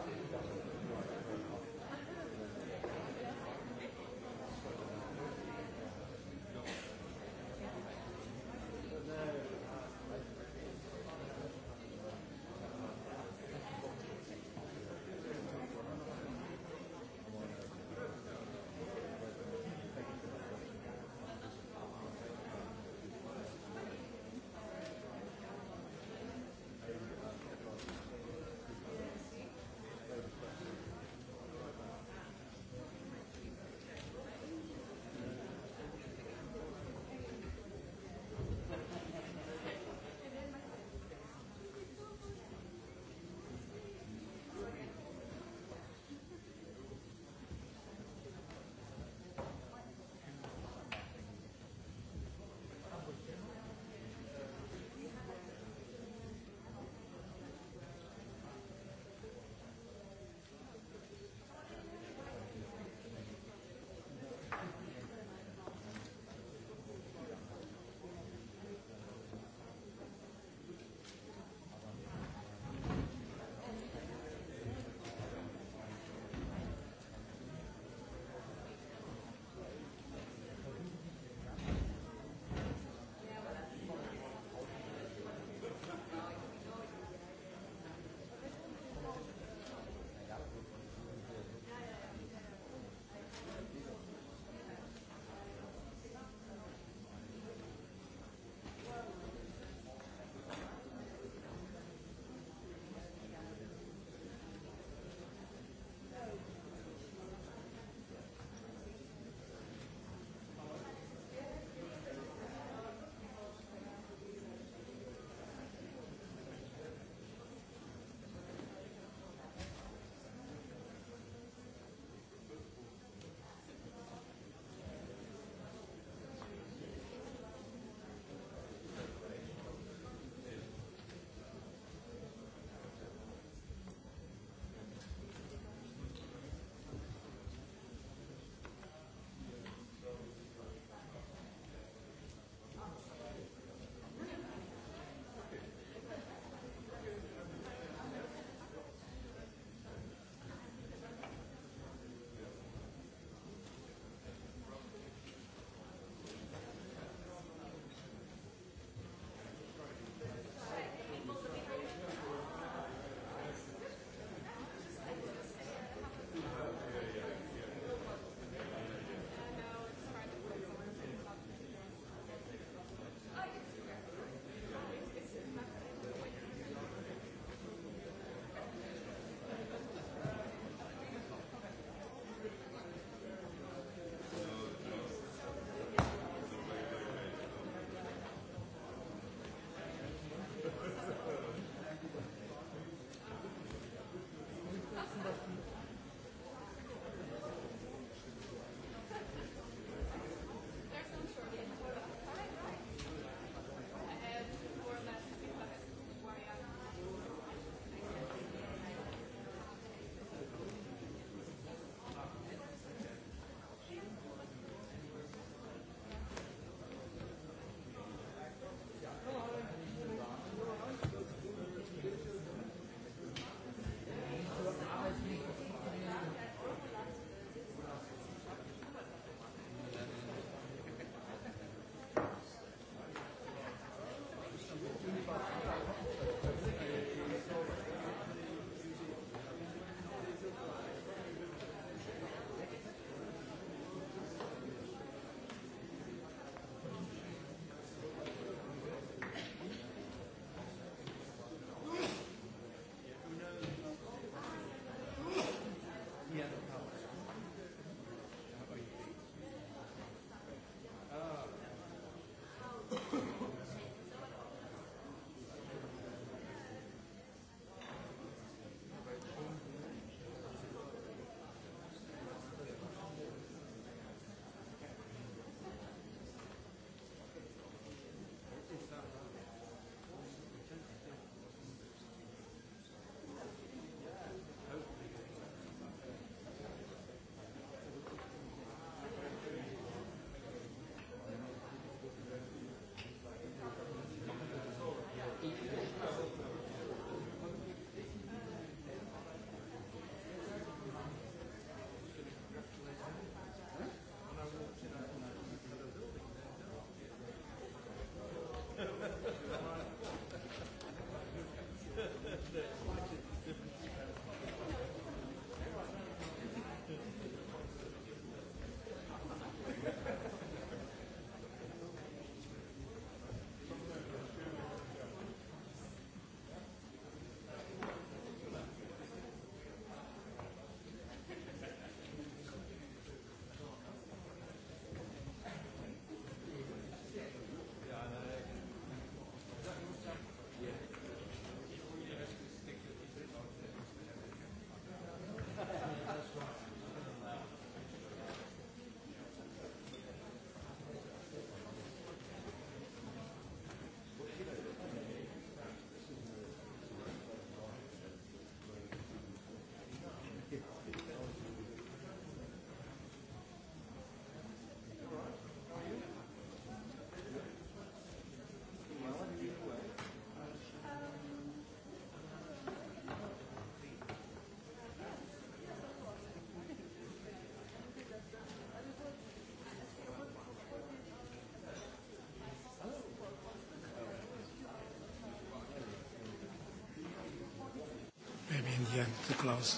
maybe in the end to close.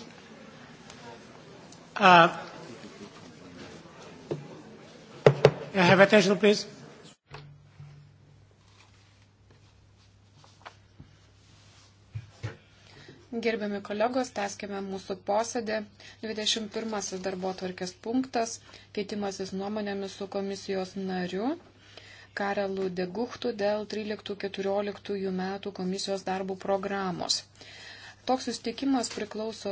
Uh, have attention, please. Gerbiami kolegos, teskime mūsų posėdį. 21 darbo tvarkės punktas - keitimasis nuomonėmis su komisijos nariu Karelu Deguchtu dėl 13-14 metų komisijos darbų programos. Toks sustikimas priklauso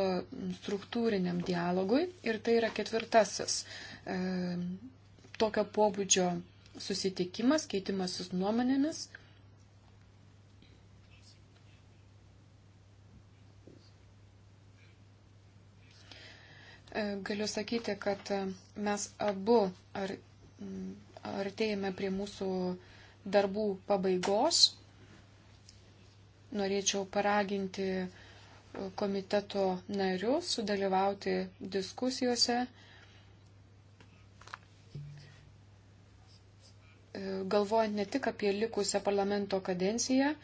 struktūriniam dialogui ir tai yra ketvirtasis e, tokio pobūdžio susitikimas, keitimasis nuomonėmis. E, galiu sakyti, kad mes abu ar, mm, artėjame prie mūsų darbų pabaigos. Norėčiau paraginti komiteto narius sudalyvauti diskusijose, e, galvojant ne tik apie likusią parlamento kadenciją,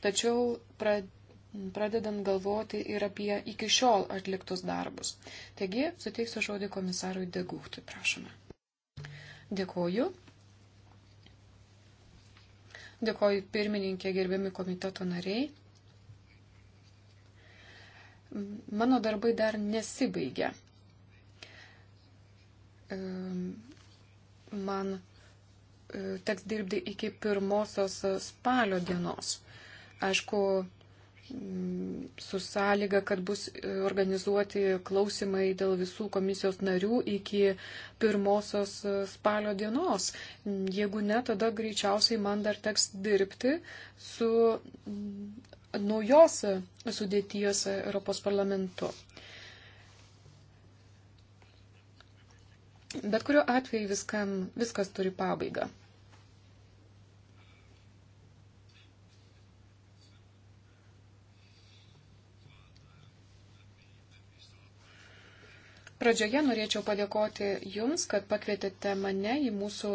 tačiau pradedant galvoti ir apie iki šiol atliktus darbus. Taigi, suteiksiu žodį komisarui Degūtui, prašome. Dėkoju. Dėkoju pirmininkė gerbiami komiteto nariai mano darbai dar nesibaigia. Man e, teks dirbti iki pirmosios spalio dienos. Aišku, mm, su sąlyga, kad bus e, organizuoti klausimai dėl visų komisijos narių iki pirmosios e, spalio dienos. Jeigu ne, tada greičiausiai man dar teks dirbti su mm, naujos sudėties Europos parlamentu. Bet kuriuo atveju viskam, viskas turi pabaigą. Pradžioje norėčiau padėkoti Jums, kad pakvietėte mane į mūsų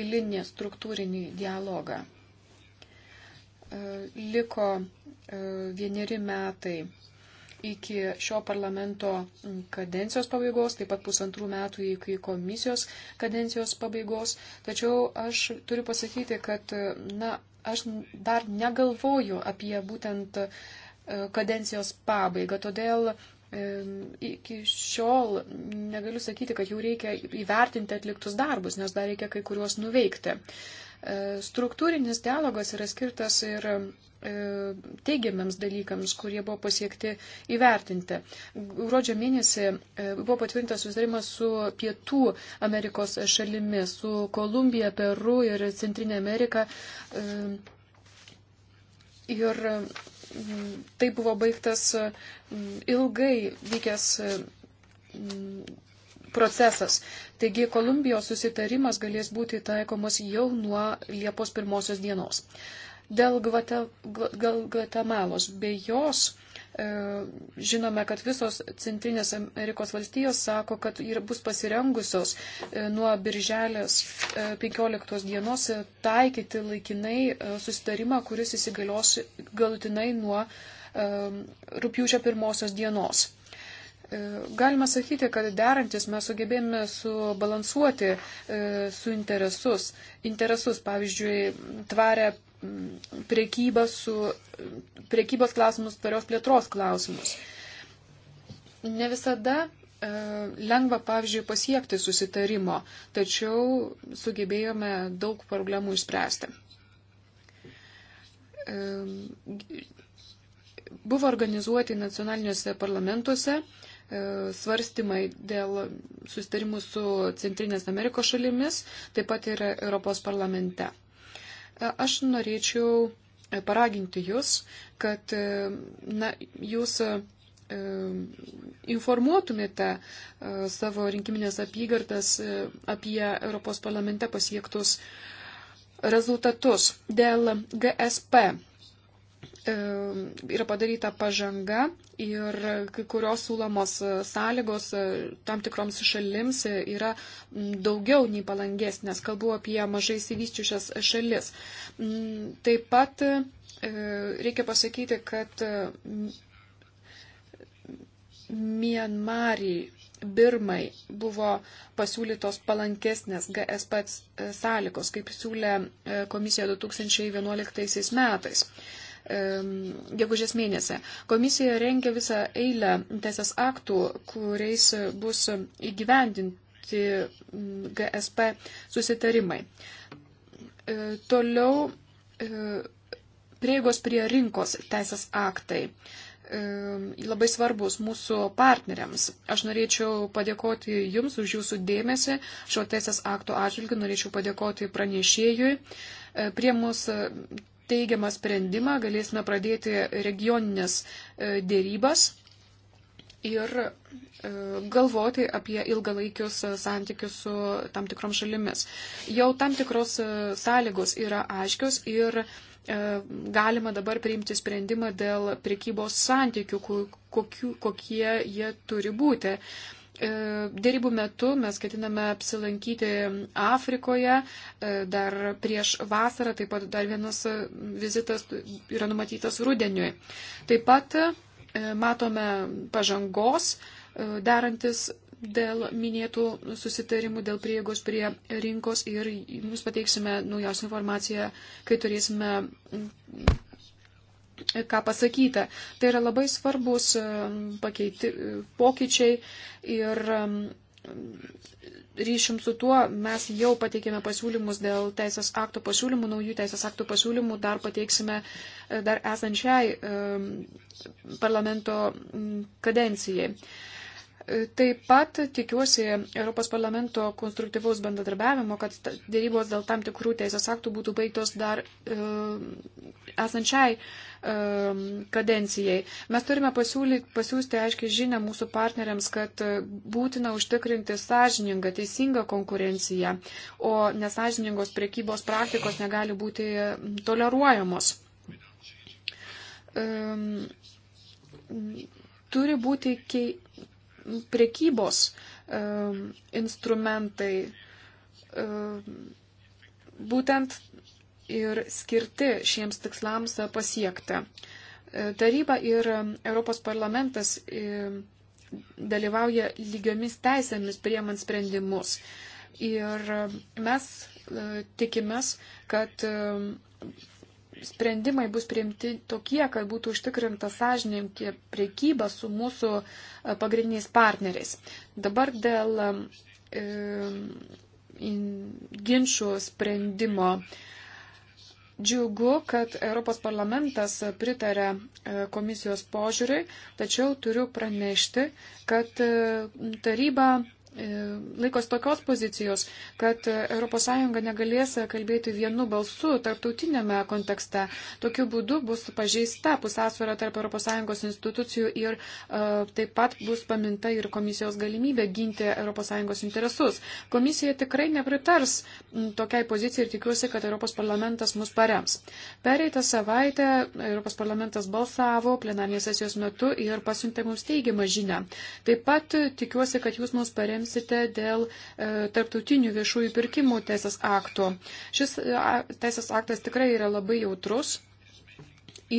eilinį struktūrinį dialogą. E, liko e, vieneri metai iki šio parlamento kadencijos pabaigos, taip pat pusantrų metų iki komisijos kadencijos pabaigos. Tačiau aš turiu pasakyti, kad na, aš dar negalvoju apie būtent e, kadencijos pabaigą, todėl iki šiol negaliu sakyti, kad jau reikia įvertinti atliktus darbus, nes dar reikia kai kuriuos nuveikti. E, struktūrinis dialogas yra skirtas ir e, teigiamiams dalykams, kurie buvo pasiekti įvertinti. Gruodžio mėnesį e, buvo patvirtintas susitarimas su Pietų Amerikos šalimis, su Kolumbija, Peru ir Centrinė Amerika. Ir tai buvo baigtas ilgai vykęs procesas. Taigi Kolumbijos susitarimas galės būti taikomas jau nuo Liepos pirmosios dienos. Dėl Gvatemalos bei jos e, Žinome, kad visos Centrinės Amerikos valstijos sako, kad ir bus pasirengusios e, nuo birželės 15 e, dienos taikyti laikinai susitarimą, kuris įsigalios galutinai nuo rūpjūčio pirmosios dienos. E, galima sakyti, kad derantis mes sugebėjome subalansuoti e, su interesus. Interesus, pavyzdžiui, tvarę priekybą su priekybos klausimus, tvarios plėtros klausimus. Ne visada e, lengva, pavyzdžiui, pasiekti susitarimo, tačiau sugebėjome daug problemų išspręsti. Buvo organizuoti nacionaliniuose parlamentuose E, svarstymai dėl sustarimų su Centrinės Amerikos šalimis, taip pat ir Europos parlamente. E, aš norėčiau e, paraginti jūs, kad na, jūs informuotumėte savo rinkiminės apygardas apie Europos parlamente pasiektus rezultatus dėl GSP yra padaryta pažanga ir kai kurios siūlomos e, sąlygos e, tam tikroms šalims e, yra daugiau nei palangesnės. Kalbu apie mažai įsivyščiusias šalis. Taip pat reikia pasakyti, kad Mienmarį Birmai buvo pasiūlytos palankesnės GSP sąlygos, kaip siūlė komisija 2011 metais gegužės mėnesį. Komisija rengia visą eilę teisės aktų, kuriais bus įgyvendinti GSP susitarimai. E, toliau e, prieigos prie rinkos teisės aktai e, labai svarbus mūsų partneriams. Aš norėčiau padėkoti Jums už Jūsų dėmesį. Šio teisės akto atžvilgiu norėčiau padėkoti pranešėjui. Prie mus teigiamą sprendimą galėsime pradėti regioninės e, dėrybas ir e, galvoti apie ilgalaikius e, santykius su tam tikrom šalimis. Jau tam tikros sąlygos yra aiškios ir galima dabar priimti sprendimą dėl prekybos santykių, kokiu, kokie jie turi būti. E, dėrybų metu mes ketiname apsilankyti Afrikoje e, dar prieš vasarą, taip pat dar vienas vizitas yra numatytas rudeniui. Taip pat e, matome pažangos derantis dėl minėtų susitarimų, dėl prieigos prie rinkos ir jums pateiksime naujausią informaciją, kai turėsime ką pasakyta. Tai yra labai svarbus e, pakeiti, e, pokyčiai ir e, ryšim su tuo mes jau pateikėme pasiūlymus dėl teisės akto pasiūlymų, naujų teisės akto pasiūlymų dar pateiksime dar esančiai parlamento kadencijai. Taip pat tikiuosi Europos parlamento konstruktyvaus bendradarbiavimo, kad dėrybos dėl tam tikrų teisės aktų būtų baigtos dar e, esančiai e, kadencijai. Mes turime pasiūly, pasiūsti aiškiai žinę mūsų partneriams, kad e, būtina užtikrinti sąžiningą, teisingą konkurenciją, o nesažiningos priekybos praktikos negali būti toleruojamos. E, turi būti kei prekybos instrumentai būtent ir skirti šiems tikslams pasiekti. E, taryba ir Europos parlamentas e, dalyvauja lygiomis teisėmis priemant sprendimus. Ir mes e, tikimės, kad sprendimai bus priimti tokie, kad būtų užtikrinta sąžininkė priekyba su mūsų e, pagrindiniais partneriais. Dabar dėl e, ginčių sprendimo. Džiugu, kad Europos parlamentas pritarė e, komisijos požiūriui, tačiau turiu pranešti, kad e, taryba E, laikos tokios pozicijos, kad ES negalės kalbėti vienu balsu tarptautinėme kontekste. Tokiu būdu bus pažeista pusęsvara tarp ES institucijų ir e, taip pat bus paminta ir komisijos galimybė ginti ES interesus. Komisija tikrai nepritars tokiai pozicijai ir tikiuosi, kad ES parlamentas mus parems. Pereitą savaitę ES parlamentas balsavo plenarnės sesijos metu ir pasiuntė mums teigiamą žinę. Taip pat tikiuosi, kad jūs mus parems paremsite dėl e, tarptautinių viešųjų pirkimų teisės akto. Šis e, teisės aktas tikrai yra labai jautrus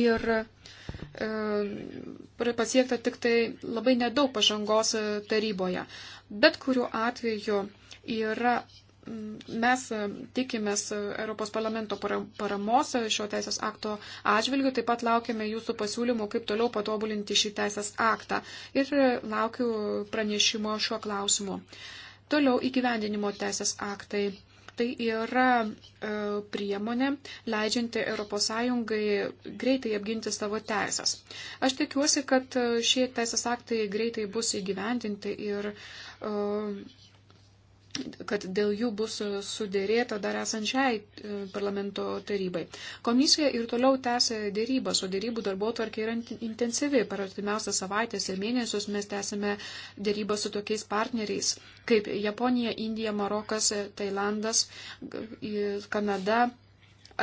ir e, pasiekta tik tai labai nedaug pažangos taryboje. Bet kuriuo atveju yra Mes e, tikimės e, Europos parlamento paramos e, šio teisės akto atžvilgių, taip pat laukiame jūsų pasiūlymų, kaip toliau patobulinti šį teisės aktą ir laukiu pranešimo šiuo klausimu. Toliau įgyvendinimo teisės aktai. Tai yra e, priemonė leidžianti ES greitai apginti savo teisės. Aš tikiuosi, kad šie teisės aktai greitai bus įgyvendinti ir e, kad dėl jų bus sudėrėta dar esančiai e, parlamento tarybai. Komisija ir toliau tęsė dėrybas, o dėrybų darbo tvarkė yra intensyvi. Per artimiausias savaitės ir mėnesius mes tęsime dėrybą su tokiais partneriais kaip Japonija, Indija, Marokas, Tailandas, Kanada,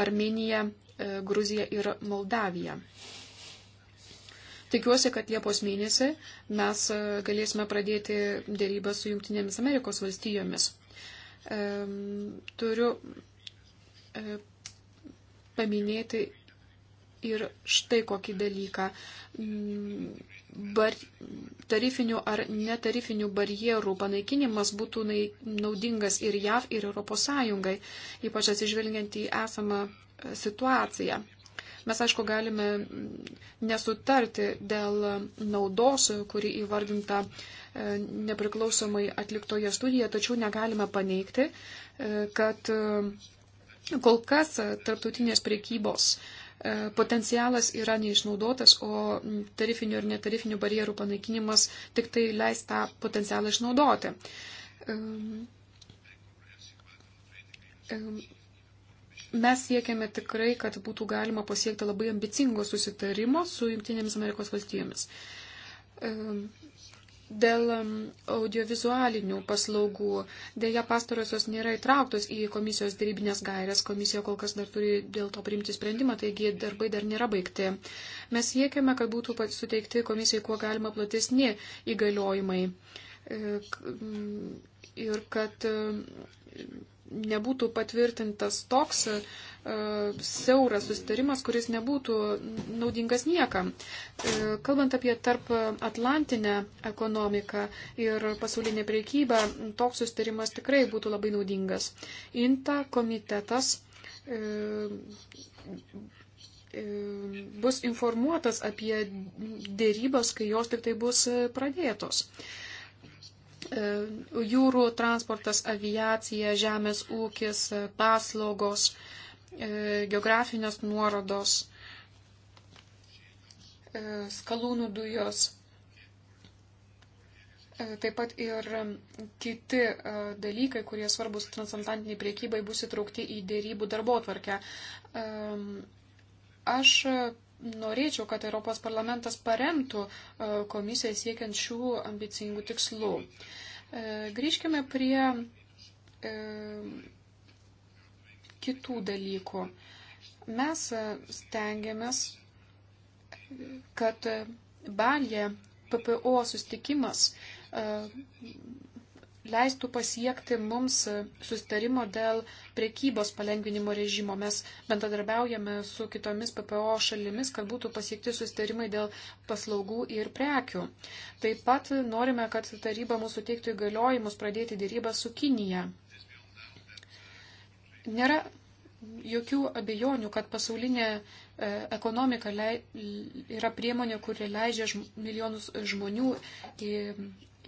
Armenija, e, Gruzija ir Moldavija. Tikiuosi, kad Liepos mėnesį mes e, galėsime pradėti dėrybą su Junktinėmis Amerikos valstijomis. E, turiu e, paminėti ir štai kokį dalyką. Mm, bar, tarifinių ar netarifinių barjerų panaikinimas būtų naudingas ir JAV, ir ES, ypač atsižvelgiant į esamą situaciją. Mes, aišku, galime nesutarti dėl naudos, kuri įvardinta e, nepriklausomai atliktoje studijoje, tačiau negalime paneigti, e, kad e, kol kas tarptautinės priekybos potencialas yra neišnaudotas, o tarifinių ir netarifinių barjerų panaikinimas tik tai leis tą potencialą išnaudoti. Mes siekiame tikrai, kad būtų galima pasiekti labai ambicingo susitarimo su Junktinėmis Amerikos valstijomis. Dėl audiovizualinių paslaugų, dėja pastarosios nėra įtrauktos į komisijos darybinės gairės, komisija kol kas dar turi dėl to priimti sprendimą, taigi darbai dar nėra baigti. Mes siekiame, kad būtų suteikti komisijai kuo galima platesni įgaliojimai e, ir kad nebūtų patvirtintas toks e, siauras sustarimas, kuris nebūtų naudingas niekam. E, kalbant apie tarp Atlantinę ekonomiką ir pasaulinę priekybą, toks sustarimas tikrai būtų labai naudingas. INTA komitetas e, e, bus informuotas apie dėrybas, kai jos tik tai bus pradėtos. E, E, jūrų transportas, aviacija, žemės ūkis, e, paslaugos, e, geografinės nuorodos, skalūnų dujos, taip pat ir kiti dalykai, kurie svarbus transatlantiniai priekybai, bus įtraukti į dėrybų darbo tvarkę. Aš norėčiau, kad Europos parlamentas paremtų e, komisiją siekiant šių ambicingų tikslų. E, grįžkime prie e, kitų dalykų. Mes stengiamės, kad Balė PPO sustikimas leistų pasiekti mums sustarimo dėl priekybos palengvinimo režimo. Mes bendradarbiaujame su kitomis PPO šalimis, kad būtų pasiekti sustarimai dėl paslaugų ir prekių. Taip pat norime, kad taryba mūsų teiktų įgaliojimus pradėti dėrybą su Kinija. Nėra jokių abejonių, kad pasaulinė e, ekonomika yra priemonė, kuri leidžia milijonus žmonių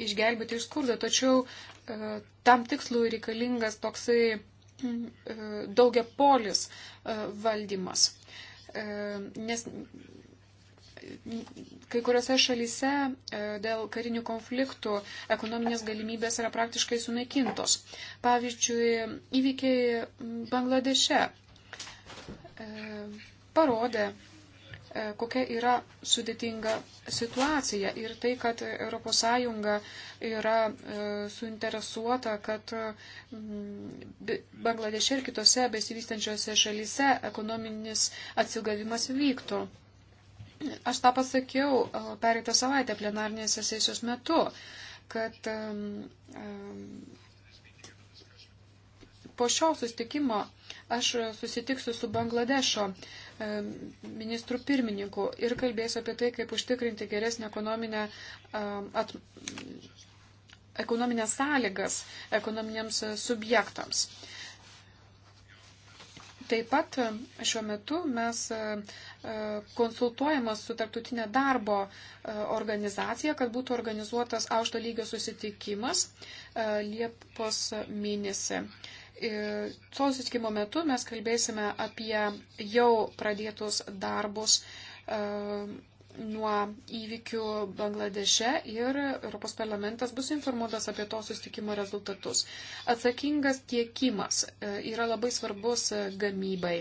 išgelbėti iš skurdo, tačiau e, tam tikslui reikalingas toksai mm, e, daugia polis e, valdymas. Nes mm, kai kuriuose šalyse dėl karinių konfliktų ekonominės galimybės yra praktiškai sunaikintos. Pavyzdžiui, įvykiai mm, Bangladeše parodė, E, kokia yra sudėtinga situacija ir tai, kad ES yra e, suinteresuota, kad mm, Bangladeše ir kitose besivystančiose šalyse ekonominis atsigavimas vyktų. Aš tą pasakiau e, pereitą savaitę plenarnės sesijos metu, kad po šio sustikimo aš susitiksiu su Bangladešo uh, E, ministrų pirmininkų ir kalbėsiu apie tai, kaip užtikrinti geresnį ekonominę e, at, ekonominės sąlygas ekonominiams subjektams. Taip pat e, šiuo metu mes konsultuojamas su tarptautinė darbo organizacija, kad būtų organizuotas aukšto lygio susitikimas Liepos mėnesį. E, Tuo susitikimo metu mes kalbėsime apie jau pradėtus darbus e, nuo įvykių Bangladeše ir Europos parlamentas bus informuotas apie to sustikimo rezultatus. Atsakingas tiekimas e, yra labai svarbus gamybai,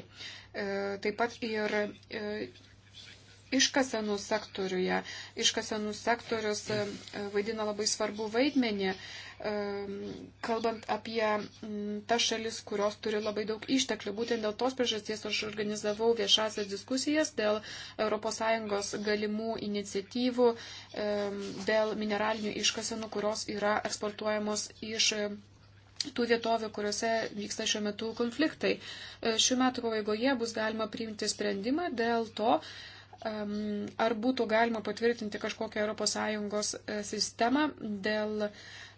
taip pat ir iškasenų sektoriuje. Iškasenų sektorius vaidina labai svarbu vaidmenį kalbant apie mm, tas šalis, kurios turi labai daug išteklių. Būtent dėl tos priežasties aš organizavau viešasias diskusijas dėl ES galimų iniciatyvų, dėl mineralinių iškasenų, kurios yra eksportuojamos iš tų vietovių, kuriuose vyksta šiuo metu konfliktai. E, šiuo metu pabaigoje bus galima priimti sprendimą dėl to, ar būtų galima patvirtinti kažkokią ES e, sistemą dėl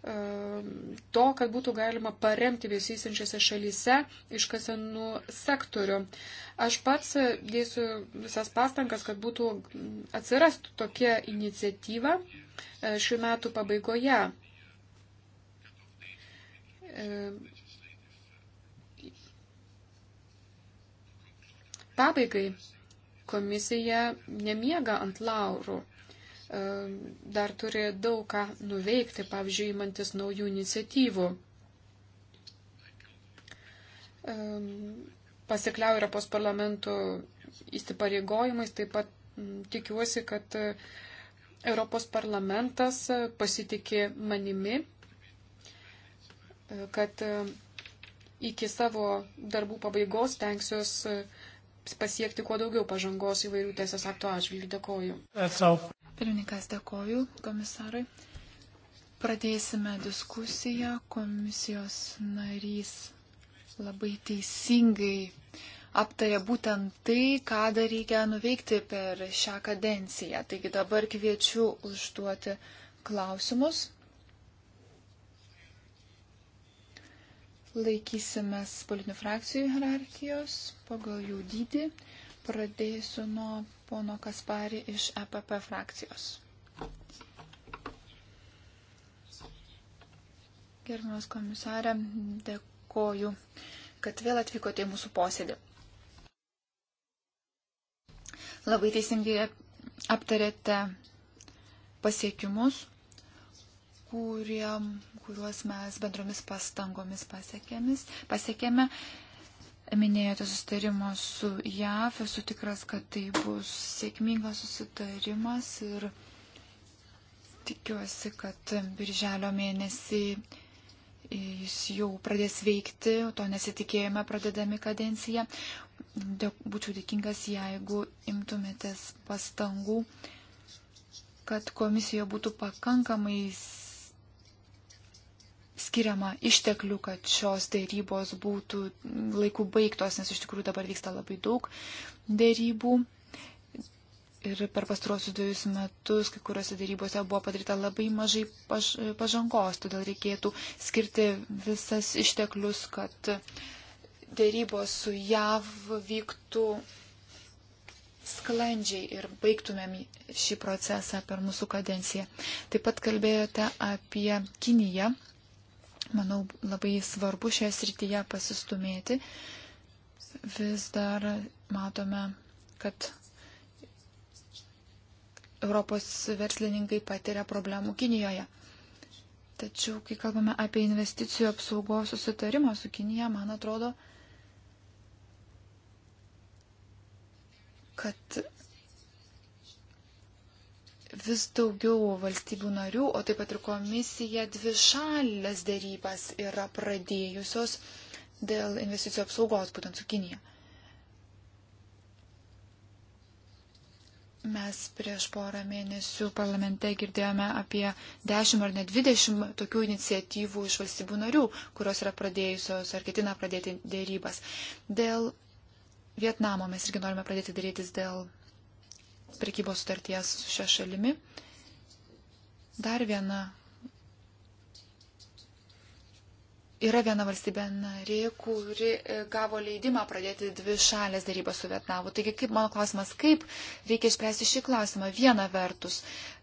Ehm, to, kad būtų galima paremti besivystančiose šalyse iškasenų sektorių. Aš pats e, dėsiu visas pastangas, kad būtų mm, atsirastų tokia iniciatyva e, šių metų pabaigoje. Ehm, pabaigai komisija nemiega ant laurų. E, dar turi daug ką nuveikti, pavyzdžiui, imantis naujų iniciatyvų. E, Pasikliau Europos parlamento įsipareigojimais, taip pat tikiuosi, kad Europos parlamentas pasitikė manimi, e, kad iki savo darbų pabaigos tenksiuos pasiekti kuo daugiau pažangos įvairių teisės aktų atžvilgių. Dėkoju. Pirmininkas dėkoju komisarui. Pradėsime diskusiją. Komisijos narys labai teisingai aptarė būtent tai, ką dar reikia nuveikti per šią kadenciją. Taigi dabar kviečiu užduoti klausimus. Laikysimės politinių frakcijų hierarchijos pagal jų dydį. Pradėsiu nuo pono Kaspari iš EPP frakcijos. Gerbiamas komisarė, dėkoju, kad vėl atvykote į mūsų posėdį. Labai teisingai aptarėte pasiekimus, kurie, kuriuos mes bendromis pastangomis pasiekėme minėjote susitarimą su JAV, esu tikras, kad tai bus sėkmingas susitarimas ir tikiuosi, kad birželio mėnesį jis jau pradės veikti, to nesitikėjome pradedami kadenciją. Dėk, būčiau dėkingas, jeigu imtumėtės pastangų, kad komisijoje būtų pakankamai skiriama išteklių, kad šios dėrybos būtų laiku baigtos, nes iš tikrųjų dabar vyksta labai daug dėrybų. Ir per pastruosius dviejus metus kai kuriuose dėrybose buvo padaryta labai mažai paž pažangos, todėl reikėtų skirti visas išteklius, kad dėrybos su JAV vyktų sklandžiai ir baigtumėm šį procesą per mūsų kadenciją. Taip pat kalbėjote apie Kiniją Manau, labai svarbu šioje srityje pasistumėti. Vis dar matome, kad Europos verslininkai patiria problemų Kinijoje. Tačiau, kai kalbame apie investicijų apsaugos susitarimą su Kinija, man atrodo, kad vis daugiau valstybių narių, o taip pat ir komisija dvi šalės dėrybas yra pradėjusios dėl investicijų apsaugos būtent su Kinija. Mes prieš porą mėnesių parlamente girdėjome apie 10 ar net 20 tokių iniciatyvų iš valstybių narių, kurios yra pradėjusios ar ketina pradėti dėrybas. Dėl Vietnamo mes irgi norime pradėti dėrėtis dėl prekybos sutarties su šia šalimi. Dar viena. Yra viena valstybė narė, kuri e, gavo leidimą pradėti dvi šalės darybą su Vietnamu. Taigi, kaip mano klausimas, kaip reikia išspręsti šį klausimą? Viena vertus,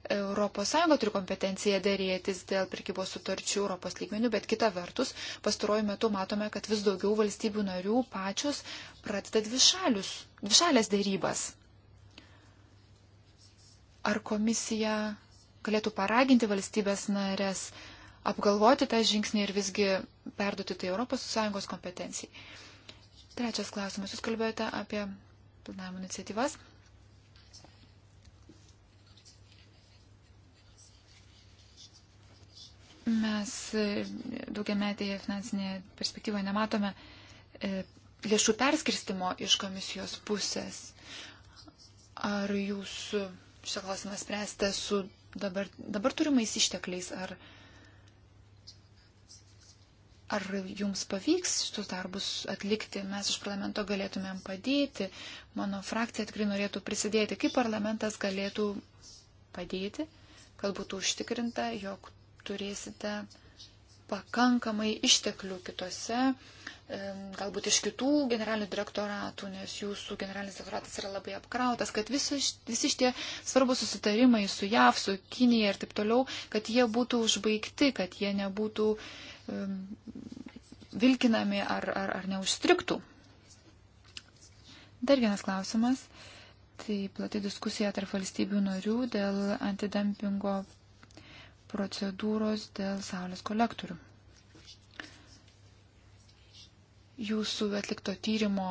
ES turi kompetenciją dėrėtis dėl prekybos sutarčių Europos lygmenių, bet kita vertus, pastaruoju metu matome, kad vis daugiau valstybių narių pačios pradeda dvišalius, dvišalės dėrybas. Ar komisija galėtų paraginti valstybės narės apgalvoti tą žingsnį ir visgi perduoti tai ES kompetencijai? Trečias klausimas. Jūs kalbėjote apie planavimo iniciatyvas. Mes e, daugiametėje finansinėje perspektyvoje nematome e, lėšų perskirstimo iš komisijos pusės. Ar jūs šitą klausimą spręsti su dabar, dabar turimais ištekliais? Ar, ar jums pavyks šitus darbus atlikti? Mes iš parlamento galėtumėm padėti. Mano frakcija tikrai norėtų prisidėti. Kaip parlamentas galėtų padėti, kad būtų užtikrinta, jog turėsite pakankamai išteklių kitose uh, E, galbūt iš kitų generalinių direktoratų, nes jūsų generalinis direktoratas yra labai apkrautas, kad visi, visi šitie svarbus susitarimai su JAV, su Kinija ir taip toliau, kad jie būtų užbaigti, kad jie nebūtų um, vilkinami ar, ar, ar neužstriktų. Dar vienas klausimas. Tai plati diskusija tarp valstybių narių dėl antidumpingo procedūros dėl saulės kolektorių. Jūsų atlikto tyrimo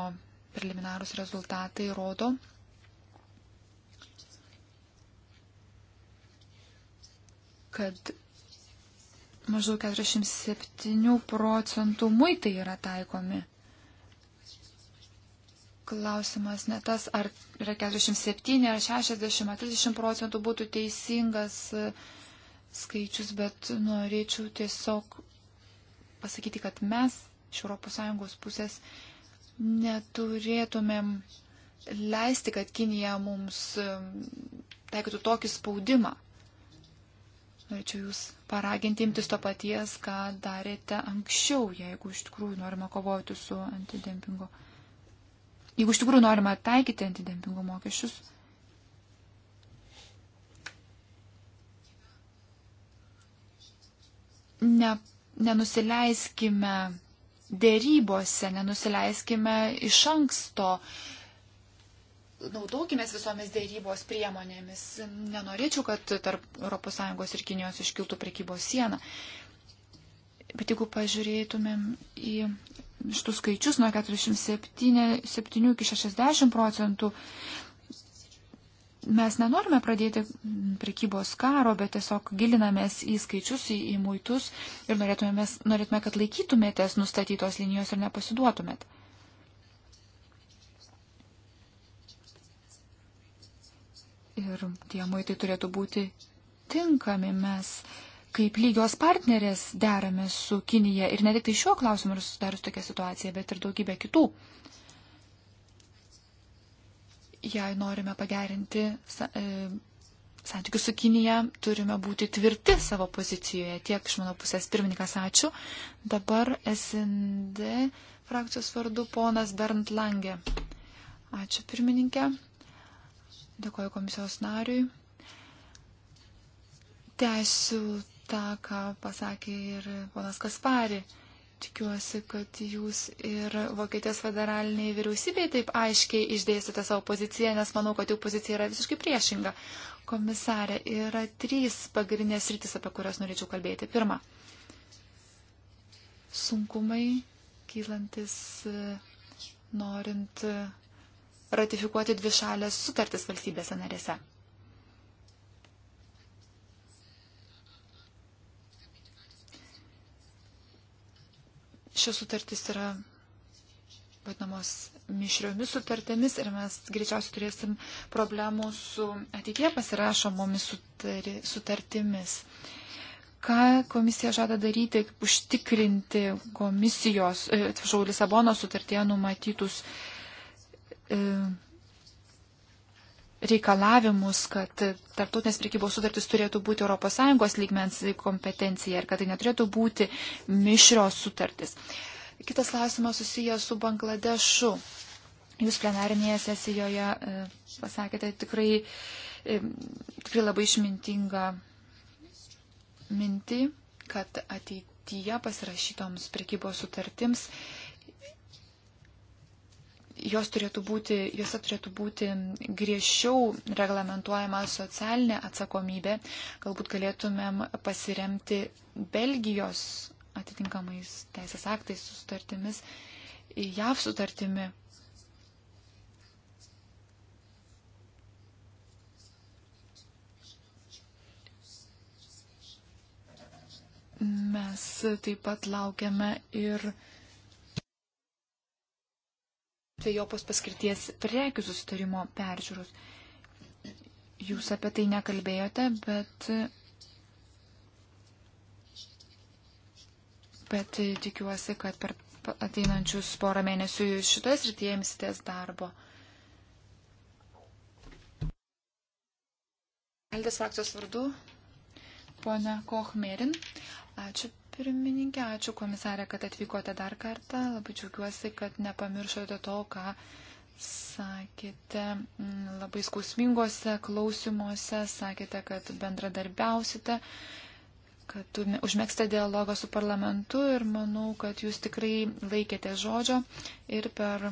preliminarūs rezultatai rodo, kad maždaug 47 procentų muitai yra taikomi. Klausimas ne tas, ar yra 47, ar 60, ar 30 procentų būtų teisingas e, skaičius, bet norėčiau tiesiog pasakyti, kad mes iš ES pusės neturėtumėm leisti, kad Kinija mums taikytų tokį spaudimą. Norėčiau Jūs paraginti imtis to paties, ką darėte anksčiau, jeigu iš tikrųjų norima kovoti su antidempingo. Jeigu iš tikrųjų norima taikyti antidempingo mokesčius, ne, nenusileiskime dėrybose, nenusileiskime iš anksto, naudokime visomis dėrybos priemonėmis. Nenorėčiau, kad tarp ES ir Kinijos iškiltų prekybos siena. Bet jeigu pažiūrėtumėm į šitų skaičius nuo 47 7 iki 60 procentų, mes nenorime pradėti prekybos karo, bet tiesiog gilinamės į skaičius, į, į muitus ir norėtume, norėtume, kad laikytumėtės nustatytos linijos ir nepasiduotumėt. Ir tie muitai turėtų būti tinkami. Mes kaip lygios partnerės deramės su Kinija ir ne tik tai šiuo klausimu ir susidarius tokia situacija, bet ir daugybė kitų jei norime pagerinti e, santykius su Kinija, turime būti tvirti savo pozicijoje. Tiek iš mano pusės pirmininkas, ačiū. Dabar SND frakcijos vardu ponas Bernd Lange. Ačiū pirmininkė. Dėkoju komisijos nariui. Tęsiu tą, ką pasakė ir ponas Kaspari. Tikiuosi, kad jūs ir Vokietijos federaliniai vyriausybei taip aiškiai išdėsite savo poziciją, nes manau, kad jų pozicija yra visiškai priešinga. Komisarė, yra trys pagrindinės rytis, apie kurias norėčiau kalbėti. Pirma, sunkumai kylantis norint ratifikuoti dvišalės sutartis valstybėse narėse. šios sutartys yra vadinamos mišriomis sutartėmis ir mes greičiausiai turėsim problemų su ateitie pasirašomomis sutari, sutartimis. Ką komisija žada daryti, užtikrinti komisijos, e, atsiprašau, Lisabono sutartie numatytus e, reikalavimus, kad tarptautinės prekybos sutartys turėtų būti ES lygmens kompetencija ir kad tai neturėtų būti mišrios sutartys. Kitas klausimas susijęs su Bangladešu. Jūs plenarinėje sesijoje e, pasakėte tikrai, e, tikrai labai išmintingą mintį, kad ateityje pasirašytoms prekybos sutartims jos turėtų būti, jose turėtų būti griežčiau reglamentuojama socialinė atsakomybė. Galbūt galėtumėm pasiremti Belgijos atitinkamais teisės aktais, sutartimis, JAV sutartimi. Mes taip pat laukiame ir dviejopos paskirties prekių susitarimo peržiūros. Jūs apie tai nekalbėjote, bet, bet tikiuosi, kad per ateinančius porą mėnesių jūs šitoje srityje imsitės darbo. Aldės frakcijos vardu, ponia Kochmerin. Ačiū, pirmininkė, ačiū komisarė, kad atvykote dar kartą. Labai džiaugiuosi, kad nepamiršote to, ką sakėte mm, labai skausmingose klausimuose, sakėte, kad bendradarbiausite, kad užmėgsite dialogą su parlamentu ir manau, kad jūs tikrai laikėte žodžio ir per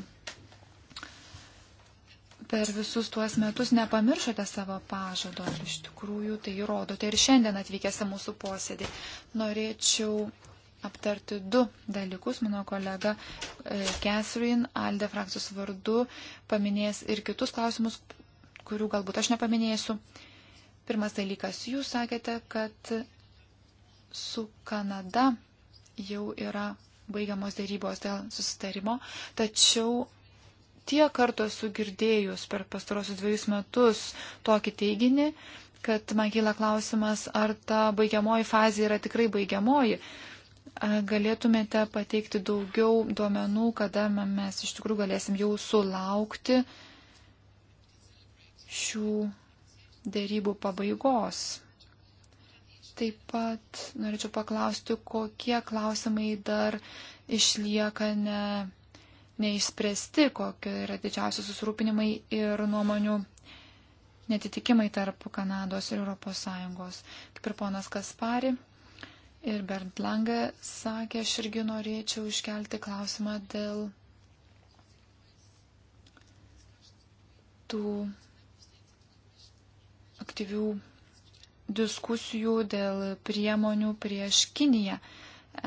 per visus tuos metus nepamiršote savo pažado. Iš tikrųjų, tai įrodote ir šiandien atvykęs į mūsų posėdį. Norėčiau aptarti du dalykus. Mano kolega e, Catherine Alde frakcijos vardu paminės ir kitus klausimus, kurių galbūt aš nepaminėsiu. Pirmas dalykas, jūs sakėte, kad su Kanada jau yra baigiamos dėrybos dėl susitarimo, tačiau tiek kartų esu girdėjus per pastarosius dviejus metus tokį teiginį, kad man kyla klausimas, ar ta baigiamoji fazė yra tikrai baigiamoji. Galėtumėte pateikti daugiau duomenų, kada mes iš tikrųjų galėsim jau sulaukti šių dėrybų pabaigos. Taip pat norėčiau paklausti, kokie klausimai dar išlieka ne neišspręsti, kokie yra didžiausi susirūpinimai ir nuomonių netitikimai tarp Kanados ir ES. Kaip ir ponas Kaspari ir Bernd Lange sakė, aš irgi norėčiau iškelti klausimą dėl tų aktyvių diskusijų dėl priemonių prieš Kiniją.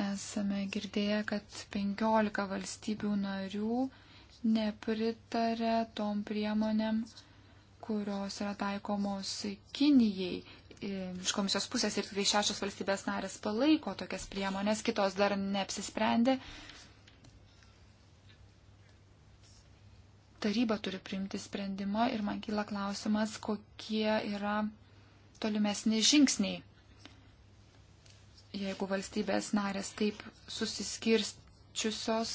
Esame girdėję, kad 15 valstybių narių nepritarė tom priemonėm, kurios yra taikomos Kinijai. Iš komisijos pusės ir tikrai šešios valstybės narės palaiko tokias priemonės, kitos dar neapsisprendė. Taryba turi priimti sprendimą ir man kyla klausimas, kokie yra tolimesni žingsniai jeigu valstybės narės taip susiskirčiusios,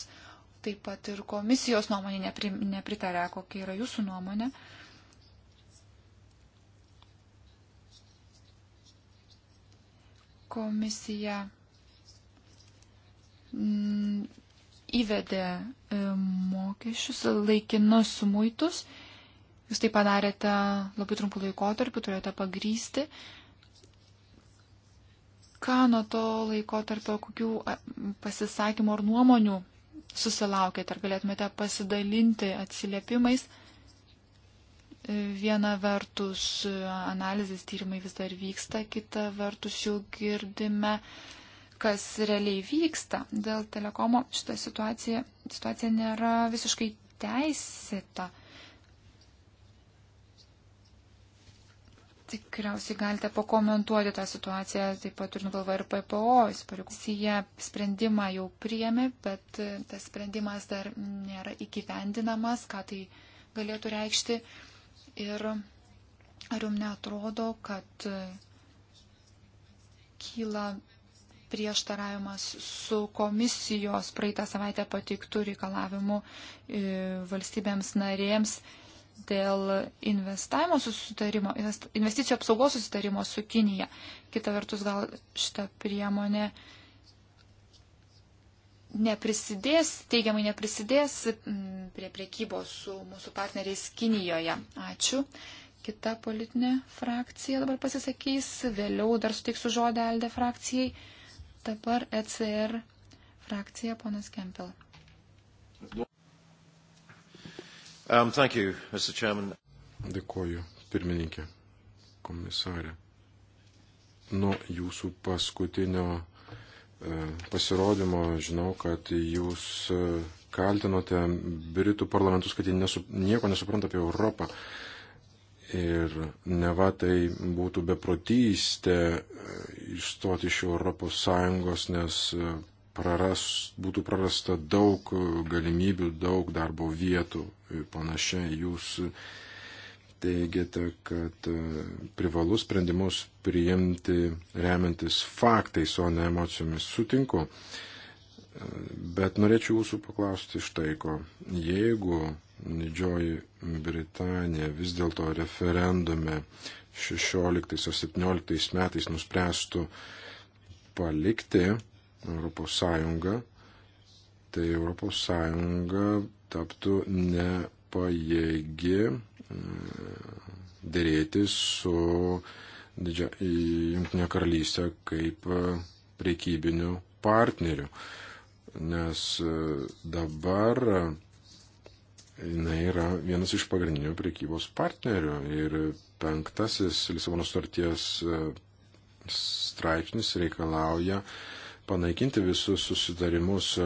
taip pat ir komisijos nuomonė nepri, nepritarė, kokia yra jūsų nuomonė. Komisija mm, įvedė e, mokesčius, laikinus muitus. Jūs tai padarėte labai trumpų laikotarpių, turėjote pagrysti uh, ką nuo to laiko tarp kokių pasisakymų ar nuomonių susilaukėte, ar galėtumėte pasidalinti atsiliepimais. Viena vertus analizės tyrimai vis dar vyksta, kita vertus jau girdime, kas realiai vyksta. Dėl telekomo šita situacija, situacija nėra visiškai teisėta. Tikriausiai galite pakomentuoti tą situaciją, taip pat turint galvą ir PPO, įsipareigoja sprendimą jau priemi, bet e, tas sprendimas dar nėra įgyvendinamas, ką tai galėtų reikšti. Ir ar jums netrodo, kad e, kyla prieštaravimas su komisijos praeitą savaitę pateiktų reikalavimų e, valstybėms narėms dėl investavimo susitarimo, investicijų apsaugos susitarimo su Kinija. Kita vertus, gal šita priemonė neprisidės, teigiamai neprisidės mm, prie priekybos su mūsų partneriais Kinijoje. Ačiū. Kita politinė frakcija dabar pasisakys, vėliau dar suteiksiu žodį Alde frakcijai. Dabar ECR frakcija, ponas Kempel. Um, thank you, Mr. Chairman. Dėkoju, pirmininkė, komisarė. Nuo jūsų paskutinio e, pasirodymo žinau, kad jūs e, kaltinote Britų parlamentus, kad jie nesu, nieko nesupranta apie Europą. Ir neva tai būtų beprotystė e, išstoti iš Europos Sąjungos, nes praras, būtų prarasta daug galimybių, daug darbo vietų panašia jūs teigiate, kad e, privalu sprendimus priimti remiantis faktais, o ne emocijomis. Sutinku. E, bet norėčiau jūsų paklausti štai ko. Jeigu Didžioji Britanija vis dėlto referendume 16 ar 17 metais nuspręstų palikti Europos Sąjungą, tai Europos Sąjunga taptų nepajėgi e, dėrėti su didžia, Junktinė karalystė kaip e, priekybiniu partneriu. Nes e, dabar jinai yra vienas iš pagrindinių priekybos partnerių ir penktasis Lisabono starties straipsnis reikalauja uh, panaikinti visus susidarimus e,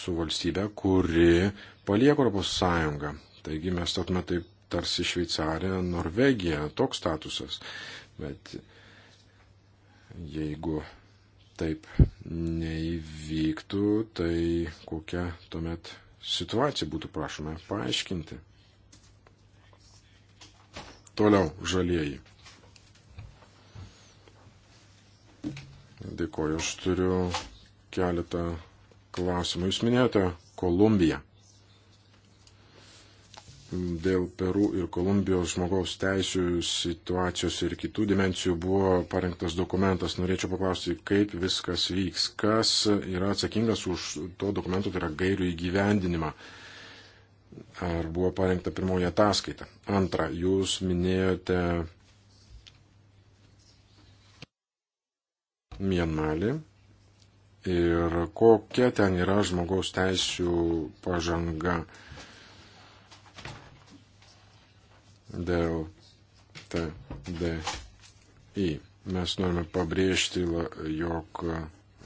su valstybe, kuri palieka Europos Sąjungą. Taigi mes taptume taip tarsi Šveicarija, Norvegija, toks statusas. Bet jeigu taip neįvyktų, tai kokia tuomet situacija būtų prašome paaiškinti. Toliau žalieji. Dėkoju, aš turiu keletą klausimų. Jūs minėjote Kolumbiją. Dėl Peru ir Kolumbijos žmogaus teisų situacijos ir kitų dimencijų buvo parengtas dokumentas. Norėčiau paklausti, kaip viskas vyks, kas yra atsakingas už to dokumento, tai yra gairių įgyvendinimą. Ar buvo parengta pirmoji ataskaita? Antra, jūs minėjote Mienmalį ir kokia ten yra žmogaus teisų pažanga dėl TDI. Mes norime pabrėžti, jog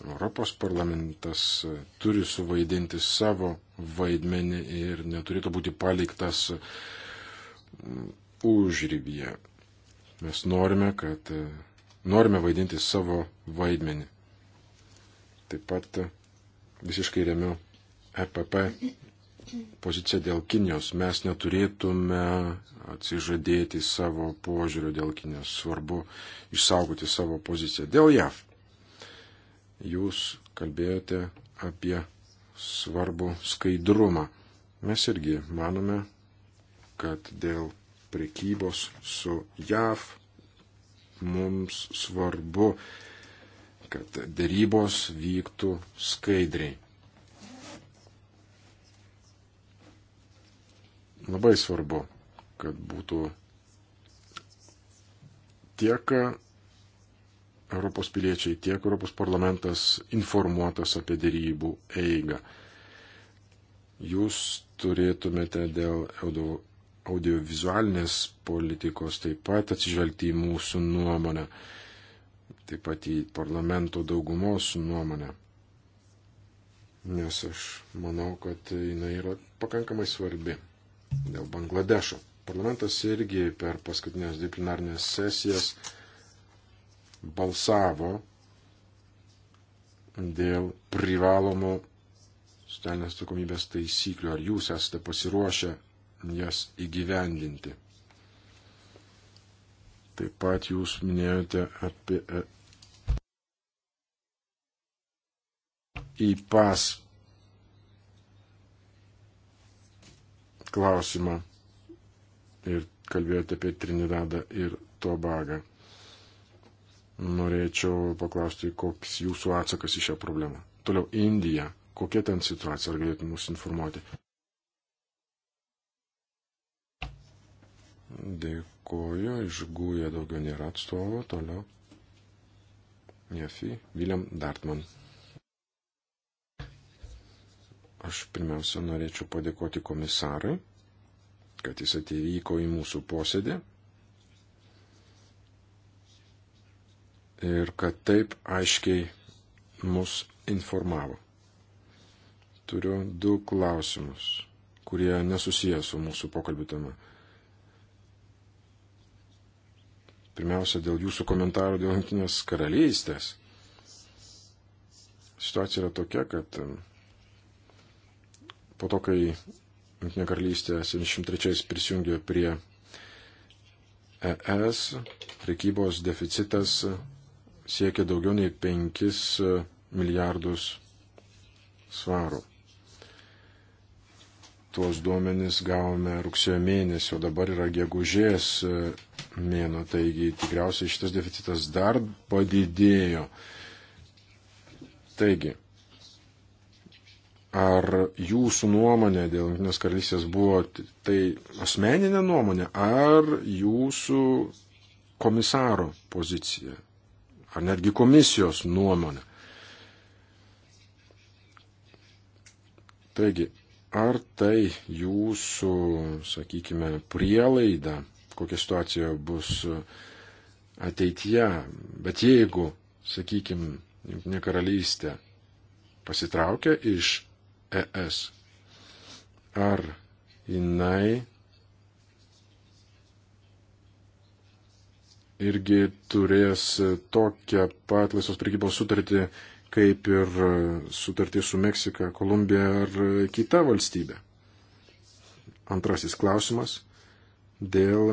Europos parlamentas turi suvaidinti savo vaidmenį ir neturėtų būti paliktas užrybyje. Mes norime, kad norime vaidinti savo vaidmenį. Taip pat visiškai remiu EPP poziciją dėl Kinijos. Mes neturėtume atsižadėti savo požiūrio dėl Kinijos. Svarbu išsaugoti savo poziciją. Dėl JAV. Jūs kalbėjote apie svarbu skaidrumą. Mes irgi manome, kad dėl prekybos su JAV mums svarbu, kad dėrybos vyktų skaidriai. Labai svarbu, kad būtų tiek Europos piliečiai, tiek Europos parlamentas informuotas apie dėrybų eigą. Jūs turėtumėte dėl audiovizualinės politikos taip pat atsižvelgti į mūsų nuomonę, taip pat į parlamento daugumos nuomonę. Nes aš manau, kad jinai yra pakankamai svarbi dėl Bangladešo. Parlamentas irgi per paskutinės disciplinarnės sesijas balsavo dėl privalomo socialinės atsakomybės taisyklių. Ar jūs esate pasiruošę jas įgyvendinti. Taip pat jūs minėjote apie e, įpas klausimą ir kalbėjote apie Trinidadą ir Tobagą. Norėčiau paklausti, koks jūsų atsakas į šią problemą. Toliau Indija. Kokia ten situacija, ar galėtum mus informuoti? Dėkoju, išgūję daugiau nėra atstovo, toliau. Jefi, William Dartman. Aš pirmiausia norėčiau padėkoti komisarui, kad jis atvyko į mūsų posėdį ir kad taip aiškiai mus informavo. Turiu du klausimus, kurie nesusiję su mūsų pokalbiu tema. Pirmiausia, dėl jūsų komentarų dėl Junktinės karalystės. Situacija yra tokia, kad po to, kai Junktinė karalystė 73 prisijungė prie ES, prekybos deficitas siekia daugiau nei 5 milijardus svarų. Tuos duomenys gavome rugsėjo mėnesį, o dabar yra gegužės e, mėno, taigi tikriausiai šitas deficitas dar padidėjo. Taigi, ar jūsų nuomonė dėl Junktinės karalystės buvo tai asmeninė nuomonė, ar jūsų komisaro pozicija, ar netgi komisijos nuomonė. Taigi, Ar tai jūsų, sakykime, prielaida, kokia situacija bus ateityje, bet jeigu, sakykime, Junktinė karalystė pasitraukia iš ES, ar jinai irgi turės tokią pat laisvos prekybos sutartį kaip ir sutartį su Meksika, Kolumbija ar kita valstybė. Antrasis klausimas dėl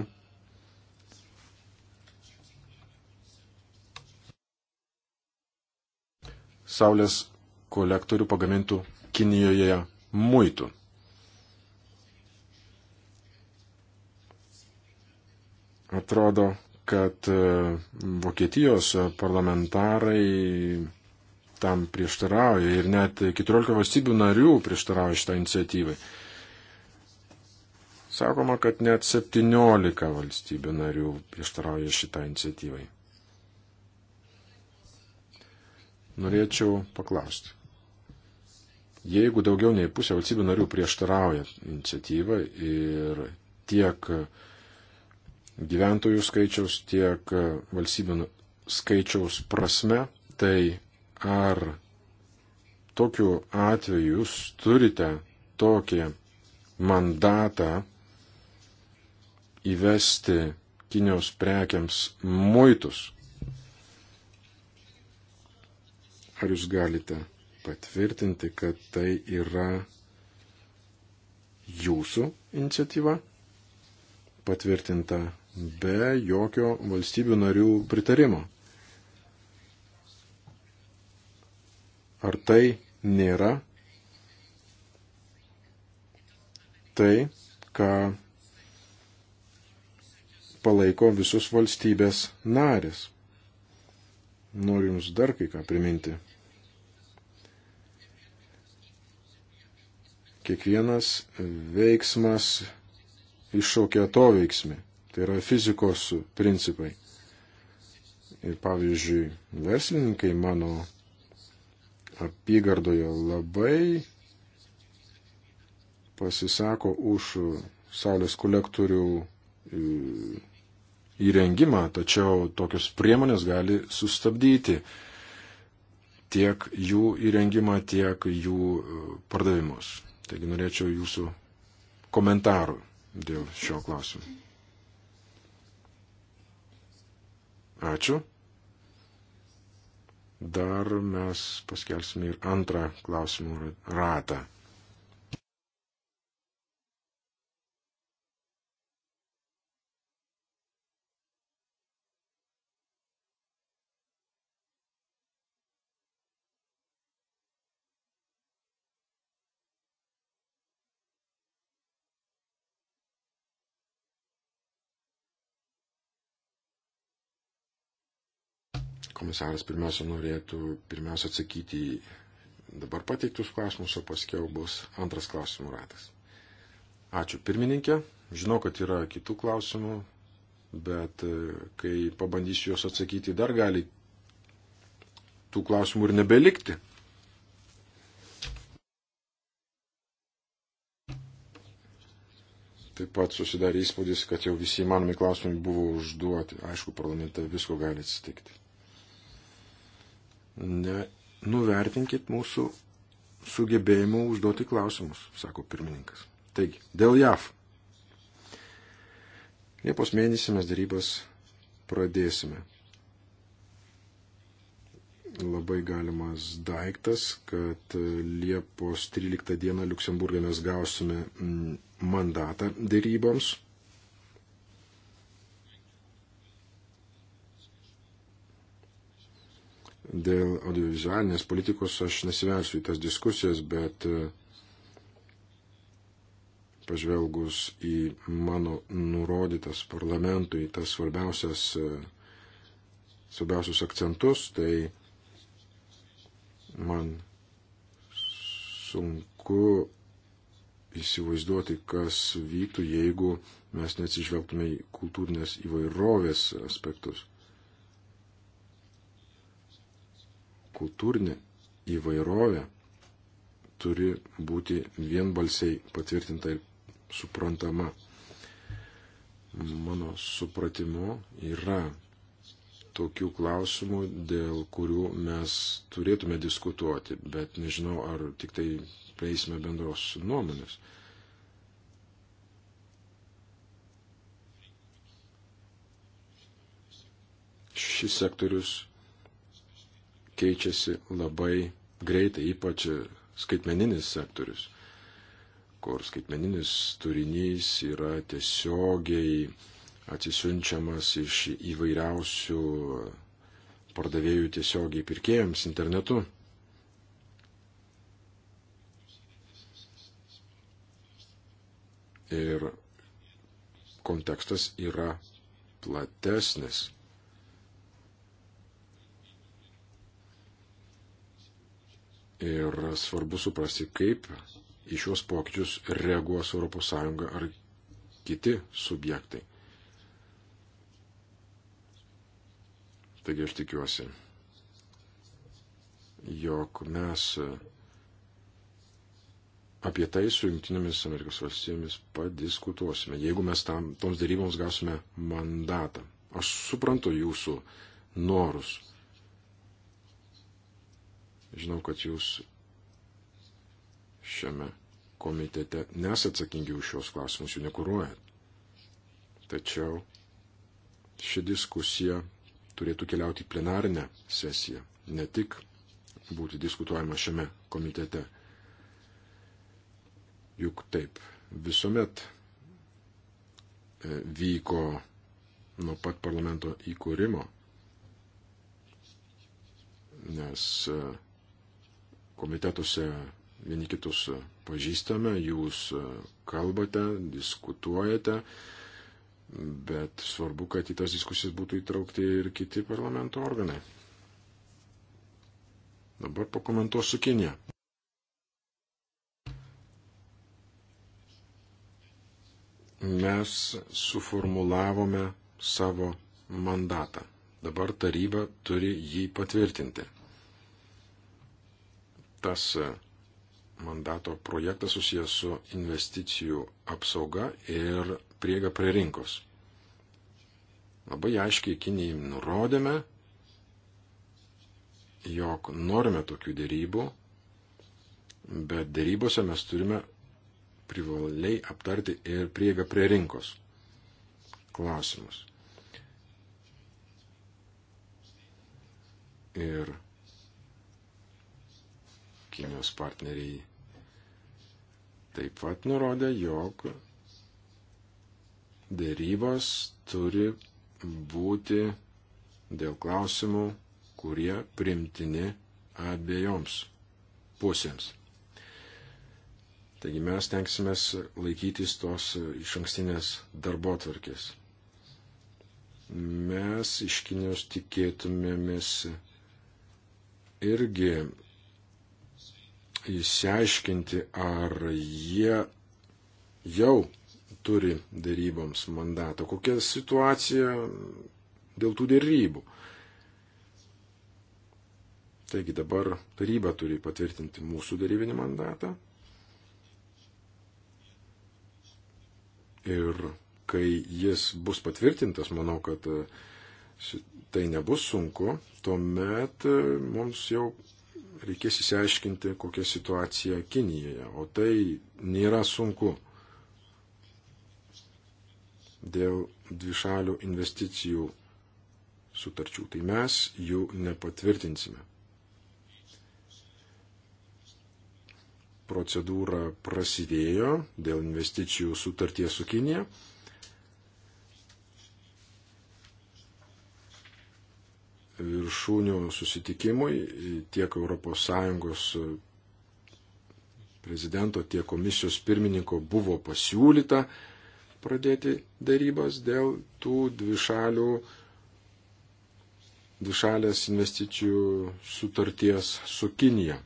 saulės kolektorių pagamintų Kinijoje muitų. Atrodo, kad Vokietijos parlamentarai tam prieštarauja ir net 14 valstybių narių prieštarauja šitą iniciatyvą. Sakoma, kad net 17 valstybių narių prieštarauja šitą iniciatyvai. Norėčiau paklausti. Jeigu daugiau nei pusė valstybių narių prieštarauja iniciatyvą ir tiek gyventojų skaičiaus, tiek valstybių skaičiaus prasme, tai Ar tokiu atveju jūs turite tokį mandatą įvesti Kinijos prekiams muitus? Ar jūs galite patvirtinti, kad tai yra jūsų iniciatyva, patvirtinta be jokio valstybių narių pritarimo? Ar tai nėra tai, ką palaiko visus valstybės narės? Noriu Jums dar kai ką priminti. Kiekvienas veiksmas iššaukia to veiksmį. Tai yra fizikos principai. Ir pavyzdžiui, verslininkai mano apygardoje labai pasisako už saulės kolektorių e, įrengimą, tačiau tokios priemonės gali sustabdyti tiek jų įrengimą, tiek jų e, pardavimus. Taigi norėčiau jūsų komentarų dėl šio klausimo. Ačiū dar mes paskelsime ir antrą klausimų ratą. komisaras pirmiausia norėtų pirmiausia atsakyti į dabar pateiktus klausimus, o paskiau bus antras klausimų ratas. Ačiū pirmininkė. Žinau, kad yra kitų klausimų, bet e, kai pabandysiu juos atsakyti, dar gali tų klausimų ir nebelikti. Taip pat susidarė įspūdis, kad jau visi įmanomi klausimai buvo užduoti. Aišku, parlamente visko gali atsitikti. Nenuvertinkit mūsų sugebėjimų užduoti klausimus, sako pirmininkas. Taigi, dėl JAV. Liepos mėnesį mes darybas pradėsime. Labai galimas daiktas, kad Liepos 13 dieną Luksemburgė mes gausime mm, mandatą daryboms Dėl audiovizualinės politikos aš nesiversiu į tas diskusijas, bet e, pažvelgus į mano nurodytas parlamentui tas svarbiausias, e, svarbiausius akcentus, tai man sunku įsivaizduoti, kas vyktų, jeigu mes neatsižvelgtume į kultūrinės įvairovės aspektus. kultūrinė įvairovė turi būti vienbalsiai patvirtinta ir suprantama. Mano supratimu yra tokių klausimų, dėl kurių mes turėtume diskutuoti, bet nežinau, ar tik tai prieisime bendros nuomonės. Šis sektorius keičiasi labai greitai, ypač skaitmeninis sektorius, kur skaitmeninis turinys yra tiesiogiai atsisiunčiamas iš įvairiausių pardavėjų tiesiogiai pirkėjams internetu. Ir kontekstas yra platesnis. Ir svarbu suprasti, kaip į šios pokyčius reaguos ES ar kiti subjektai. Taigi aš tikiuosi, jog mes apie tai su Junktinėmis Amerikos valstybėmis padiskutuosime, jeigu mes tam, toms daryboms gausime mandatą. Aš suprantu jūsų norus, Žinau, kad jūs šiame komitete nesatsakingi už šios klausimus, jų nekuruojat. Tačiau ši diskusija turėtų keliauti į plenarinę sesiją, ne tik būti diskutuojama šiame komitete. Juk taip visuomet e, vyko nuo pat parlamento įkūrimo, nes e, komitetuose vieni kitus pažįstame, jūs kalbate, diskutuojate, bet svarbu, kad į tas diskusijas būtų įtraukti ir kiti parlamento organai. Dabar pakomentuosiu Kiniją. Mes suformulavome savo mandatą. Dabar taryba turi jį patvirtinti tas e, mandato projektas susijęs su investicijų apsauga ir prieiga prie rinkos. Labai aiškiai Kinijai nurodėme, jog norime tokių dėrybų, bet dėrybose mes turime privaliai aptarti ir prieigą prie rinkos klausimus. Ir Kinijos partneriai taip pat nurodė, jog dėrybos turi būti dėl klausimų, kurie primtini abiejoms pusėms. Taigi mes tenksime laikytis tos iš ankstinės darbo tvarkės. Mes iš Kinijos tikėtumėmės irgi išsiaiškinti, ar jie jau turi dėryboms mandatą, kokia situacija dėl tų dėrybų. Taigi dabar taryba turi patvirtinti mūsų dėrybinį mandatą. Ir kai jis bus patvirtintas, manau, kad e, tai nebus sunku, tuomet e, mums jau reikės įsiaiškinti, kokia situacija Kinijoje, o tai nėra sunku dėl dvišalių investicijų sutarčių. Tai mes jų nepatvirtinsime. Procedūra prasidėjo dėl investicijų sutarties su Kinija. viršūnių susitikimui tiek ES prezidento, tiek komisijos pirmininko buvo pasiūlyta pradėti darybas dėl tų dvišalių, dvišalės investicijų sutarties su Kinija.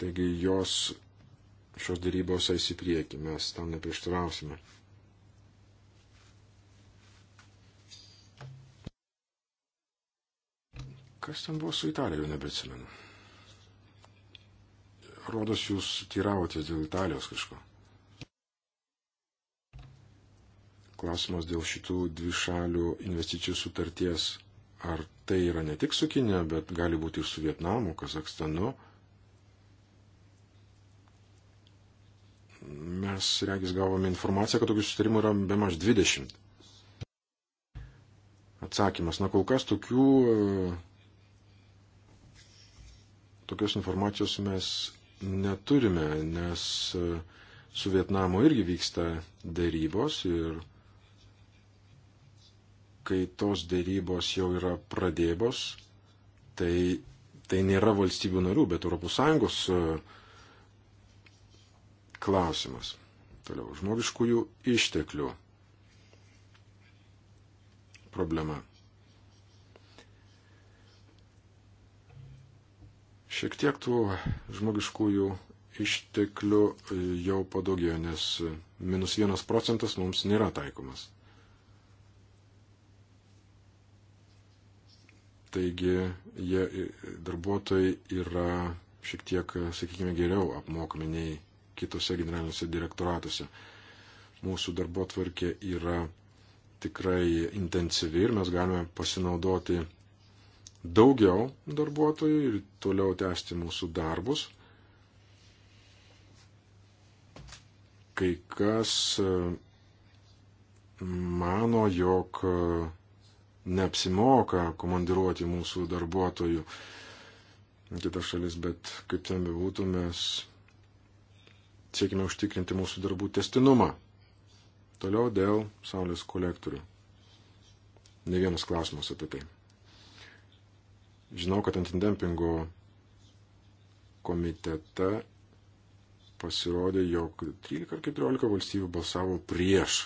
Taigi jos šios darybos eis į priekį, mes tam neprieštarausime. Kas ten buvo su Italija, jau nebeatsimenu. Rodos jūs tyravotės dėl Italijos kažko. Klausimas dėl šitų dvišalių investicijų sutarties. Ar tai yra ne tik su Kinė, bet gali būti ir su Vietnamu, Kazakstanu. Mes, regis, gavome informaciją, kad tokių sutarimų yra be maž 20. Atsakymas, na kol kas tokių tokios informacijos mes neturime, nes e, su Vietnamu irgi vyksta dėrybos ir kai tos dėrybos jau yra pradėbos, tai tai nėra valstybių narių, bet ES e, klausimas. Toliau, žmogiškųjų išteklių problema. Šiek tiek tų žmogiškųjų išteklių jau padaugėjo, nes minus vienas procentas mums nėra taikomas. Taigi jie, darbuotojai yra šiek tiek, sakykime, geriau apmokami nei kitose generaliniuose direktoratuose. Mūsų darbo tvarkė yra tikrai intensyvi ir mes galime pasinaudoti daugiau darbuotojų ir toliau tęsti mūsų darbus. Kai kas e, mano, jog e, neapsimoka komandiruoti mūsų darbuotojų kitas šalis, bet kaip ten bebūtų, mes siekime užtikrinti mūsų darbų testinumą. Toliau dėl saulės kolektorių. Ne vienas klausimas apie tai. Žinau, kad antidempingo komitete pasirodė, jog 13 ar 14 valstybių balsavo prieš.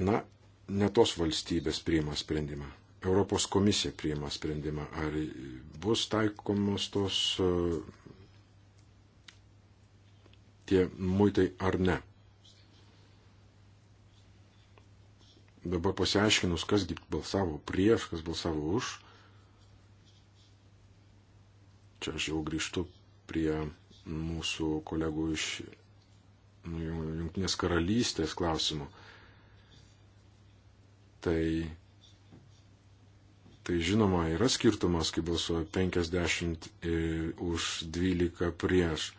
Na, ne tos valstybės priima sprendimą. Europos komisija priima sprendimą, ar bus taikomos tos e, tie muitai ar ne. dabar pasiaiškinus, kas balsavo prieš, kas balsavo už, čia aš jau grįžtu prie mūsų kolegų iš nu, Junktinės karalystės klausimų. Tai, tai žinoma, yra skirtumas, kai balsuoja 50 e, už 12 prieš.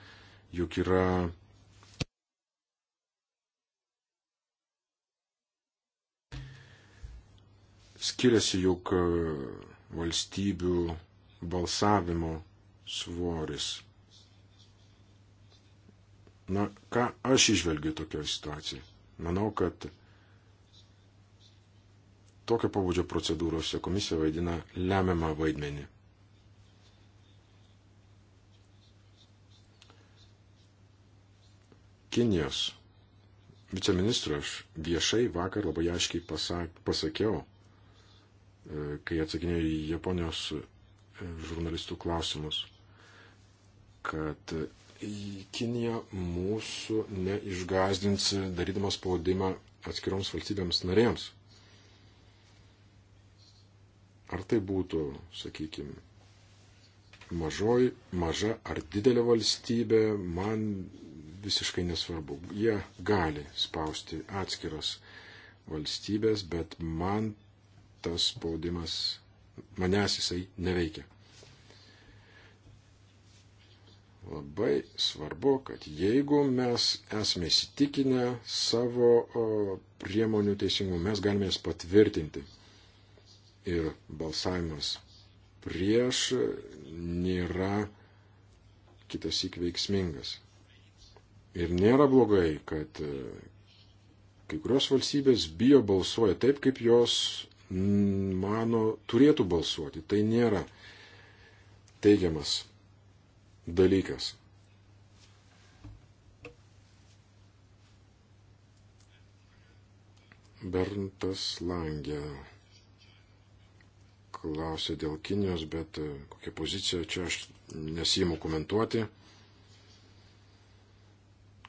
Juk yra Skiriasi juk e, valstybių balsavimo svoris. Na, ką aš išvelgiu tokioje situacijoje? Manau, kad tokio pabudžio procedūrose komisija vaidina lemiamą vaidmenį. Kinijos viceministras viešai vakar labai aiškiai pasak, pasakiau, E, kai atsakinėjo į Japonijos e, žurnalistų klausimus, kad Kinija mūsų neišgazdins darydamas spaudimą atskiroms valstybėms narėms. Ar tai būtų, sakykime, mažoji, maža ar didelė valstybė, man visiškai nesvarbu. Jie gali spausti atskiras valstybės, bet man tas spaudimas manęs jisai neveikia. Labai svarbu, kad jeigu mes esame įsitikinę savo priemonių teisingumu, mes galime jas patvirtinti. Ir balsavimas prieš nėra kitas įkveiksmingas. Ir nėra blogai, kad e, kai kurios valstybės bijo balsuoja taip, kaip jos mano turėtų balsuoti. Tai nėra teigiamas dalykas. Berntas Langė klausė dėl Kinijos, bet e, kokią poziciją čia aš nesijimu komentuoti.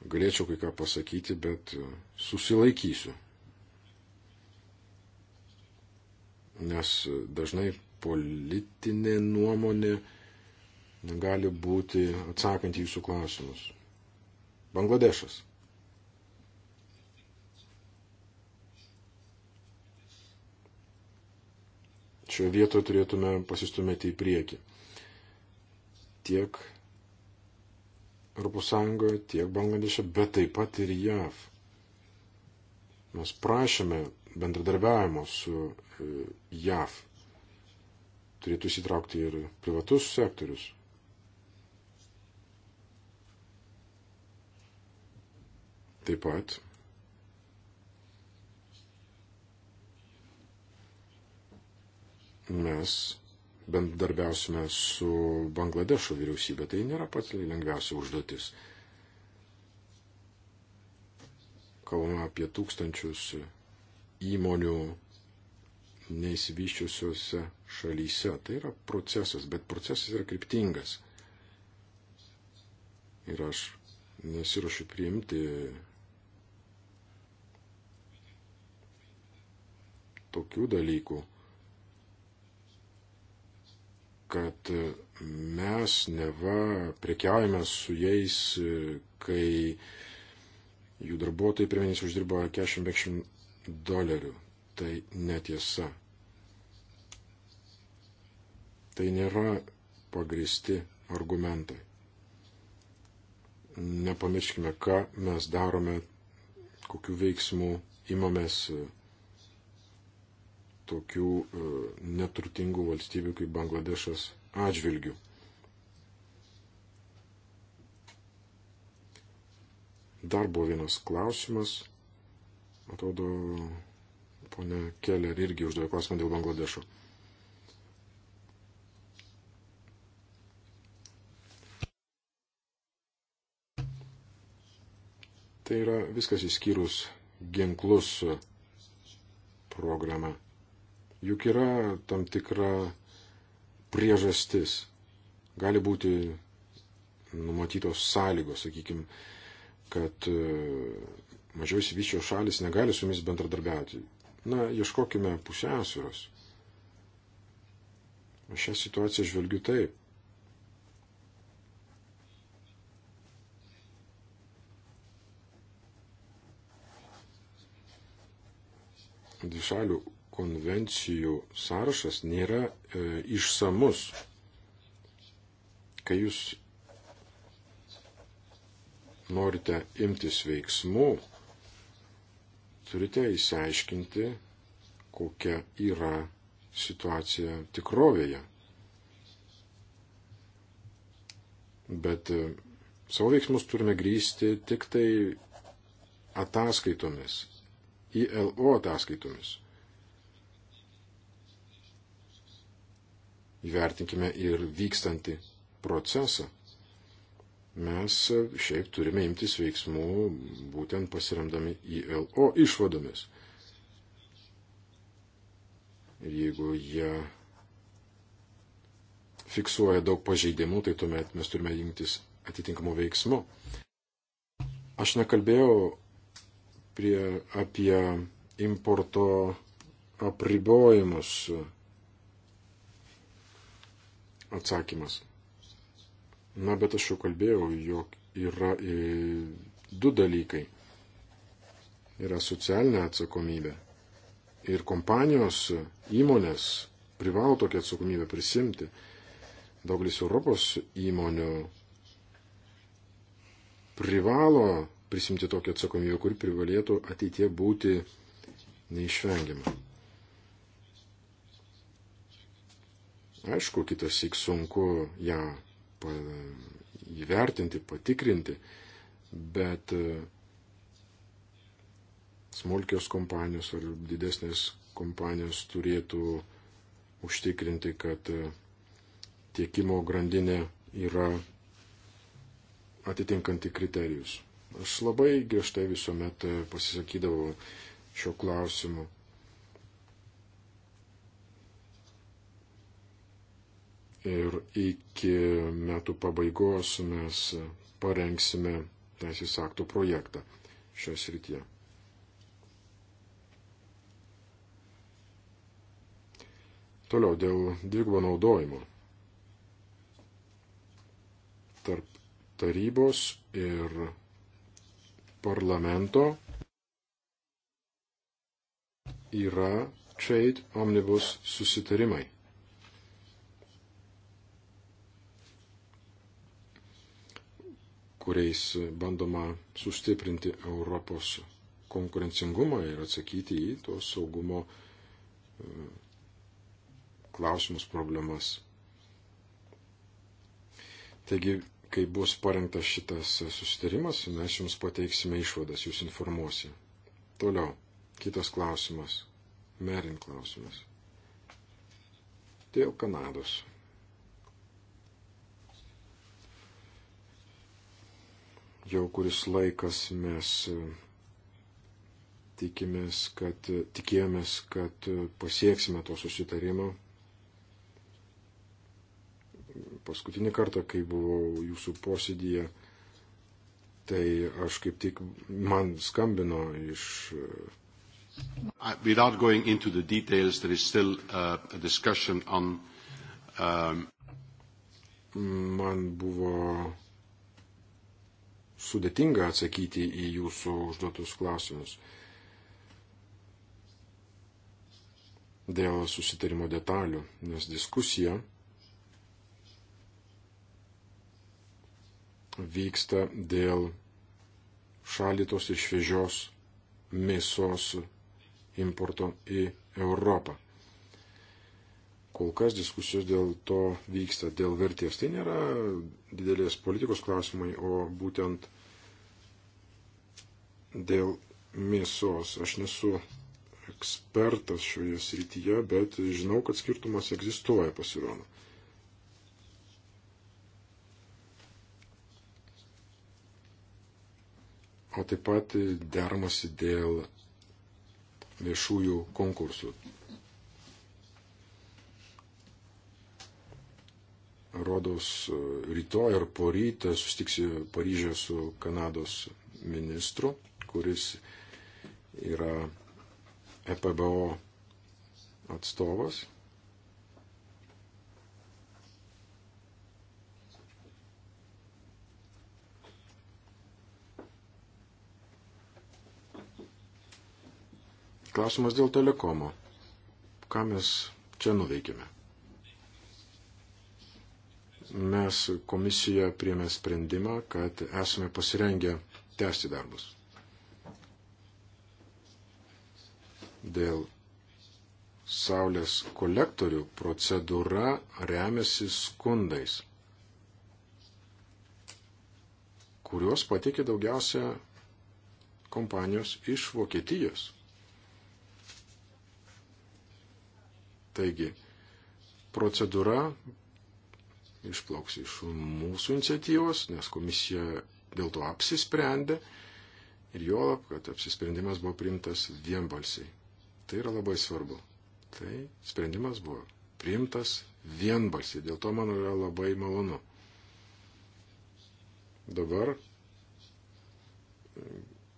Galėčiau kai ką pasakyti, bet e, susilaikysiu. nes dažnai politinė nuomonė gali būti atsakant į jūsų klausimus. Bangladešas. Šioje vietoje turėtume pasistumėti į priekį. Tiek ES, tiek Bangladešė, bet taip pat ir JAV. Mes prašėme bendradarbiavimo su e, JAV. Turėtų įsitraukti ir privatus sektorius. Taip pat mes bendarbiausime su Bangladešo vyriausybė. Tai nėra pats lengviausia užduotis. Kalbame apie tūkstančius įmonių neįsivyščiusiuose šalyse. Tai yra procesas, bet procesas yra kryptingas. Ir aš nesiuošiu priimti tokių dalykų, kad mes neva prekiaujame su jais, kai jų darbuotojai per mėnesį uždirba 40 dolerių. Tai netiesa. Tai nėra pagristi argumentai. Nepamirškime, ką mes darome, kokiu veiksmu imamės tokių e, neturtingų valstybių kaip Bangladešas atžvilgių. Dar buvo vienas klausimas Atrodo, ponė Keller irgi uždavė klausimą dėl Bangladešo. Tai yra viskas įskyrus ginklus programą. Juk yra tam tikra priežastis. Gali būti numatytos sąlygos, sakykime, kad mažiau įsivyščios šalis negali su jumis bendradarbiauti. Na, ieškokime pusiausvėros. Aš šią situaciją žvelgiu taip. Dvišalių konvencijų sąrašas nėra e, išsamus. Kai jūs norite imtis veiksmų, turite įsiaiškinti, kokia yra situacija tikrovėje. Bet e, savo veiksmus turime grįsti tik tai ataskaitomis, ILO ataskaitomis. Įvertinkime ir vykstantį procesą mes e, šiaip turime imtis veiksmų būtent pasiremdami ILO išvadomis. Ir jeigu jie fiksuoja daug pažeidimų, tai tuomet mes turime imtis atitinkamų veiksmų. Aš nekalbėjau prie, apie importo apribojimus. Atsakymas. Na, bet aš jau kalbėjau, jog yra e, du dalykai. Yra socialinė atsakomybė. Ir kompanijos, įmonės privalo tokią atsakomybę prisimti. Daugelis Europos įmonių privalo prisimti tokią atsakomybę, kuri privalėtų ateitie būti neišvengiama. Aišku, kitas įk sunku ją ja įvertinti, patikrinti, bet e, smulkios kompanijos ar didesnės kompanijos turėtų užtikrinti, kad e, tiekimo grandinė yra atitinkanti kriterijus. Aš labai griežtai visuomet e, pasisakydavau šio klausimu. ir iki metų pabaigos mes parengsime teisės aktų projektą šios rytyje. Toliau dėl dvigubo naudojimo tarp tarybos ir parlamento yra trade omnibus susitarimai. kuriais bandoma sustiprinti Europos konkurencingumą ir atsakyti į tos saugumo e, klausimus problemas. Taigi, kai bus parengtas šitas susitarimas, mes jums pateiksime išvadas, jūs informuosime. Toliau, kitas klausimas. Merin klausimas. Dėl Kanados. Jau kuris laikas mes e, tikimės, kad, e, tikėjomės, kad e, pasieksime to susitarimo. Paskutinį kartą, kai buvau jūsų posėdėje, tai aš kaip tik man skambino iš. Without going into the details, there is still uh, a discussion on. Um... Man buvo sudėtinga atsakyti į jūsų užduotus klausimus. Dėl susitarimo detalių, nes diskusija vyksta dėl šalytos ir šviežios mėsos importo į Europą. Kol kas diskusijos dėl to vyksta, dėl vertės. Tai nėra didelės politikos klausimai, o būtent dėl mėsos. Aš nesu ekspertas šioje srityje, bet žinau, kad skirtumas egzistuoja pasirodo. O taip pat dermasi dėl viešųjų konkursų. rodos, e, rytoj ar poryt e, sustiksi Paryžė su Kanados ministru, kuris yra EPBO atstovas. Klausimas dėl telekomo. Ką mes čia nuveikėme? mes komisija priemė sprendimą, kad esame pasirengę tęsti darbus. Dėl saulės kolektorių procedūra remiasi skundais, kuriuos patikė daugiausia kompanijos iš Vokietijos. Taigi, procedūra išplauks iš mūsų iniciatyvos, nes komisija dėl to apsisprendė ir juolab, kad apsisprendimas buvo priimtas vienbalsiai. Tai yra labai svarbu. Tai sprendimas buvo priimtas vienbalsiai, dėl to man yra labai malonu. Dabar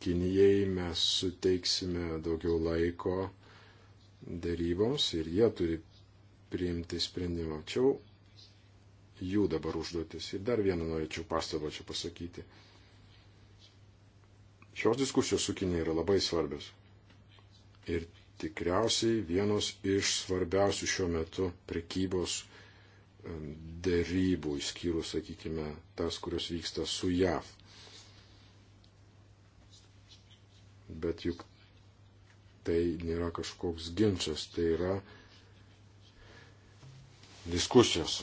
Kinijai mes suteiksime daugiau laiko daryboms ir jie turi priimti sprendimą. Čia jų dabar užduotis. Ir dar vieną norėčiau pastabą čia pasakyti. Šios diskusijos su Kinė yra labai svarbios. Ir tikriausiai vienos iš svarbiausių šiuo metu prekybos dėrybų, išskyrus, sakykime, tas, kurios vyksta su JAV. Bet juk tai nėra kažkoks ginčas, tai yra diskusijos.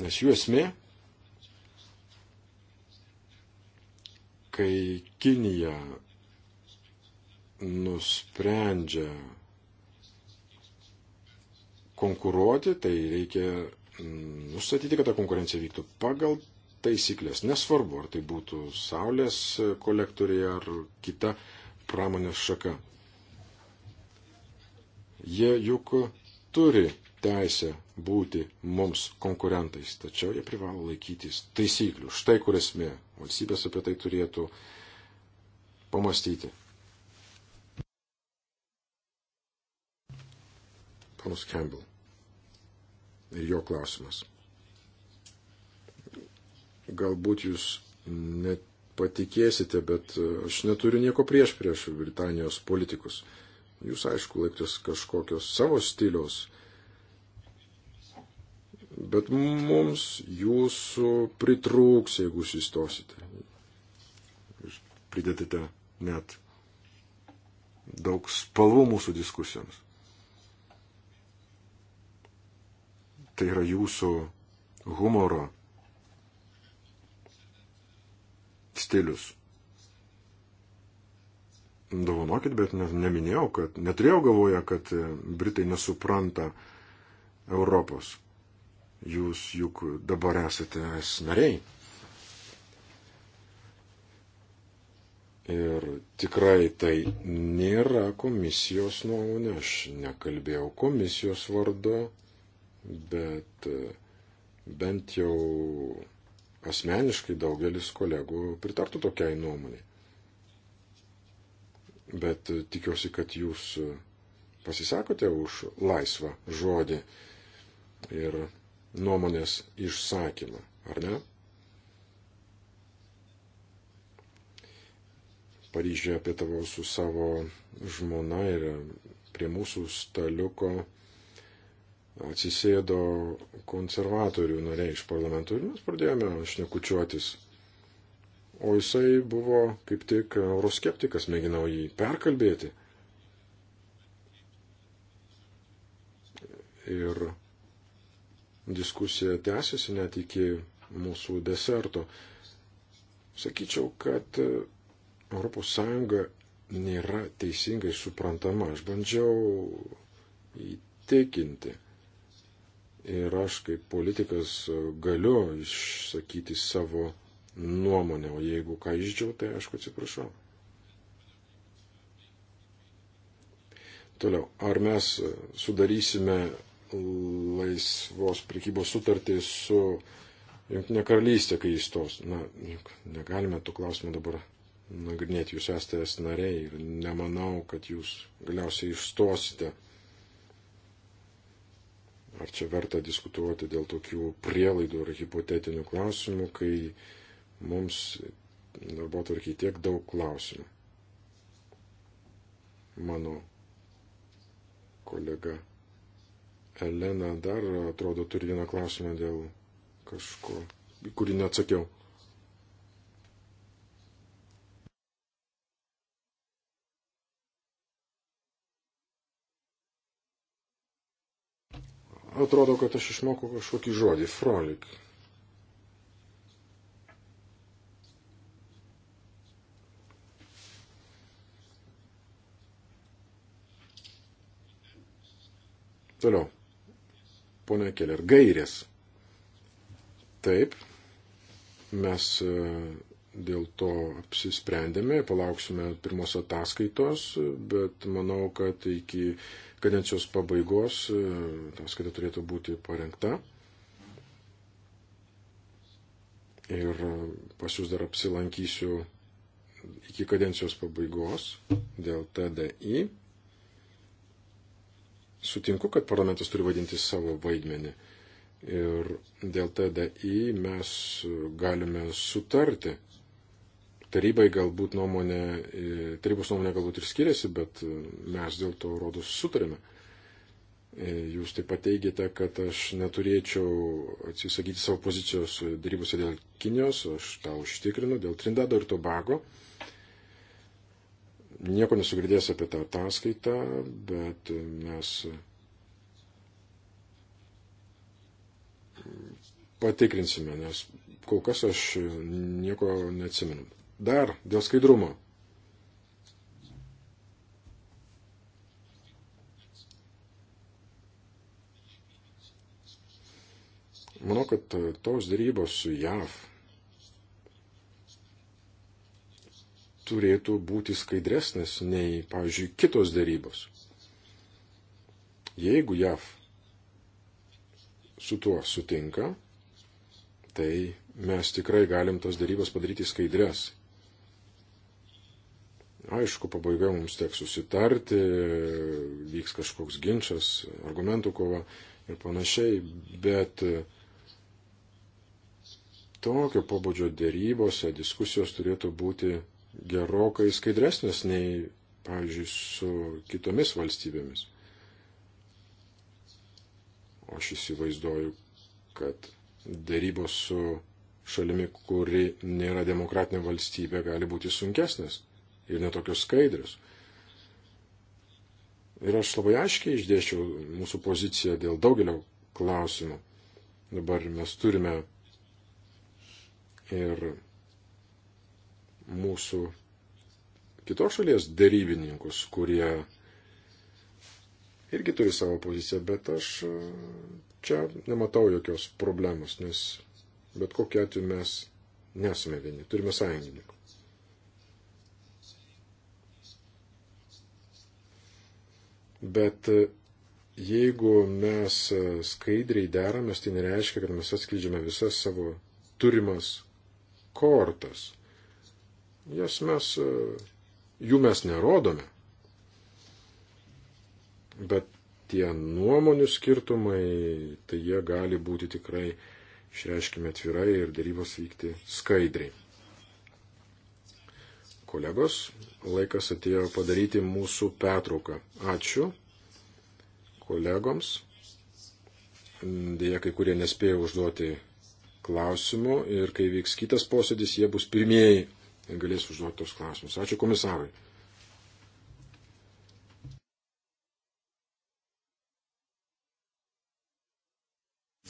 Nes jų esmė, kai Kinija nusprendžia konkuruoti, tai reikia nustatyti, kad ta konkurencija vyktų pagal taisyklės. Nesvarbu, ar tai būtų saulės kolektoriai ar kita pramonės šaka. Jie juk turi teisę būti mums konkurentais, tačiau jie privalo laikytis taisyklių. Štai kur esmė. Valstybės apie tai turėtų pamastyti. Ponas Campbell ir jo klausimas. Galbūt jūs net patikėsite, bet aš neturiu nieko prieš prieš Britanijos politikus. Jūs, aišku, laiktis kažkokios savo stiliaus Bet mums jūsų pritrūks, jeigu sustosite. Pridedate net daug spalvų mūsų diskusijoms. Tai yra jūsų humoro stilius. Dovanokit, bet ne, neminėjau, kad neturėjau galvoje, kad Britai nesupranta Europos. Jūs juk dabar esate es nariai. Ir tikrai tai nėra komisijos nuomonė, aš nekalbėjau komisijos vardu, bet e, bent jau asmeniškai daugelis kolegų pritartų tokiai nuomonė. Bet e, tikiuosi, kad jūs e, pasisakote už laisvą žodį ir nuomonės išsakymą, ar ne? Paryžiuje pietavau su savo žmona ir prie mūsų staliuko atsisėdo konservatorių nariai iš parlamento ir mes pradėjome šnekučiuotis. O jisai buvo kaip tik euroskeptikas, mėginau jį perkalbėti. Ir diskusija tęsiasi net iki mūsų deserto. Sakyčiau, kad ES nėra teisingai suprantama. Aš bandžiau įtikinti. Ir aš kaip politikas galiu išsakyti savo nuomonę, o jeigu ką išdžiau, tai aišku atsiprašau. Toliau, ar mes sudarysime laisvos prekybos sutartį su Junktinė karalystė, kai įstos. Na, negalime tų klausimų dabar nagrinėti. Jūs esate es nariai ir nemanau, kad jūs galiausiai išstosite. Ar čia verta diskutuoti dėl tokių prielaidų ar hipotetinių klausimų, kai mums darbo tvarkiai tiek daug klausimų. Mano kolega Elena dar, atrodo, turi vieną klausimą dėl kažko, kurį neatsakiau. Atrodo, kad aš išmokau kažkokį žodį - frolik. Toliau. Pone Keller, gairės. Taip, mes e, dėl to apsisprendėme, palauksime pirmos ataskaitos, bet manau, kad iki kadencijos pabaigos e, ataskaita turėtų būti parengta. Ir e, pas jūs dar apsilankysiu iki kadencijos pabaigos dėl TDI sutinku, kad parlamentas turi vadinti savo vaidmenį. Ir dėl TDI mes galime sutarti. Tarybai galbūt nuomonė, e, tarybos nuomonė galbūt ir skiriasi, bet e, mes dėl to rodus sutarėme. E, jūs taip pat teigiate, kad aš neturėčiau atsisakyti savo pozicijos darybose dėl Kinijos, aš tą užtikrinu, dėl Trindado ir Tobago nieko nesugirdės apie tą ataskaitą, bet mes patikrinsime, nes kol kas aš nieko neatsimenu. Dar dėl skaidrumo. Manau, kad tos dėrybos su JAV turėtų būti skaidresnis nei, pavyzdžiui, kitos dėrybos. Jeigu JAV su tuo sutinka, tai mes tikrai galim tas dėrybas padaryti skaidres. Aišku, pabaiga mums teks susitarti, vyks kažkoks ginčas, argumentų kova ir panašiai, bet tokio pobūdžio dėrybose diskusijos turėtų būti gerokai skaidresnės nei, pavyzdžiui, su kitomis valstybėmis. O aš įsivaizduoju, kad darybos su šalimi, kuri nėra demokratinė valstybė, gali būti sunkesnės ir netokios skaidrius. Ir aš labai aiškiai išdėščiau mūsų poziciją dėl daugelio klausimų. Dabar mes turime ir mūsų kitos šalies dėrybininkus, kurie irgi turi savo poziciją, bet aš e, čia nematau jokios problemos, nes bet kokiu atveju mes nesame vieni, turime sąjungininkų. Bet e, jeigu mes e, skaidriai deramės, tai nereiškia, kad mes atskleidžiame visas savo turimas kortas. Jas mes, e, jų mes nerodome. Bet tie nuomonių skirtumai, tai jie gali būti tikrai, išreiškime atvirai ir darybos vykti skaidriai. Kolegos, laikas atėjo padaryti mūsų petrauką. Ačiū kolegoms. Dėja, kai kurie nespėjo užduoti klausimų ir kai vyks kitas posėdis, jie bus pirmieji ir galės užduoti tos klausimus. Ačiū komisarui.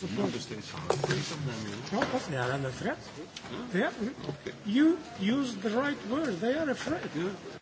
They are under threat. They are, you use the right word. They are afraid. Yeah.